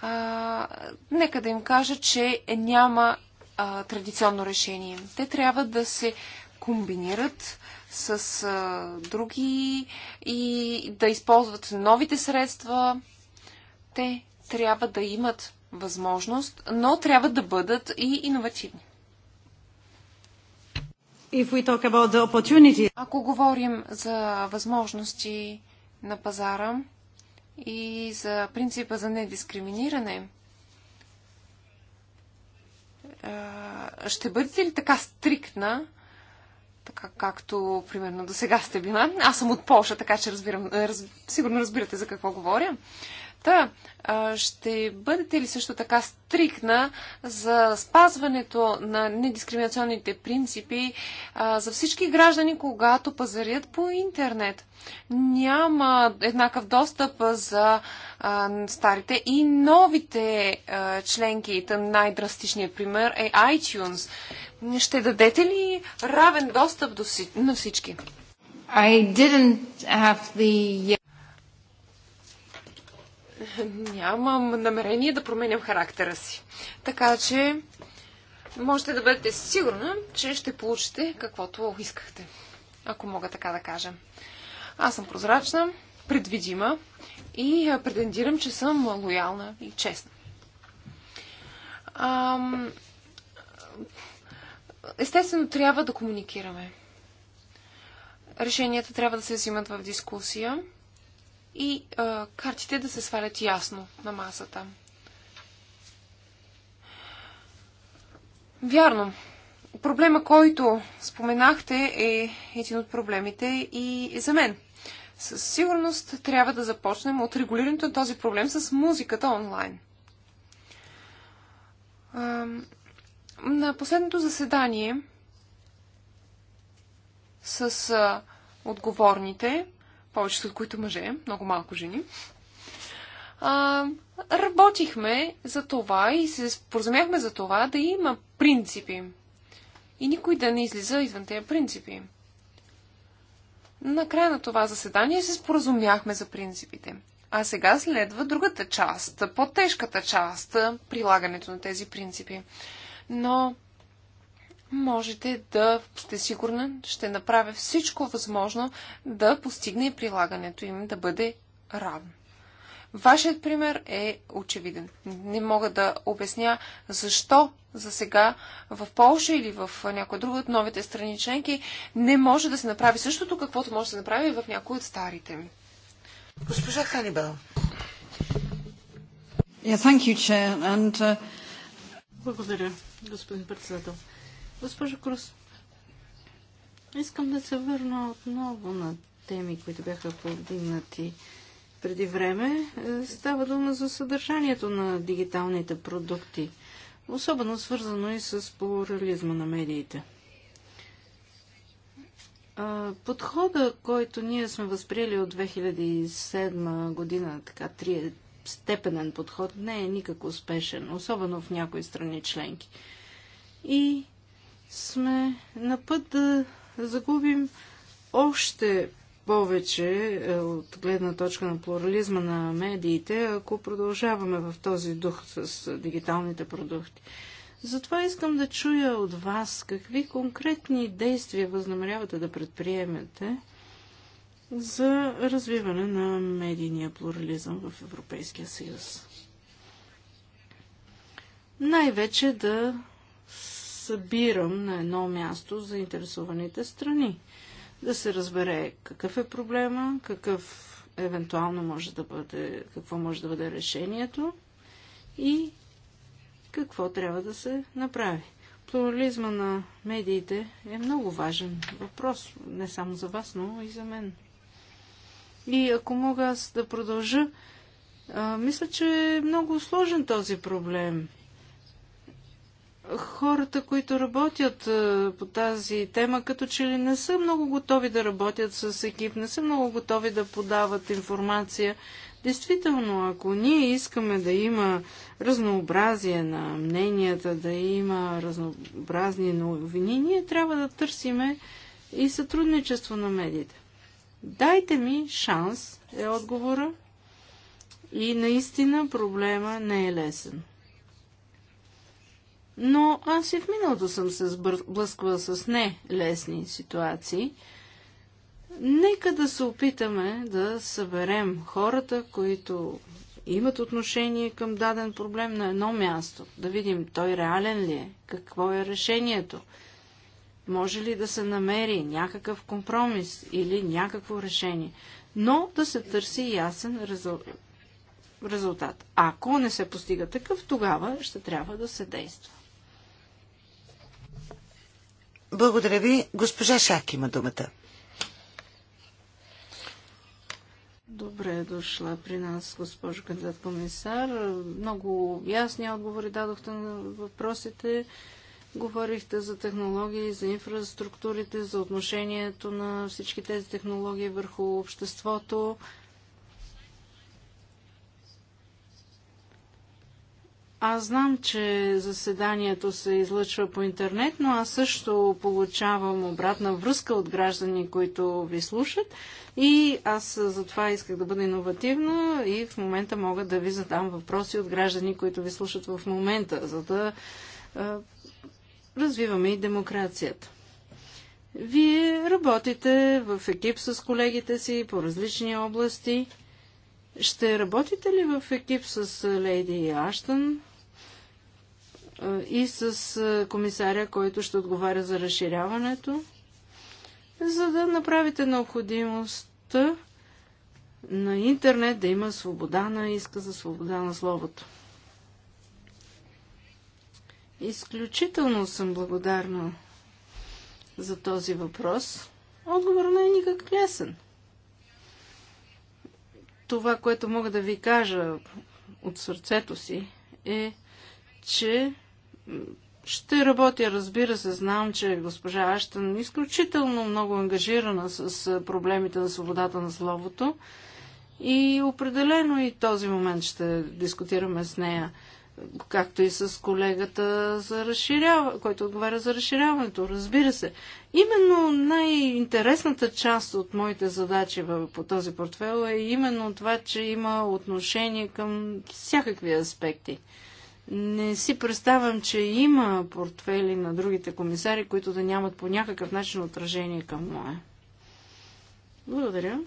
а, нека да им кажа, че няма а, традиционно решение. Те трябва да се комбинират с а, други и да използват новите средства. Те трябва да имат възможност, но трябва да бъдат и иновативни. Ако говорим за възможности на пазара и за принципа за недискриминиране, ще бъдете ли така стриктна, така както примерно до сега сте била? Аз съм от Польша, така че разбирам, раз, сигурно разбирате за какво говоря. Та, ще бъдете ли също така стрикна за спазването на недискриминационните принципи за всички граждани, когато пазарят по интернет? Няма еднакъв достъп за старите и новите членки. Най-драстичният пример е iTunes. Ще дадете ли равен достъп до, на всички? I didn't have the нямам намерение да променям характера си. Така че можете да бъдете сигурна, че ще получите каквото искахте. Ако мога така да кажа. Аз съм прозрачна, предвидима и претендирам, че съм лоялна и честна. Ам... Естествено, трябва да комуникираме. Решенията трябва да се взимат в дискусия и а, картите да се свалят ясно на масата. Вярно. Проблема, който споменахте, е един от проблемите и за мен. Със сигурност трябва да започнем от регулирането на този проблем с музиката онлайн. На последното заседание с отговорните повечето от които мъже, много малко жени. А, работихме за това и се споразумяхме за това да има принципи. И никой да не излиза извън тези принципи. Накрая на това заседание се споразумяхме за принципите. А сега следва другата част, по-тежката част, прилагането на тези принципи. Но можете да сте сигурна, ще направя всичко възможно да постигне и прилагането им да бъде равно. Вашият пример е очевиден. Не мога да обясня защо за сега в Польша или в някоя друга от новите страни членки не може да се направи същото, каквото може да се направи в някои от старите. Госпожа Ханибел. Yeah, you, And, uh... Благодаря, господин председател. Госпожо Крус, искам да се върна отново на теми, които бяха повдигнати преди време. Става дума за съдържанието на дигиталните продукти, особено свързано и с плурализма на медиите. Подхода, който ние сме възприели от 2007 година, така три степенен подход, не е никак успешен, особено в някои страни членки. И сме на път да загубим още повече е, от гледна точка на плурализма на медиите, ако продължаваме в този дух с дигиталните продукти. Затова искам да чуя от вас какви конкретни действия възнамерявате да предприемете за развиване на медийния плурализъм в Европейския съюз. Най-вече да събирам на едно място заинтересованите страни. Да се разбере какъв е проблема, какъв евентуално може да бъде, какво може да бъде решението и какво трябва да се направи. Плурализма на медиите е много важен въпрос, не само за вас, но и за мен. И ако мога аз да продължа, а, мисля, че е много сложен този проблем хората, които работят е, по тази тема, като че ли не са много готови да работят с екип, не са много готови да подават информация. Действително, ако ние искаме да има разнообразие на мненията, да има разнообразни новини, ние трябва да търсиме и сътрудничество на медиите. Дайте ми шанс, е отговора. И наистина проблема не е лесен. Но аз и в миналото съм се сблъсквала с не лесни ситуации. Нека да се опитаме да съберем хората, които имат отношение към даден проблем на едно място. Да видим той реален ли е, какво е решението. Може ли да се намери някакъв компромис или някакво решение, но да се търси ясен резултат. Ако не се постига такъв, тогава ще трябва да се действа. Благодаря ви. Госпожа Шак има думата. Добре е дошла при нас, госпожо кандидат комисар. Много ясни отговори дадохте на въпросите. Говорихте за технологии, за инфраструктурите, за отношението на всички тези технологии върху обществото. Аз знам, че заседанието се излъчва по интернет, но аз също получавам обратна връзка от граждани, които ви слушат. И аз затова исках да бъда иновативна и в момента мога да ви задам въпроси от граждани, които ви слушат в момента, за да е, развиваме и демокрацията. Вие работите в екип с колегите си по различни области. Ще работите ли в екип с Леди Аштън? и с комисаря, който ще отговаря за разширяването, за да направите необходимостта на интернет да има свобода на иска за свобода на словото. Изключително съм благодарна за този въпрос. Отговор не е никак лесен. Това, което мога да ви кажа от сърцето си, е, че ще работя, разбира се, знам, че госпожа Аштън е изключително много ангажирана с проблемите на свободата на словото и определено и този момент ще дискутираме с нея, както и с колегата, за разширява, който отговаря за разширяването, разбира се. Именно най-интересната част от моите задачи по този портфел е именно това, че има отношение към всякакви аспекти – не си представям, че има портфели на другите комисари, които да нямат по някакъв начин отражение към моя. Благодаря.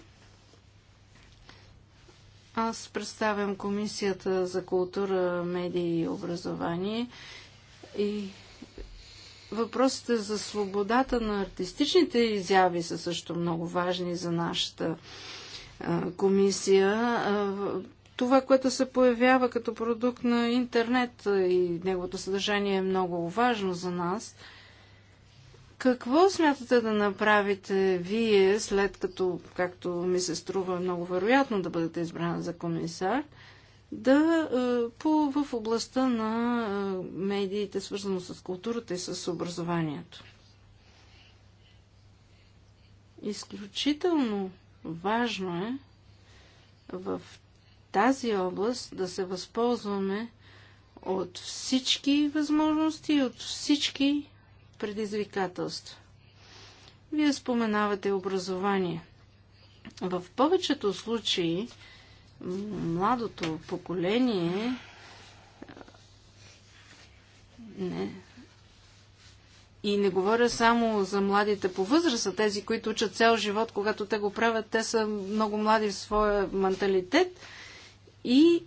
Аз представям Комисията за култура, медии и образование и въпросите за свободата на артистичните изяви са също много важни за нашата комисия това, което се появява като продукт на интернет и неговото съдържание е много важно за нас. Какво смятате да направите вие, след като, както ми се струва много вероятно да бъдете избрана за комисар, да е, по, в областта на е, медиите, свързано с културата и с образованието? Изключително важно е в тази област да се възползваме от всички възможности и от всички предизвикателства. Вие споменавате образование. В повечето случаи младото поколение не. И не говоря само за младите по възраст, тези, които учат цял живот, когато те го правят, те са много млади в своя менталитет, и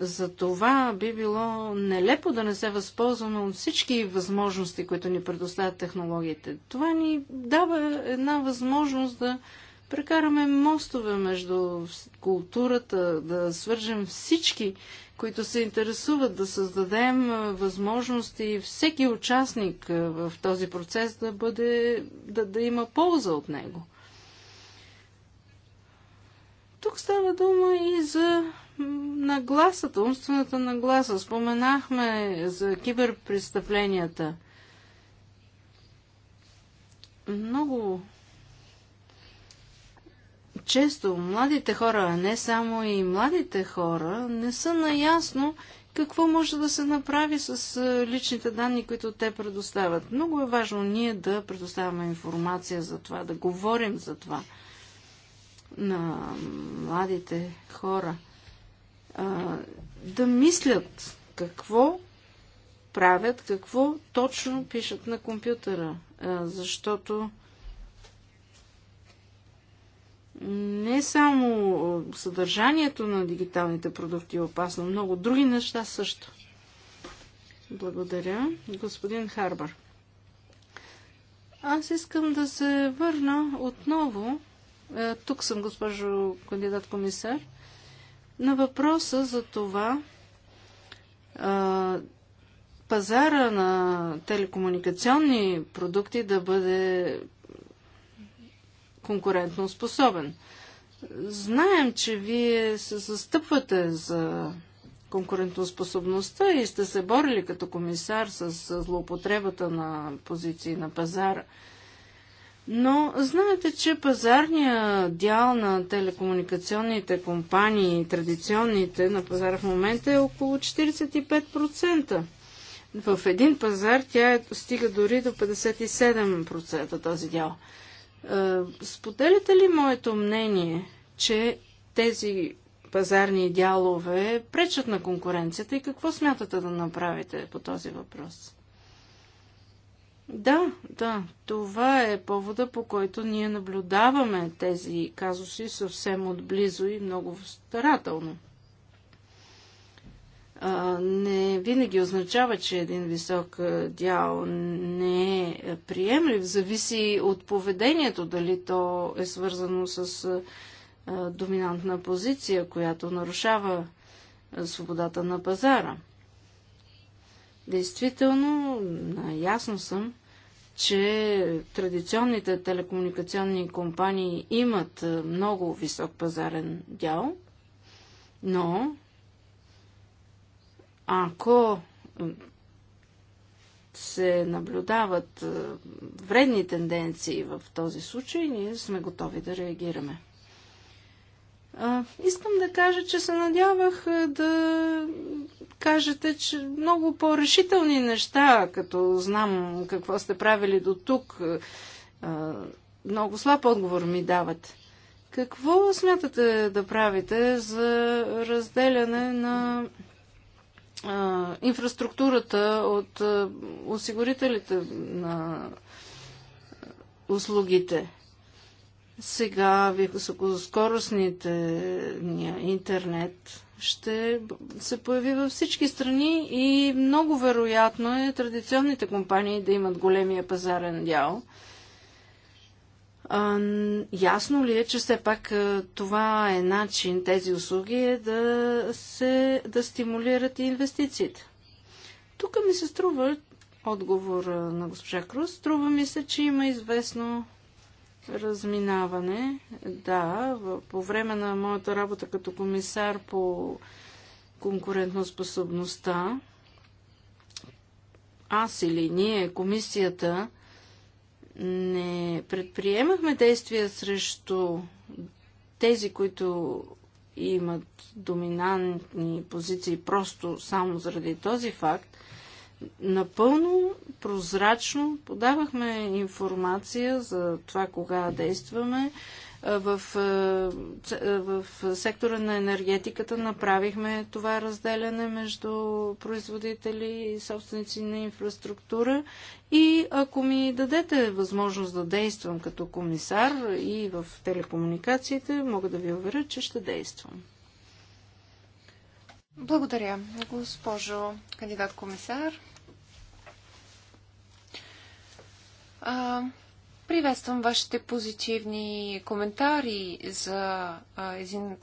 за това би било нелепо да не се възползваме от всички възможности, които ни предоставят технологиите. Това ни дава една възможност да прекараме мостове между културата, да свържем всички, които се интересуват, да създадем възможности всеки участник в този процес да, бъде, да, да има полза от него. Тук става дума и за нагласата, умствената нагласа. Споменахме за киберпрестъпленията. Много често младите хора, а не само и младите хора, не са наясно какво може да се направи с личните данни, които те предоставят. Много е важно ние да предоставяме информация за това, да говорим за това на младите хора а, да мислят какво правят, какво точно пишат на компютъра, а, защото не само съдържанието на дигиталните продукти е опасно, много други неща също. Благодаря. Господин Харбър. Аз искам да се върна отново е, тук съм, госпожо кандидат комисар. На въпроса за това пазара на телекомуникационни продукти да бъде конкурентно способен. Знаем, че вие се застъпвате за конкурентоспособността и сте се борили като комисар с злоупотребата на позиции на пазара – но знаете, че пазарният дял на телекомуникационните компании, традиционните на пазара в момента е около 45%. В един пазар тя е, стига дори до 57% този дял. Е, споделяте ли моето мнение, че тези пазарни дялове пречат на конкуренцията и какво смятате да направите по този въпрос? Да, да, това е повода, по който ние наблюдаваме тези казуси съвсем отблизо и много старателно. А, не винаги означава, че един висок дял не е приемлив. Зависи от поведението, дали то е свързано с а, доминантна позиция, която нарушава а, свободата на пазара. Действително, ясно съм, че традиционните телекомуникационни компании имат много висок пазарен дял, но ако се наблюдават вредни тенденции в този случай, ние сме готови да реагираме. искам да кажа, че се надявах да кажете, че много по-решителни неща, като знам какво сте правили до тук. Много слаб отговор ми давате. Какво смятате да правите за разделяне на а, инфраструктурата от а, осигурителите на услугите? Сега високоскоростните интернет ще се появи във всички страни и много вероятно е традиционните компании да имат големия пазарен дял. А, ясно ли е, че все пак това е начин, тези услуги е да, се, да стимулират и инвестициите? Тук ми се струва отговор на госпожа Круз. Струва ми се, че има известно Разминаване, да. По време на моята работа като комисар по конкурентоспособността, аз или ние, комисията, не предприемахме действия срещу тези, които имат доминантни позиции просто само заради този факт, напълно прозрачно подавахме информация за това кога действаме. В, в сектора на енергетиката направихме това разделяне между производители и собственици на инфраструктура. И ако ми дадете възможност да действам като комисар и в телекомуникациите, мога да ви уверя, че ще действам. Благодаря, госпожо кандидат-комисар. Приветствам вашите позитивни коментари за а, един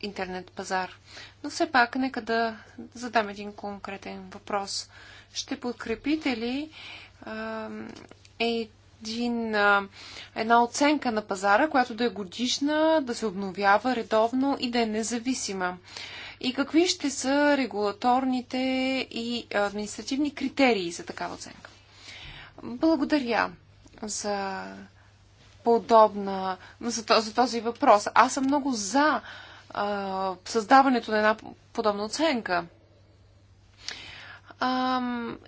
интернет пазар. Но все пак, нека да задам един конкретен въпрос. Ще подкрепите ли а, един, а, една оценка на пазара, която да е годишна, да се обновява редовно и да е независима? и какви ще са регулаторните и административни критерии за такава оценка. Благодаря за подобна, за, за този въпрос. Аз съм много за а, създаването на една подобна оценка. А,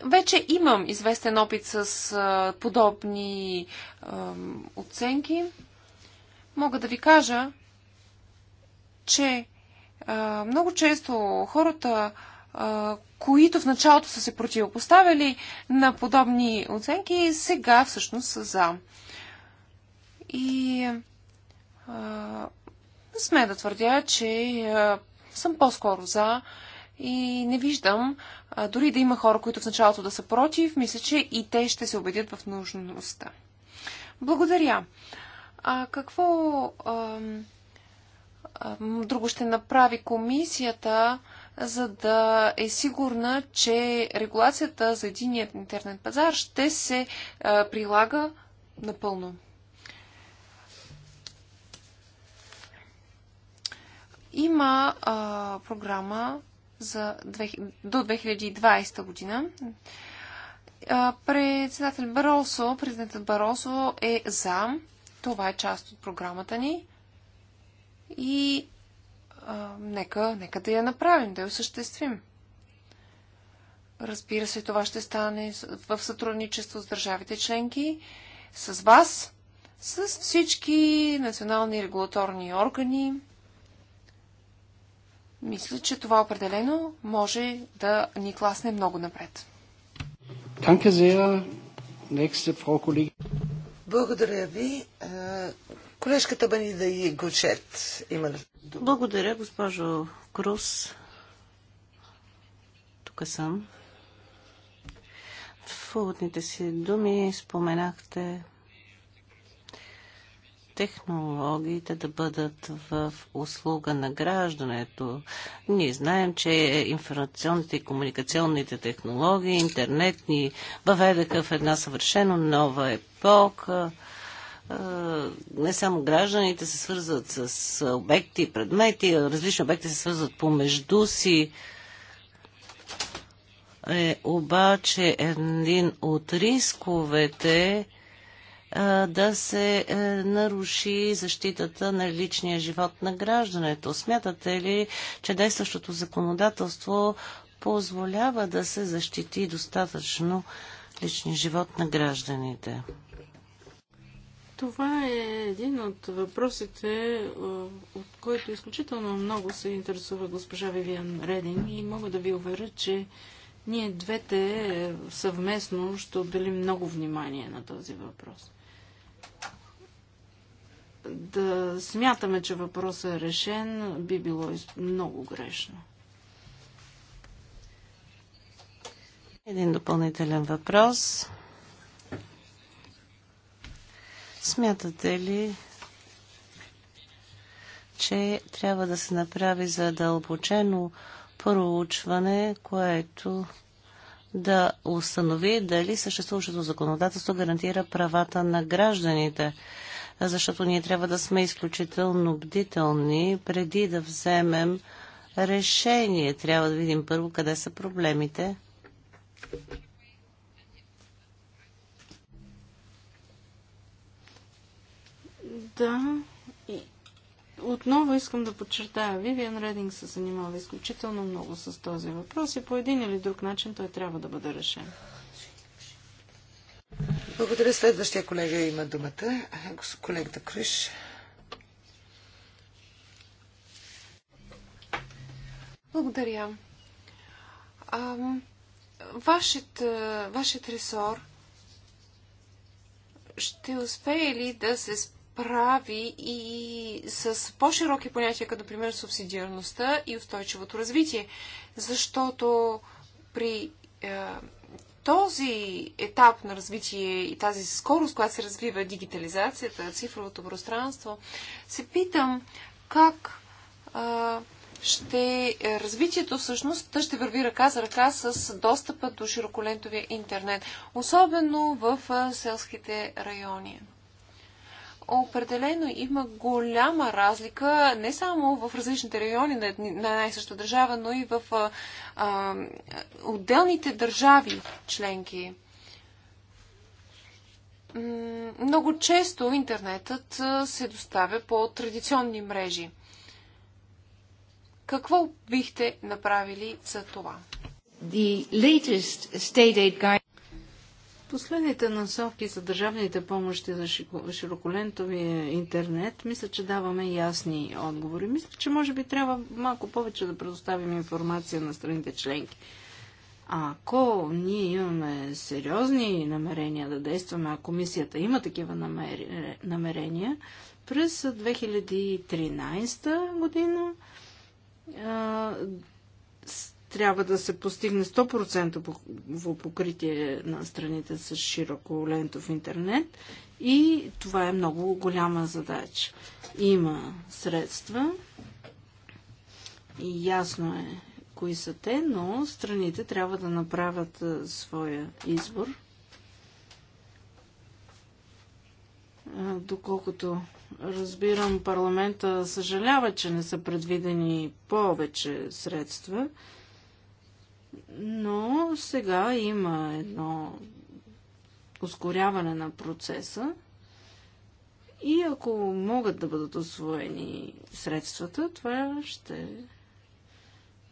вече имам известен опит с а, подобни а, оценки. Мога да ви кажа, че много често хората, които в началото са се противопоставили на подобни оценки, сега всъщност са за. И а, сме да твърдя, че а, съм по-скоро за и не виждам, а, дори да има хора, които в началото да са против, мисля, че и те ще се убедят в нужността. Благодаря. А какво. А, друго ще направи комисията, за да е сигурна, че регулацията за единият интернет пазар ще се прилага напълно. Има а, програма за две, до 2020 година. А, председател Баросо, президентът Баросо е за. Това е част от програмата ни. И а, нека, нека да я направим, да я осъществим. Разбира се, това ще стане в сътрудничество с държавите членки, с вас, с всички национални регулаторни органи. Мисля, че това определено може да ни класне много напред. Благодаря ви. Е, Колежката да и Гочет има... Благодаря, госпожо Крус. Тук съм. В уводните си думи споменахте технологиите да бъдат в услуга на граждането. Ние знаем, че информационните и комуникационните технологии, интернет ни въведаха в една съвършено нова епоха не само гражданите се свързват с обекти, предмети, различни обекти се свързват помежду си. Е, обаче един от рисковете е, да се е, наруши защитата на личния живот на граждането. Смятате ли, че действащото законодателство позволява да се защити достатъчно личния живот на гражданите? Това е един от въпросите, от който изключително много се интересува госпожа Вивиан Редин и мога да ви уверя, че ние двете е, съвместно ще отделим много внимание на този въпрос. Да смятаме, че въпросът е решен, би било много грешно. Един допълнителен въпрос. Смятате ли, че трябва да се направи задълбочено проучване, което да установи дали съществуващото законодателство гарантира правата на гражданите, защото ние трябва да сме изключително бдителни преди да вземем решение. Трябва да видим първо къде са проблемите. Да. И отново искам да подчертая, Вивиан Рединг се занимава изключително много с този въпрос и по един или друг начин той трябва да бъде решен. Благодаря. Следващия колега има думата. Колегата Криш. Благодаря. А, вашият, е, вашият ресор ще успее ли да се прави и с по-широки понятия, като например субсидиарността и устойчивото развитие. Защото при е, този етап на развитие и тази скорост, която се развива дигитализацията, цифровото пространство, се питам как е, ще развитието всъщност ще върви ръка за ръка с достъпа до широколентовия интернет, особено в е, селските райони определено има голяма разлика не само в различните райони на една и съща държава, но и в а, а, отделните държави членки. Много често интернетът се доставя по традиционни мрежи. Какво бихте направили за това? The latest state aid guide Последните насоки за държавните помощи за широколентовия е, интернет, мисля, че даваме ясни отговори. Мисля, че може би трябва малко повече да предоставим информация на страните членки. А ако ние имаме сериозни намерения да действаме, а комисията има такива намерения, през 2013 година трябва да се постигне 100% покритие на страните с широко лентов интернет и това е много голяма задача. Има средства и ясно е кои са те, но страните трябва да направят своя избор. Доколкото разбирам, парламента съжалява, че не са предвидени повече средства но сега има едно ускоряване на процеса и ако могат да бъдат освоени средствата, това ще е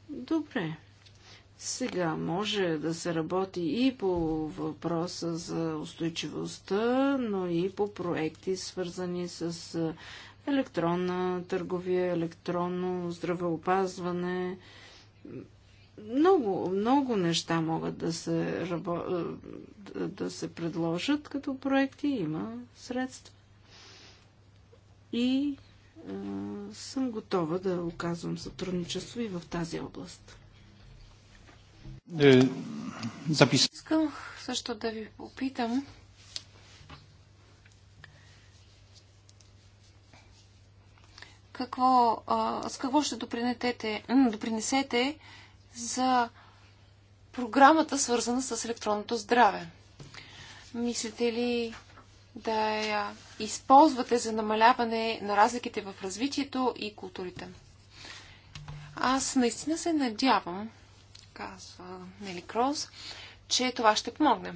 добре. Сега може да се работи и по въпроса за устойчивостта, но и по проекти, свързани с електронна търговия, електронно здравеопазване, много, много неща могат да се, да се предложат като проекти, има средства. И е, съм готова да оказвам сътрудничество и в тази област. Е, запис... Искам също да ви попитам. Какво, а, с какво ще допринесете, допринесете за програмата, свързана с електронното здраве. Мислите ли да я използвате за намаляване на разликите в развитието и културите? Аз наистина се надявам, казва Нели Кроз, че това ще помогне.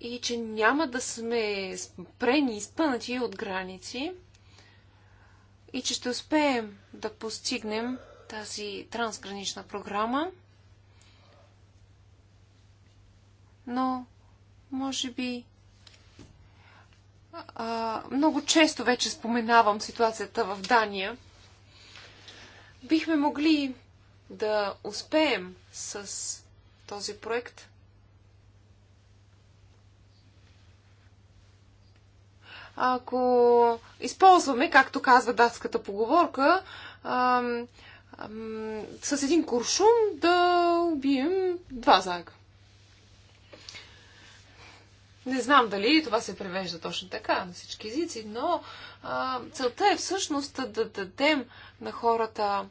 И че няма да сме спрени, изпънати от граници и че ще успеем да постигнем тази трансгранична програма. Но, може би, а, много често вече споменавам ситуацията в Дания. Бихме могли да успеем с този проект. Ако използваме, както казва датската поговорка, ам, с един куршум да убием два зайка. Не знам дали това се превежда точно така на всички езици, но а, целта е всъщност да дадем на хората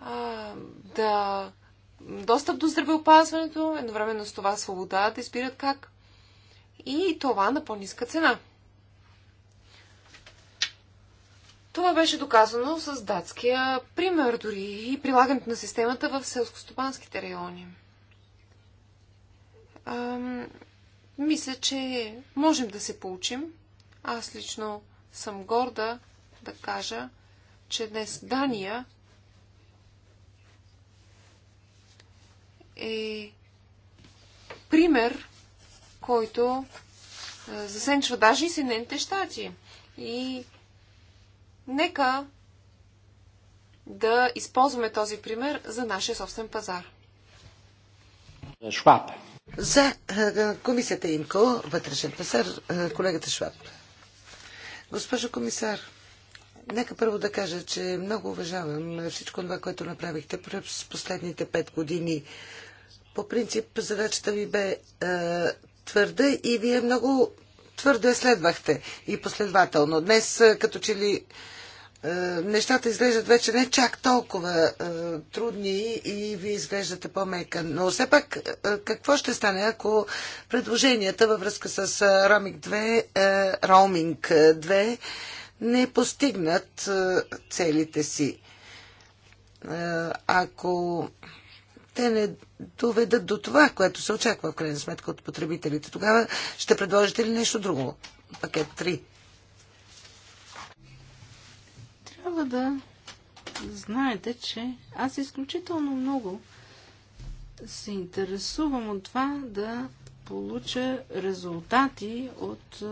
а, да достъп до здравеопазването, едновременно с това свобода да избират как. И това на по-ниска цена. Това беше доказано с датския пример дори и прилагането на системата в селскостопанските райони. Ам, мисля, че можем да се получим. Аз лично съм горда да кажа, че днес Дания е пример, който засенчва даже и Съединените щати. И Нека да използваме този пример за нашия собствен пазар. Шваб. За е, е, комисията ИМКО, вътрешен пазар, е, колегата Шваб. Госпожо комисар, нека първо да кажа, че много уважавам всичко това, което направихте през последните пет години. По принцип, задачата ви бе е, твърда и вие много твърдо я следвахте и последователно. Днес, като че ли е, нещата изглеждат вече не чак толкова е, трудни и ви изглеждате по-мека. Но все пак, е, какво ще стане, ако предложенията във връзка с Roaming 2, е, Roaming 2 е, е, не постигнат е, целите си? Е, ако те не доведат до това, което се очаква в крайна сметка от потребителите, тогава ще предложите ли нещо друго? Пакет 3. трябва да знаете, че аз изключително много се интересувам от това да получа резултати от е,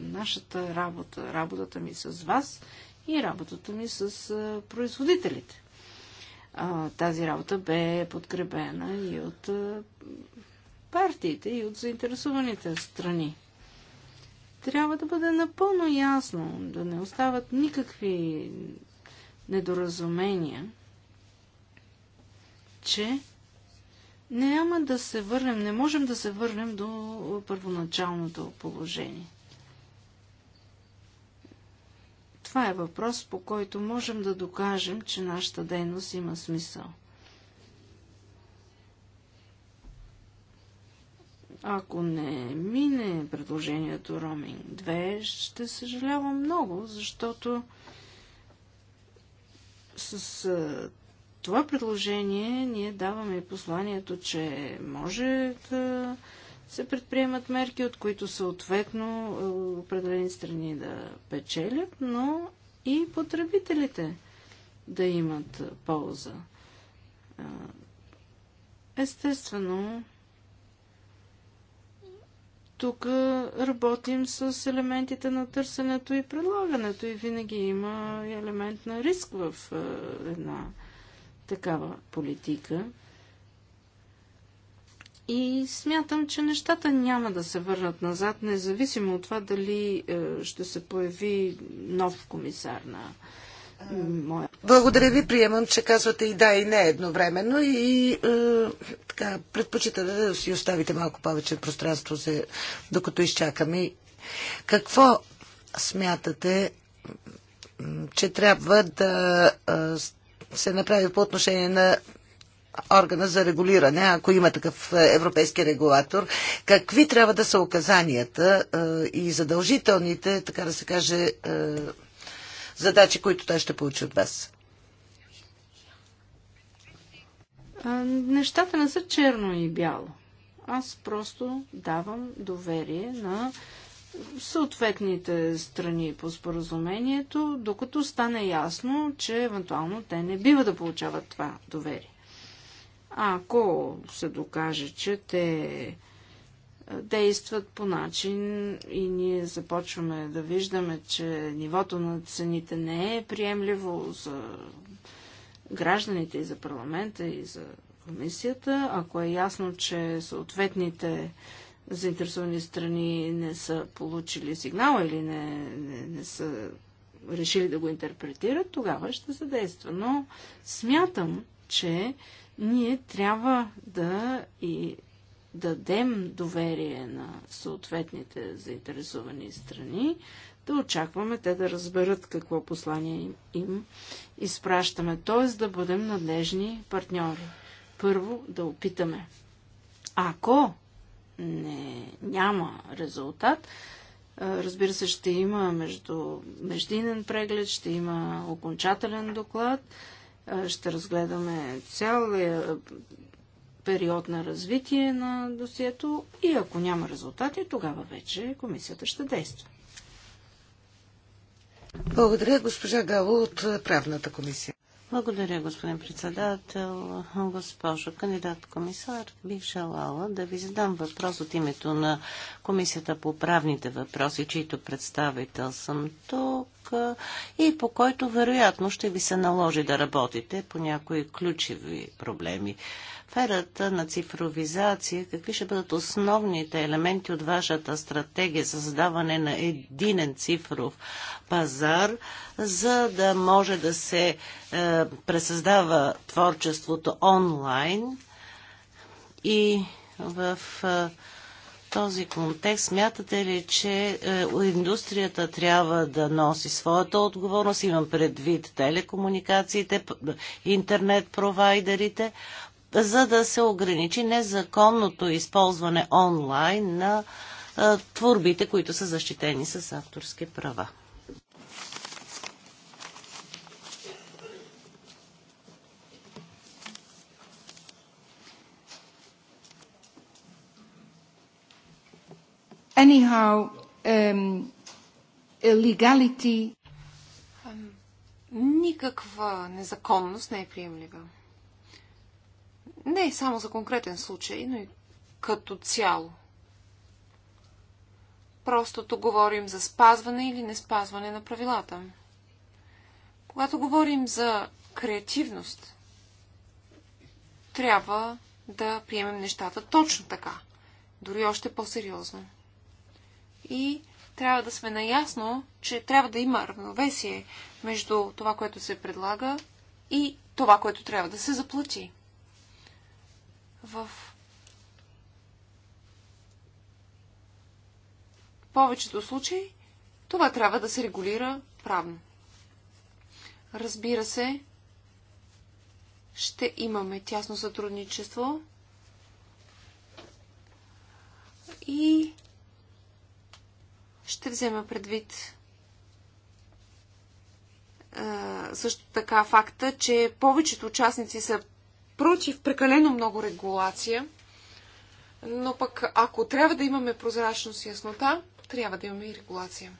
нашата работа, работата ми с вас и работата ми с е, производителите. тази работа бе подкрепена и от е, партиите, и от заинтересованите страни трябва да бъде напълно ясно, да не остават никакви недоразумения, че няма да се върнем, не можем да се върнем до първоначалното положение. Това е въпрос, по който можем да докажем, че нашата дейност има смисъл. Ако не мине предложението Роминг 2, ще съжалявам много, защото с това предложение ние даваме посланието, че може да се предприемат мерки, от които съответно определени страни да печелят, но и потребителите да имат полза. Естествено, тук работим с елементите на търсенето и предлагането и винаги има елемент на риск в една такава политика. И смятам, че нещата няма да се върнат назад, независимо от това дали ще се появи нов комисар на моя. Благодаря ви, приемам, че казвате и да, и не едновременно и е, така, предпочитате да си оставите малко повече пространство, за, докато изчакаме. Какво смятате, че трябва да е, се направи по отношение на органа за регулиране, ако има такъв е, европейски регулатор, какви трябва да са указанията е, и задължителните, така да се каже, е, задачи, които той ще получи от вас? нещата не са черно и бяло. Аз просто давам доверие на съответните страни по споразумението, докато стане ясно, че евентуално те не бива да получават това доверие. А ако се докаже, че те действат по начин и ние започваме да виждаме, че нивото на цените не е приемливо за гражданите и за парламента и за комисията. Ако е ясно, че съответните заинтересовани страни не са получили сигнала или не, не, не са решили да го интерпретират, тогава ще се действа. Но смятам, че ние трябва да и дадем доверие на съответните заинтересовани страни, да очакваме те да разберат какво послание им, им изпращаме, т.е. да бъдем надлежни партньори. Първо да опитаме. Ако не, няма резултат, разбира се, ще има между, междинен преглед, ще има окончателен доклад, ще разгледаме цял период на развитие на досието и ако няма резултати, тогава вече комисията ще действа. Благодаря, госпожа Гало от правната комисия. Благодаря, господин председател. Госпожо кандидат комисар, бих желала да ви задам въпрос от името на Комисията по правните въпроси, чийто представител съм тук и по който вероятно ще ви се наложи да работите по някои ключови проблеми. В ерата на цифровизация, какви ще бъдат основните елементи от вашата стратегия за създаване на единен цифров пазар, за да може да се е, пресъздава творчеството онлайн и в е, този контекст смятате ли, че е, индустрията трябва да носи своята отговорност? Имам предвид телекомуникациите, интернет провайдерите, за да се ограничи незаконното използване онлайн на е, творбите, които са защитени с авторски права. Anyhow, um, illegality... Никаква незаконност не е приемлива. Не е само за конкретен случай, но и като цяло. Просто говорим за спазване или не спазване на правилата. Когато говорим за креативност, трябва да приемем нещата точно така, дори още по-сериозно и трябва да сме наясно, че трябва да има равновесие между това, което се предлага и това, което трябва да се заплати. В повечето случаи това трябва да се регулира правно. Разбира се, ще имаме тясно сътрудничество и ще взема предвид също така факта, че повечето участници са против прекалено много регулация, но пък ако трябва да имаме прозрачност и яснота, трябва да имаме и регулация.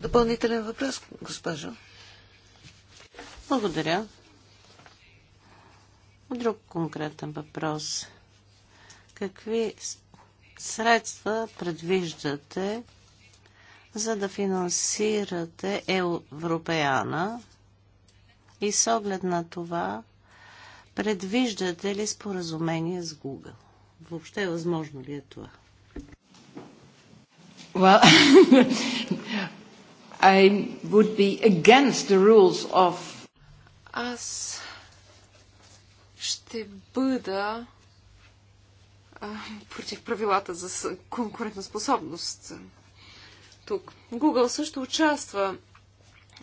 Допълнителен въпрос, госпожо. Благодаря. Друг конкретен въпрос. Какви средства предвиждате, за да финансирате Европеана и с оглед на това предвиждате ли споразумение с Google? Въобще е възможно ли е това? Well, I would be against the rules of... Аз ще бъда против правилата за конкурентоспособност. Тук. Google също участва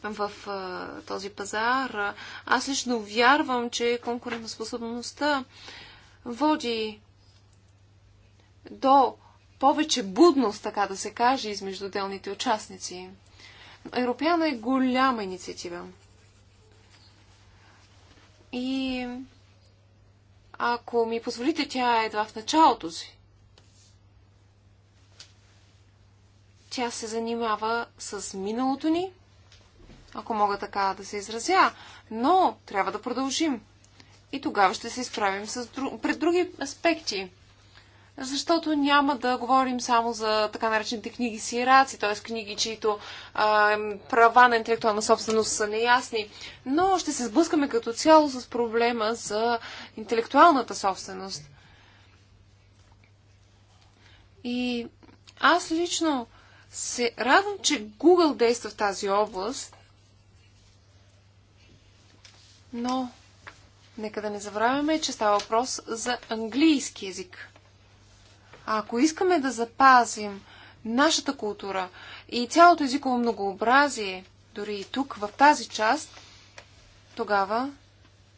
в а, този пазар. Аз лично вярвам, че конкурентоспособността води до повече будност, така да се каже, измежду отделните участници. Европеана е голяма инициатива. И ако ми позволите, тя е едва в началото си. Тя се занимава с миналото ни, ако мога така да се изразя, но трябва да продължим. И тогава ще се изправим с дру... пред други аспекти защото няма да говорим само за така наречените книги сираци, т.е. книги, чието а, права на интелектуална собственост са неясни, но ще се сблъскаме като цяло с проблема за интелектуалната собственост. И аз лично се радвам, че Google действа в тази област, но нека да не забравяме, че става въпрос за английски язик. Ако искаме да запазим нашата култура и цялото езиково многообразие, дори и тук, в тази част, тогава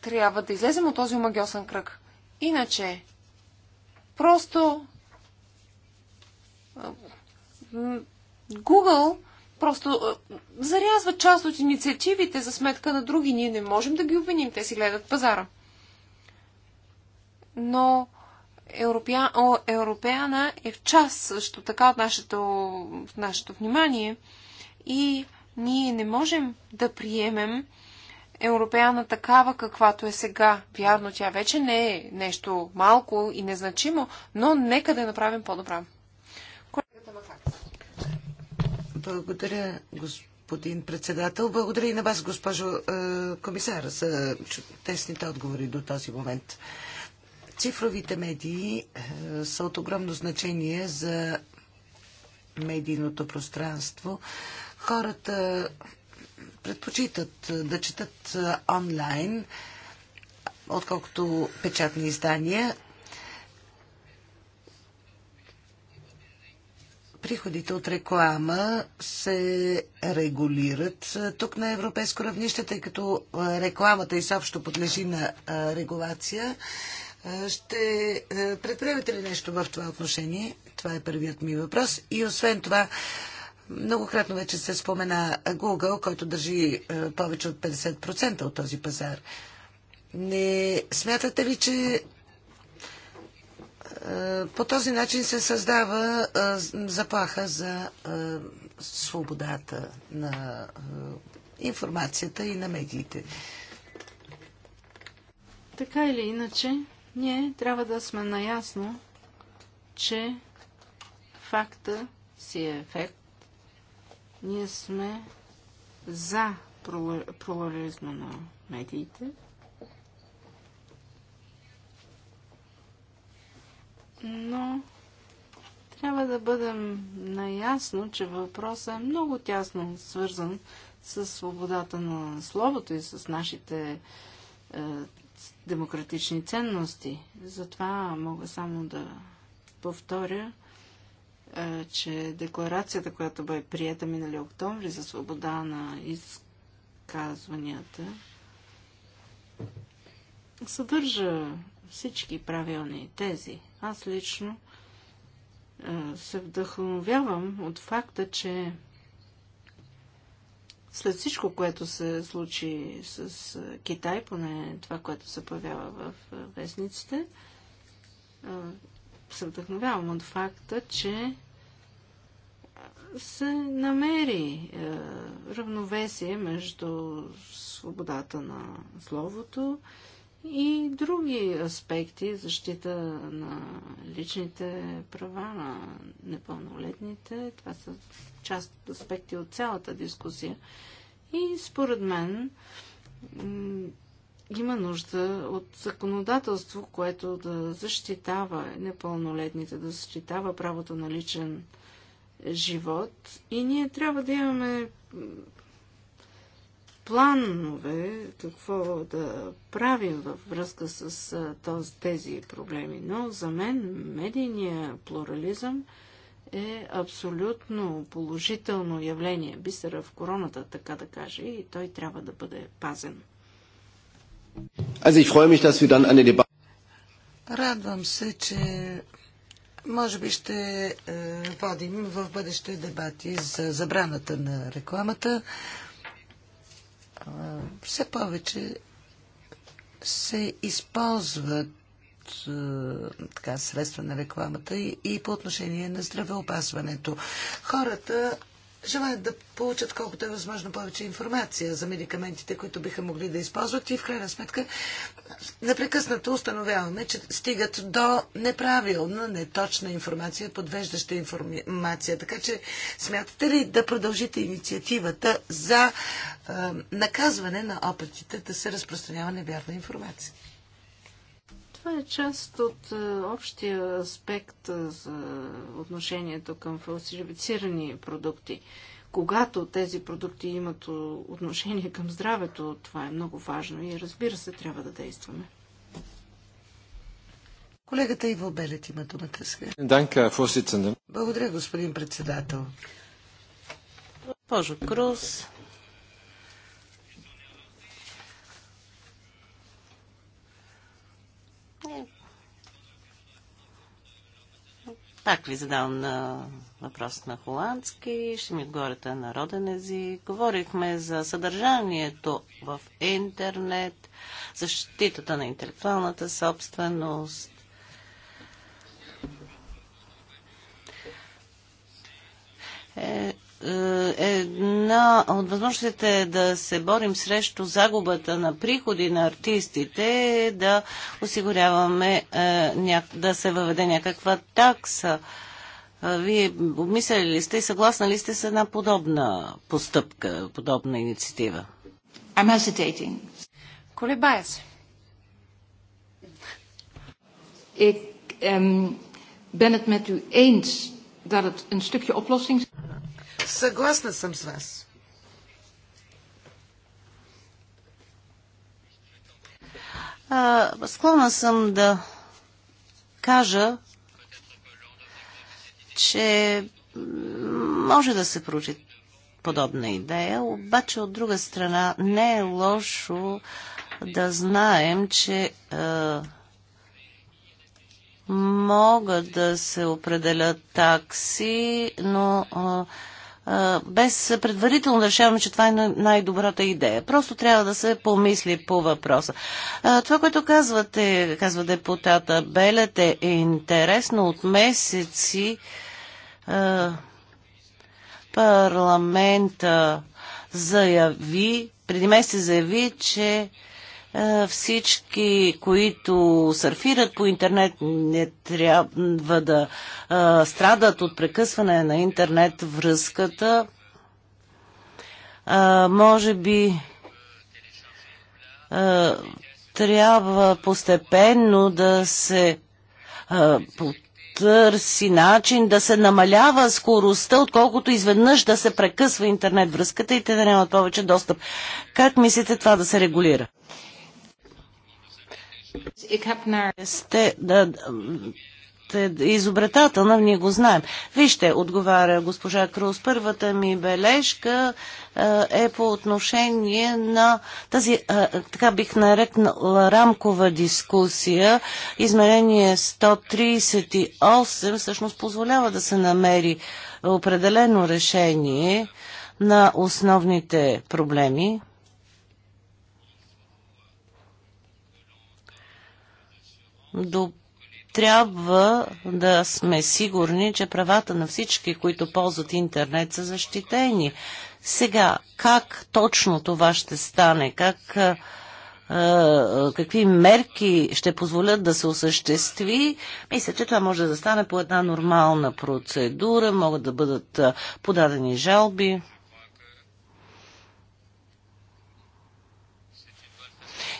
трябва да излезем от този омагиосен кръг. Иначе, просто Google просто зарязва част от инициативите за сметка на други. Ние не можем да ги обвиним. Те си гледат пазара. Но Европея... О, Европеана е в част също така от нашето, от нашето внимание и ние не можем да приемем Европеана такава, каквато е сега. Вярно, тя вече не е нещо малко и незначимо, но нека да я направим по-добра. Колегата Благодаря, господин председател. Благодаря и на вас, госпожо е, комисар, за тесните отговори до този момент. Цифровите медии е, са от огромно значение за медийното пространство. Хората предпочитат е, да четат е, онлайн, отколкото печатни издания. Приходите от реклама се регулират тук на европейско равнище, тъй като рекламата изобщо подлежи на регулация. Е, ще е, предприемете ли нещо в това отношение? Това е първият ми въпрос. И освен това, многократно вече се спомена Google, който държи е, повече от 50% от този пазар. Не смятате ли, че по този начин се създава заплаха за свободата на информацията и на медиите? Така или иначе, ние трябва да сме наясно, че факта си е ефект. Ние сме за плурализма на медиите. Но трябва да бъдем наясно, че въпросът е много тясно свързан с свободата на словото и с нашите е, демократични ценности. Затова мога само да повторя, е, че декларацията, която бе прията минали октомври за свобода на изказванията, съдържа всички правилни тези. Аз лично е, се вдъхновявам от факта, че след всичко, което се случи с Китай, поне това, което се появява в вестниците, се вдъхновявам от факта, че се намери равновесие между свободата на словото и други аспекти, защита на личните права на непълнолетните. Това са част от аспекти от цялата дискусия. И според мен има нужда от законодателство, което да защитава непълнолетните, да защитава правото на личен живот. И ние трябва да имаме планове какво да правим във връзка с този, тези проблеми. Но за мен медийния плурализъм е абсолютно положително явление, бисера в короната, така да каже, и той трябва да бъде пазен. Радвам се, че може би ще е, водим в бъдеще дебати за забраната на рекламата. Е, все повече се използват от е, така, средства на рекламата и, и по отношение на здравеопазването. Хората желаят да получат колкото е възможно повече информация за медикаментите, които биха могли да използват и в крайна сметка непрекъснато установяваме, че стигат до неправилна, неточна информация, подвеждаща информация. Така че смятате ли да продължите инициативата за е, наказване на опитите да се разпространява невярна информация? Това е част от е, общия аспект е, за отношението към фалсифицирани продукти. Когато тези продукти имат отношение към здравето, това е много важно и разбира се, трябва да действаме. Колегата Иво Белет има думата сега. Благодаря, господин председател. Госпожо Круз, Пак ви задавам на въпрос на холандски. Ще ми отговорите на роден език. Говорихме за съдържанието в интернет, защитата на интелектуалната собственост. Е, е, една от възможностите да се борим срещу загубата на приходи на артистите е да осигуряваме е, да се въведе някаква такса. Е, вие обмисляли ли сте и съгласна ли сте с една подобна постъпка, подобна инициатива? I'm hesitating. Колебая се. Ik ehm, ben het met u eens dat het een stukje oplossing... Съгласна съм с вас. А, склонна съм да кажа, че може да се проучи подобна идея, обаче от друга страна не е лошо да знаем, че е, могат да се определят такси, но е, без предварително решаваме, че това е най-добрата идея. Просто трябва да се помисли по въпроса. Това, което казвате, казва депутата Белет, е интересно. От месеци парламента заяви, преди месец заяви, че е, всички, които сърфират по интернет, не трябва да е, страдат от прекъсване на интернет връзката. Е, може би трябва постепенно да се потърси начин да се намалява скоростта, отколкото изведнъж да се прекъсва интернет връзката и те да нямат повече достъп. Как мислите това да се регулира? Сте да, изобретателна, ние го знаем. Вижте, отговаря госпожа Круз, първата ми бележка е по отношение на тази, така бих нарекнала, рамкова дискусия. Измерение 138 всъщност позволява да се намери определено решение на основните проблеми, до трябва да сме сигурни, че правата на всички, които ползват интернет, са защитени. Сега, как точно това ще стане? Как, е, какви мерки ще позволят да се осъществи? Мисля, че това може да стане по една нормална процедура, могат да бъдат подадени жалби.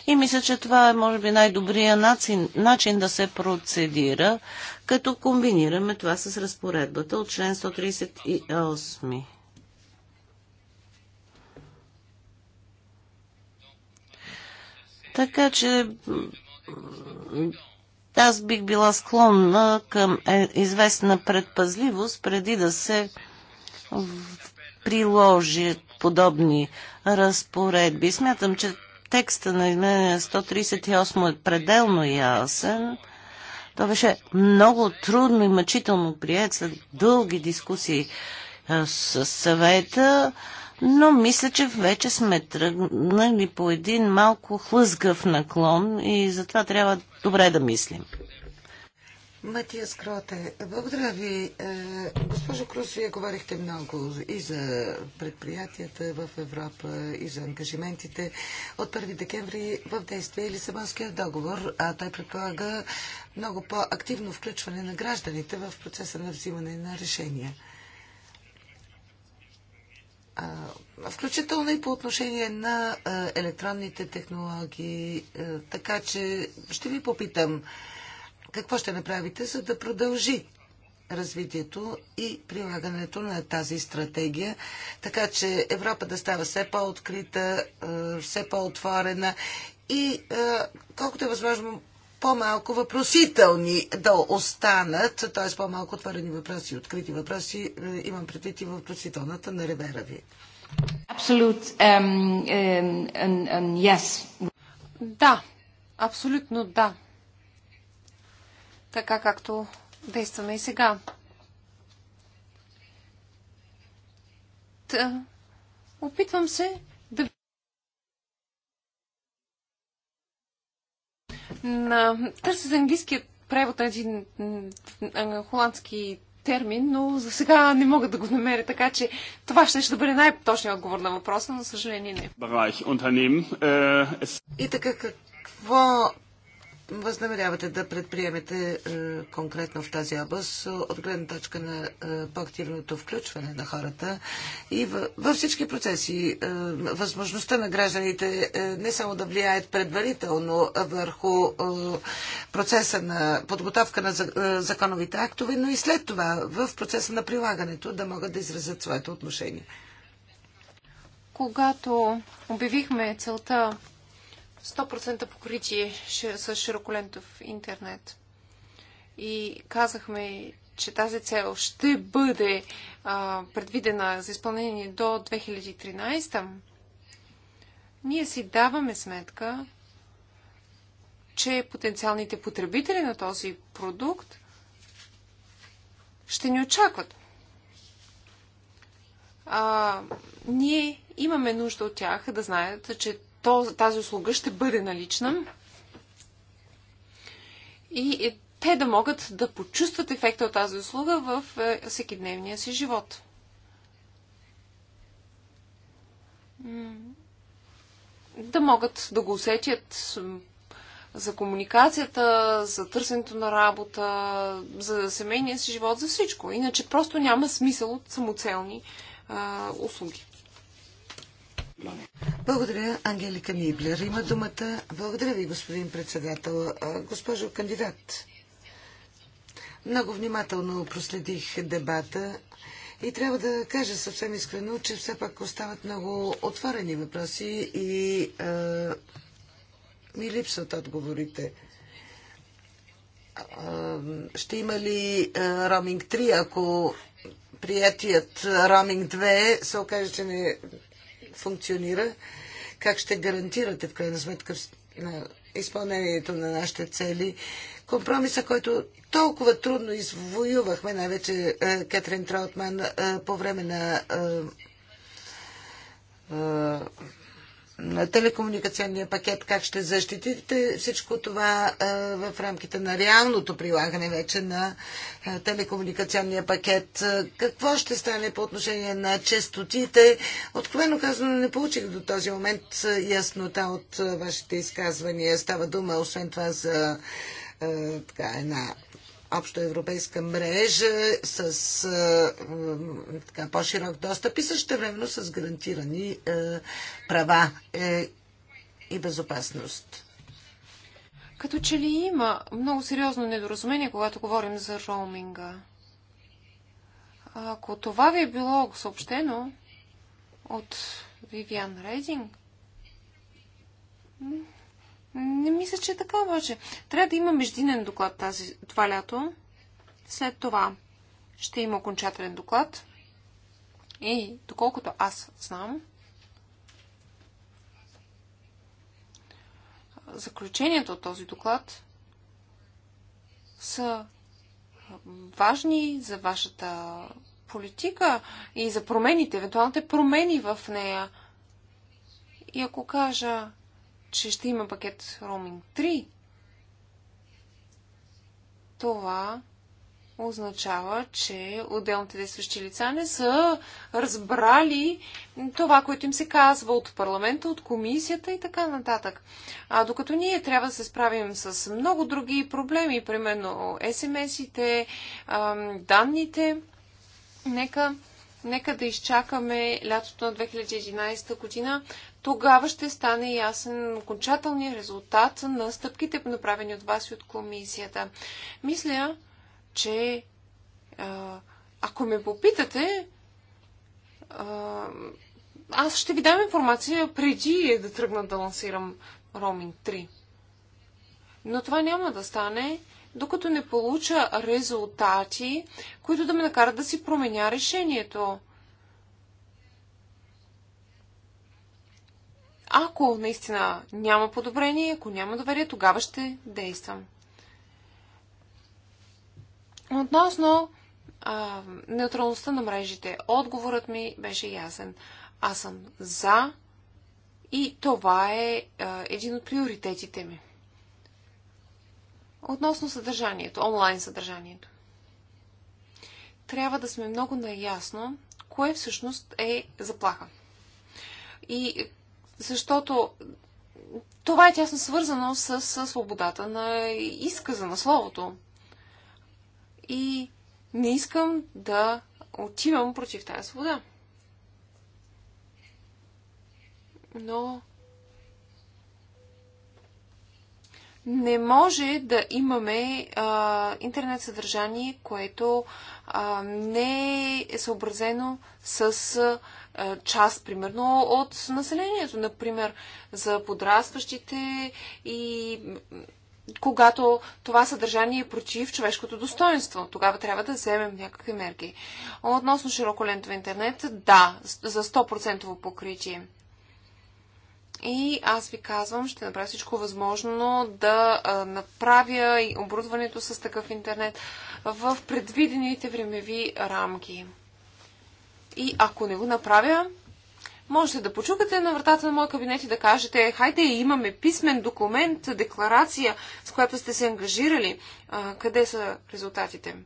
И мисля, че това е, може би, най-добрият начин, начин да се процедира, като комбинираме това с разпоредбата от член 138. Така че аз бих била склонна към е, известна предпазливост преди да се приложи подобни разпоредби. Смятам, че Текста на изменение 138 е пределно ясен. То беше много трудно и мъчително прият след дълги дискусии е, с съвета, но мисля, че вече сме тръгнали по един малко хлъзгав наклон и затова трябва добре да мислим. Матия Скроте, благодаря ви. Е, госпожо Крус, вие говорихте много и за предприятията в Европа, и за ангажиментите. От 1 декември в действие или Лисабонския договор, а той предполага много по-активно включване на гражданите в процеса на взимане на решения. Включително и по отношение на електронните технологии. Така че ще ви попитам. Какво ще направите, за да продължи развитието и прилагането на тази стратегия, така че Европа да става все по-открита, все по-отворена и колкото е възможно по-малко въпросителни да останат, т.е. по-малко отворени въпроси, открити въпроси, имам предвид и въпросителната на ревера ви. Абсолют. Um, um, um, um, yes. Да, абсолютно да така както действаме и сега. Та, опитвам се да. На... Търся за английският превод на един холандски термин, но за сега не мога да го намеря, така че това ще, ще бъде най-точният отговор на въпроса, но съжаление не. Äh, и така, какво възнамерявате да предприемете е, конкретно в тази област от гледна точка на е, по-активното включване на хората и във всички процеси е, възможността на гражданите не само да влияят предварително върху процеса на подготовка на законовите актове, но и след това в процеса на прилагането да могат да изразят своето отношение. Когато обявихме целта 100% покритие с широколентов интернет. И казахме, че тази цел ще бъде а, предвидена за изпълнение до 2013, ние си даваме сметка, че потенциалните потребители на този продукт ще ни очакват. А, ние имаме нужда от тях да знаят, че тази услуга ще бъде налична и е, те да могат да почувстват ефекта от тази услуга в е, всеки дневния си живот. Да могат да го усетят за комуникацията, за търсенето на работа, за семейния си живот, за всичко. Иначе просто няма смисъл от самоцелни а, услуги. Благодаря, Ангелика Ниблер. Има думата. Благодаря ви, господин председател. Госпожо кандидат, много внимателно проследих дебата и трябва да кажа съвсем искрено, че все пак остават много отворени въпроси и а, ми липсват отговорите. Ще има ли роминг 3, ако приятият роминг 2 се окаже, че не функционира, как ще гарантирате в крайна сметка на изпълнението на нашите цели. Компромиса, който толкова трудно извоювахме, най-вече е, Кетрин Траутман е, по време на е, телекомуникационния пакет, как ще защитите всичко това в рамките на реалното прилагане вече на телекомуникационния пакет. Какво ще стане по отношение на честотите? Откровено казано, не получих до този момент яснота от вашите изказвания. Става дума, освен това, за така, една общоевропейска мрежа с така, по-широк достъп и също времено с гарантирани права е, и безопасност. Като че ли има много сериозно недоразумение, когато говорим за роуминга? Ако това ви е било съобщено от Вивиан Рейдинг, не мисля, че е така, обаче. Трябва да има междинен доклад тази, това лято. След това ще има окончателен доклад. И доколкото аз знам, заключението от този доклад са важни за вашата политика и за промените, евентуалните промени в нея. И ако кажа, че ще има пакет Roaming 3, това означава, че отделните действащи лица не са разбрали това, което им се казва от парламента, от комисията и така нататък. А докато ние трябва да се справим с много други проблеми, примерно СМС-ите, данните, нека Нека да изчакаме лятото на 2011 година. Тогава ще стане ясен окончателният резултат на стъпките, направени от вас и от комисията. Мисля, че ако ме попитате, аз ще ви дам информация преди да тръгна да лансирам Роминг 3. Но това няма да стане докато не получа резултати, които да ме накарат да си променя решението. Ако наистина няма подобрение, ако няма доверие, тогава ще действам. Относно а, неутралността на мрежите, отговорът ми беше ясен. Аз съм за и това е а, един от приоритетите ми. Относно съдържанието, онлайн съдържанието. Трябва да сме много наясно, кое всъщност е заплаха. И защото това е тясно свързано с, с свободата на изказа, на словото. И не искам да отивам против тази свобода. Но не може да имаме а, интернет съдържание, което а, не е съобразено с а, част, примерно, от населението. Например, за подрастващите и когато това съдържание е против човешкото достоинство. Тогава трябва да вземем някакви мерки. Относно широколентов интернет, да, за 100% покритие. И аз ви казвам, ще направя всичко възможно да направя и оборудването с такъв интернет в предвидените времеви рамки. И ако не го направя, можете да почукате на вратата на моя кабинет и да кажете, хайде, имаме писмен документ, декларация, с която сте се ангажирали. А, къде са резултатите?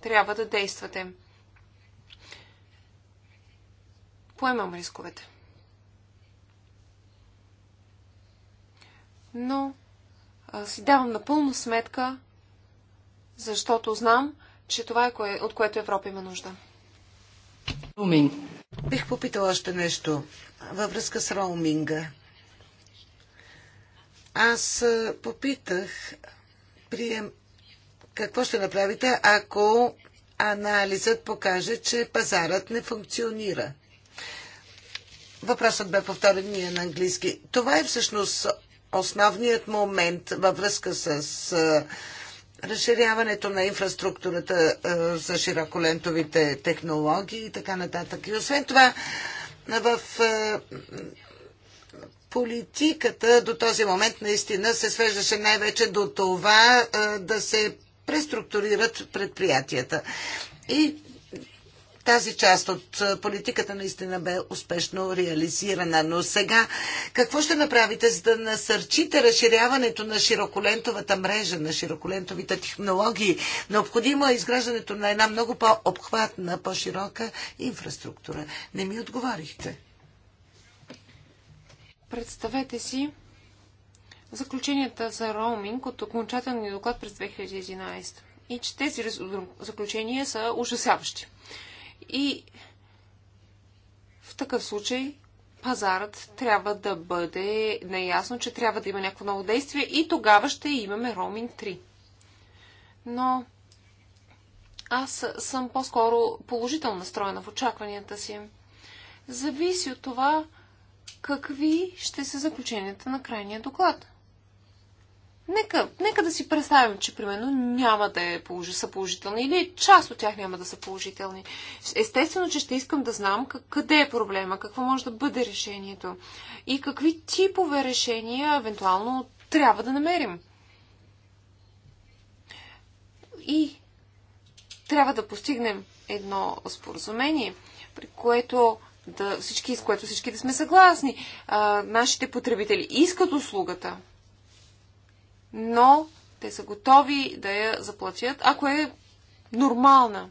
Трябва да действате. Поемам рисковете. но а, си давам напълно сметка, защото знам, че това е кое, от което Европа има нужда. Роуминг. Бих попитала още нещо във връзка с роуминга. Аз попитах прием какво ще направите, ако анализът покаже, че пазарът не функционира. Въпросът бе повторен ние на английски. Това е всъщност основният момент във връзка с разширяването на инфраструктурата за широколентовите технологии и така нататък. И освен това, в политиката до този момент наистина се свеждаше най-вече до това да се преструктурират предприятията. И тази част от политиката наистина бе успешно реализирана. Но сега какво ще направите, за да насърчите разширяването на широколентовата мрежа, на широколентовите технологии? Необходимо е изграждането на една много по-обхватна, по-широка инфраструктура. Не ми отговорихте. Представете си заключенията за роуминг от окончателния доклад през 2011 и че тези заключения са ужасяващи. И в такъв случай пазарът трябва да бъде наясно, че трябва да има някакво ново действие и тогава ще имаме Ромин 3. Но аз съм по-скоро положително настроена в очакванията си. Зависи от това, какви ще са заключенията на крайния доклад. Нека, нека да си представим, че примерно няма да е положи, са положителни или част от тях няма да са положителни. Естествено, че ще искам да знам как, къде е проблема, какво може да бъде решението и какви типове решения евентуално трябва да намерим. И трябва да постигнем едно споразумение, при което да, всички, с което всички да сме съгласни. А, нашите потребители искат услугата, но те са готови да я заплатят, ако е нормална.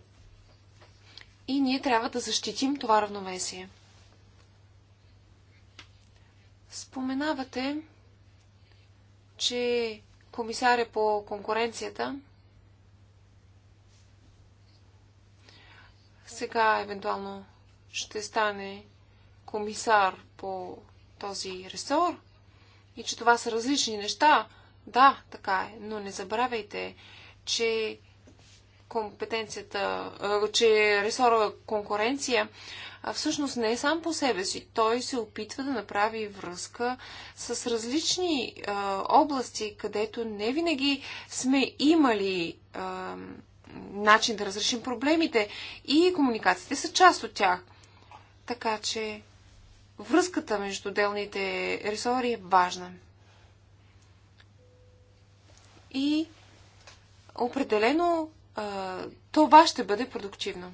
И ние трябва да защитим това равновесие. Споменавате, че комисаря по конкуренцията сега евентуално ще стане комисар по този ресор и че това са различни неща – да, така е, но не забравяйте, че компетенцията, че ресора конкуренция всъщност не е сам по себе си. Той се опитва да направи връзка с различни а, области, където не винаги сме имали а, начин да разрешим проблемите и комуникациите са част от тях. Така че връзката между делните ресори е важна и определено това ще бъде продуктивно.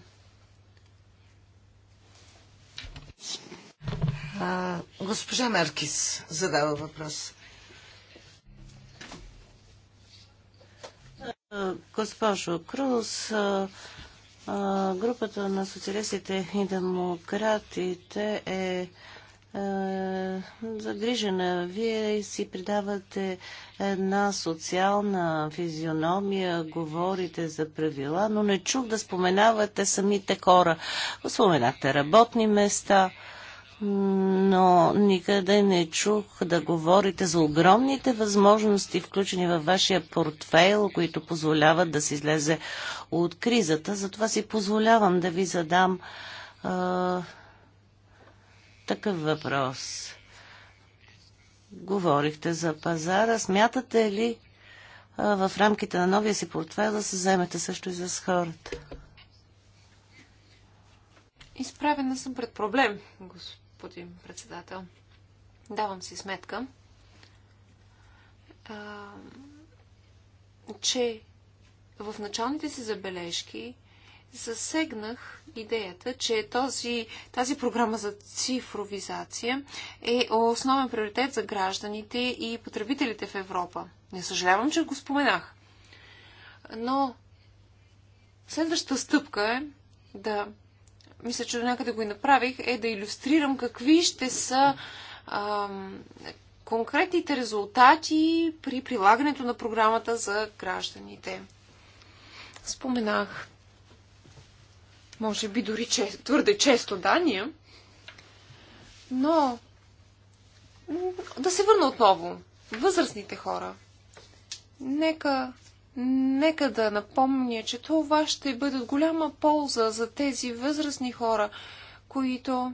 А, госпожа Меркис задава въпрос. Госпожо Круз, групата на социалистите и демократите е загрижена. Вие си придавате една социална физиономия, говорите за правила, но не чух да споменавате самите хора. Споменахте работни места, но никъде не чух да говорите за огромните възможности, включени във вашия портфейл, които позволяват да се излезе от кризата. Затова си позволявам да ви задам такъв въпрос. Говорихте за пазара. Смятате ли в рамките на новия си портфел да се вземете също и за хората? Изправена съм пред проблем, господин председател. Давам си сметка, а, че в началните си забележки засегнах идеята, че този, тази програма за цифровизация е основен приоритет за гражданите и потребителите в Европа. Не съжалявам, че го споменах. Но следващата стъпка е да, мисля, че до някъде го и направих, е да иллюстрирам какви ще са ам, конкретните резултати при прилагането на програмата за гражданите. Споменах може би дори че, твърде често Дания. Но да се върна отново. Възрастните хора. Нека, нека да напомня, че това ще бъде голяма полза за тези възрастни хора, които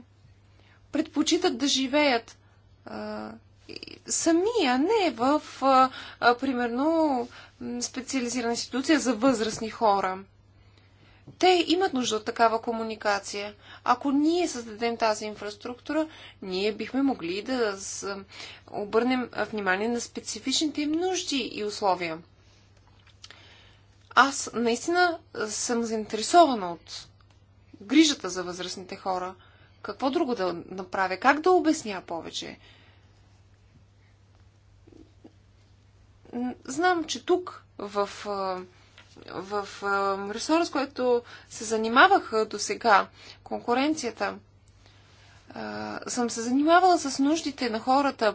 предпочитат да живеят а, сами, а не в, а, а, примерно, специализирана институция за възрастни хора. Те имат нужда от такава комуникация. Ако ние създадем тази инфраструктура, ние бихме могли да обърнем внимание на специфичните им нужди и условия. Аз наистина съм заинтересована от грижата за възрастните хора. Какво друго да направя? Как да обясня повече? Знам, че тук в в ресора, с който се занимавах до сега, конкуренцията, съм се занимавала с нуждите на хората,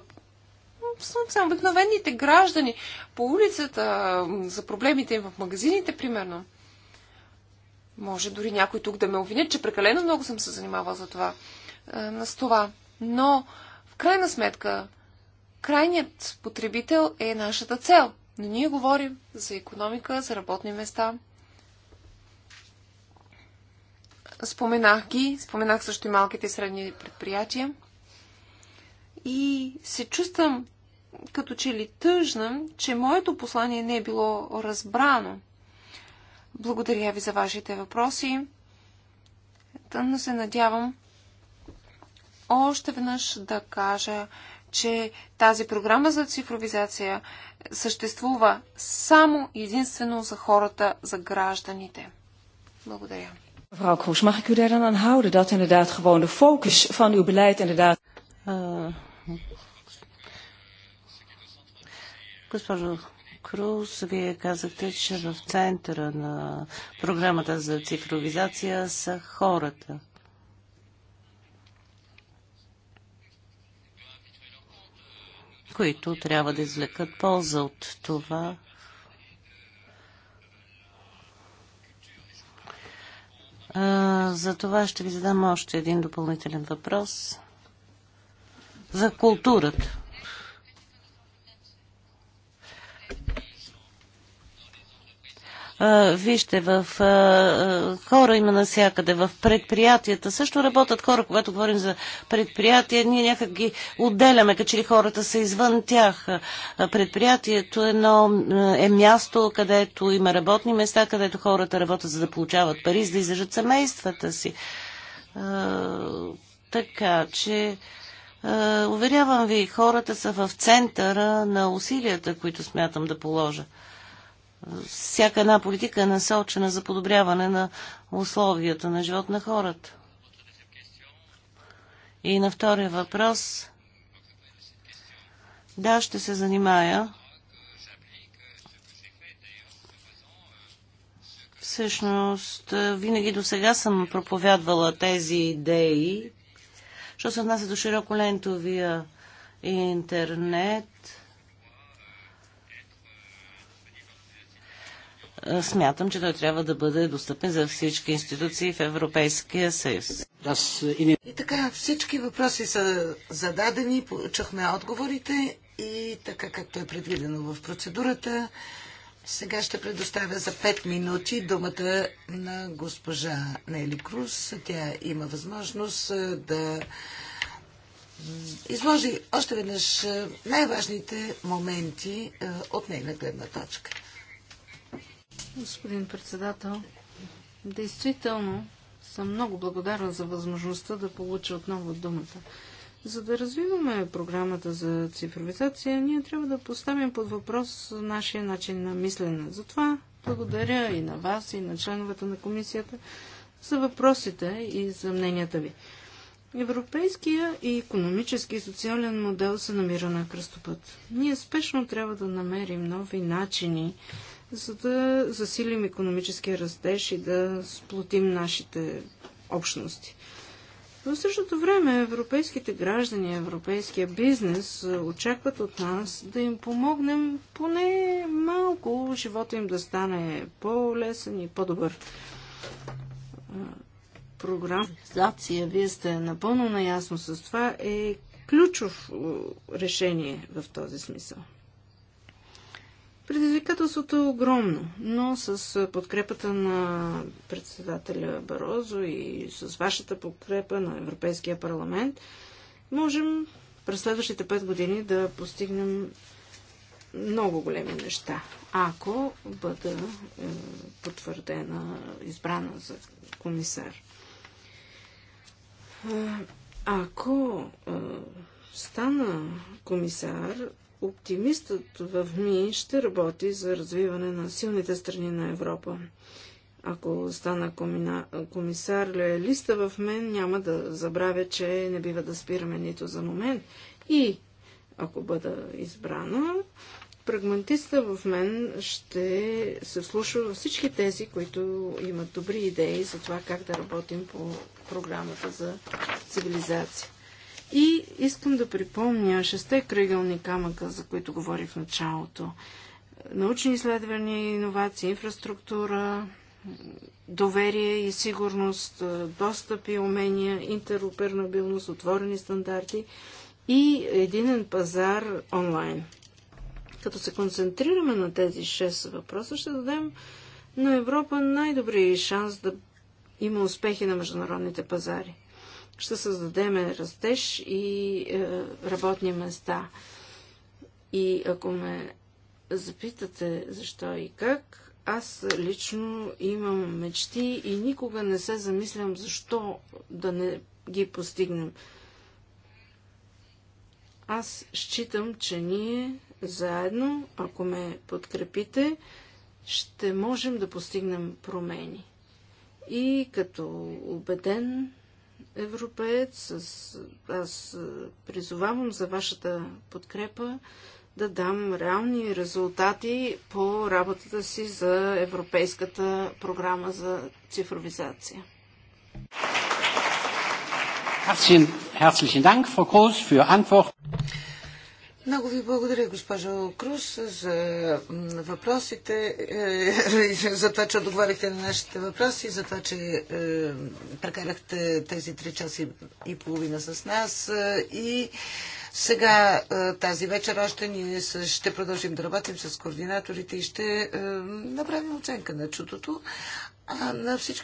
съм обикновените граждани по улицата, за проблемите им в магазините, примерно. Може дори някой тук да ме обвинят, че прекалено много съм се занимавала за това, с това. Но, в крайна сметка, крайният потребител е нашата цел. Но ние говорим за економика, за работни места. Споменах ги, споменах също и малките и средни предприятия. И се чувствам като че ли тъжна, че моето послание не е било разбрано. Благодаря ви за вашите въпроси. Тънно се надявам още веднъж да кажа, че тази програма за цифровизация съществува само единствено за хората, за гражданите. Благодаря. Mevrouw Kroes, mag ik u daar dan aan houden dat inderdaad gewoon de focus van uw beleid inderdaad... Uh, госпожо Круз, вие казахте, че в центъра на програмата за цифровизация са хората. които трябва да извлекат полза от това. за това ще ви задам още един допълнителен въпрос за културата. Вижте, в хора има насякъде, в предприятията също работят хора. Когато говорим за предприятия, ние някак ги отделяме, като че ли хората са извън тях. Предприятието е едно е място, където има работни места, където хората работят за да получават пари, за да издържат семействата си. Така че, уверявам ви, хората са в центъра на усилията, които смятам да положа всяка една политика е насочена за подобряване на условията на живот на хората. И на втория въпрос. Да, ще се занимая. Всъщност, винаги до сега съм проповядвала тези идеи. Що се отнася до широколентовия интернет, смятам, че той трябва да бъде достъпен за всички институции в Европейския съюз. И така, всички въпроси са зададени, получахме отговорите и така както е предвидено в процедурата, сега ще предоставя за 5 минути думата на госпожа Нели Круз. Тя има възможност да изложи още веднъж най-важните моменти от нейна гледна точка. Господин председател, действително съм много благодарна за възможността да получа отново думата. За да развиваме програмата за цифровизация, ние трябва да поставим под въпрос нашия начин на мислене. Затова благодаря и на вас, и на членовете на комисията за въпросите и за мненията ви. Европейския и економически и социален модел се намира на кръстопът. Ние спешно трябва да намерим нови начини за да засилим економическия растеж и да сплотим нашите общности. В същото време европейските граждани, европейския бизнес очакват от нас да им помогнем поне малко живота им да стане по-лесен и по-добър. Програмизация, вие сте напълно наясно с това, е ключов решение в този смисъл. Предизвикателството е огромно, но с подкрепата на председателя Барозо и с вашата подкрепа на Европейския парламент можем през следващите пет години да постигнем много големи неща, ако бъда е, потвърдена, избрана за комисар. Ако е, стана комисар, Оптимистът в ми ще работи за развиване на силните страни на Европа. Ако стана комина... комисар листа в мен, няма да забравя, че не бива да спираме нито за момент. И ако бъда избрана, прагматиста в мен ще се слуша във всички тези, които имат добри идеи за това как да работим по програмата за цивилизация. И искам да припомня шесте кръгълни камъка, за които говорих в началото. Научни изследвания, иновации, инфраструктура, доверие и сигурност, достъп и умения, интероперабилност, отворени стандарти и единен пазар онлайн. Като се концентрираме на тези шест въпроса, ще дадем на Европа най-добрия шанс да има успехи на международните пазари ще създадем растеж и е, работни места. И ако ме запитате защо и как, аз лично имам мечти и никога не се замислям защо да не ги постигнем. Аз считам, че ние заедно, ако ме подкрепите, ще можем да постигнем промени. И като убеден европеец. Аз, аз призовавам за вашата подкрепа да дам реални резултати по работата си за Европейската програма за цифровизация. Herzlichen Dank, Frau Groß, für Antwort. Много ви благодаря, госпожо Крус, за въпросите, е, за това, че отговорихте на нашите въпроси, за това, че е, прекарахте тези три часа и половина с нас. Е, и сега тази вечер още ние ще продължим да работим с координаторите и ще направим оценка на чудото. А на всички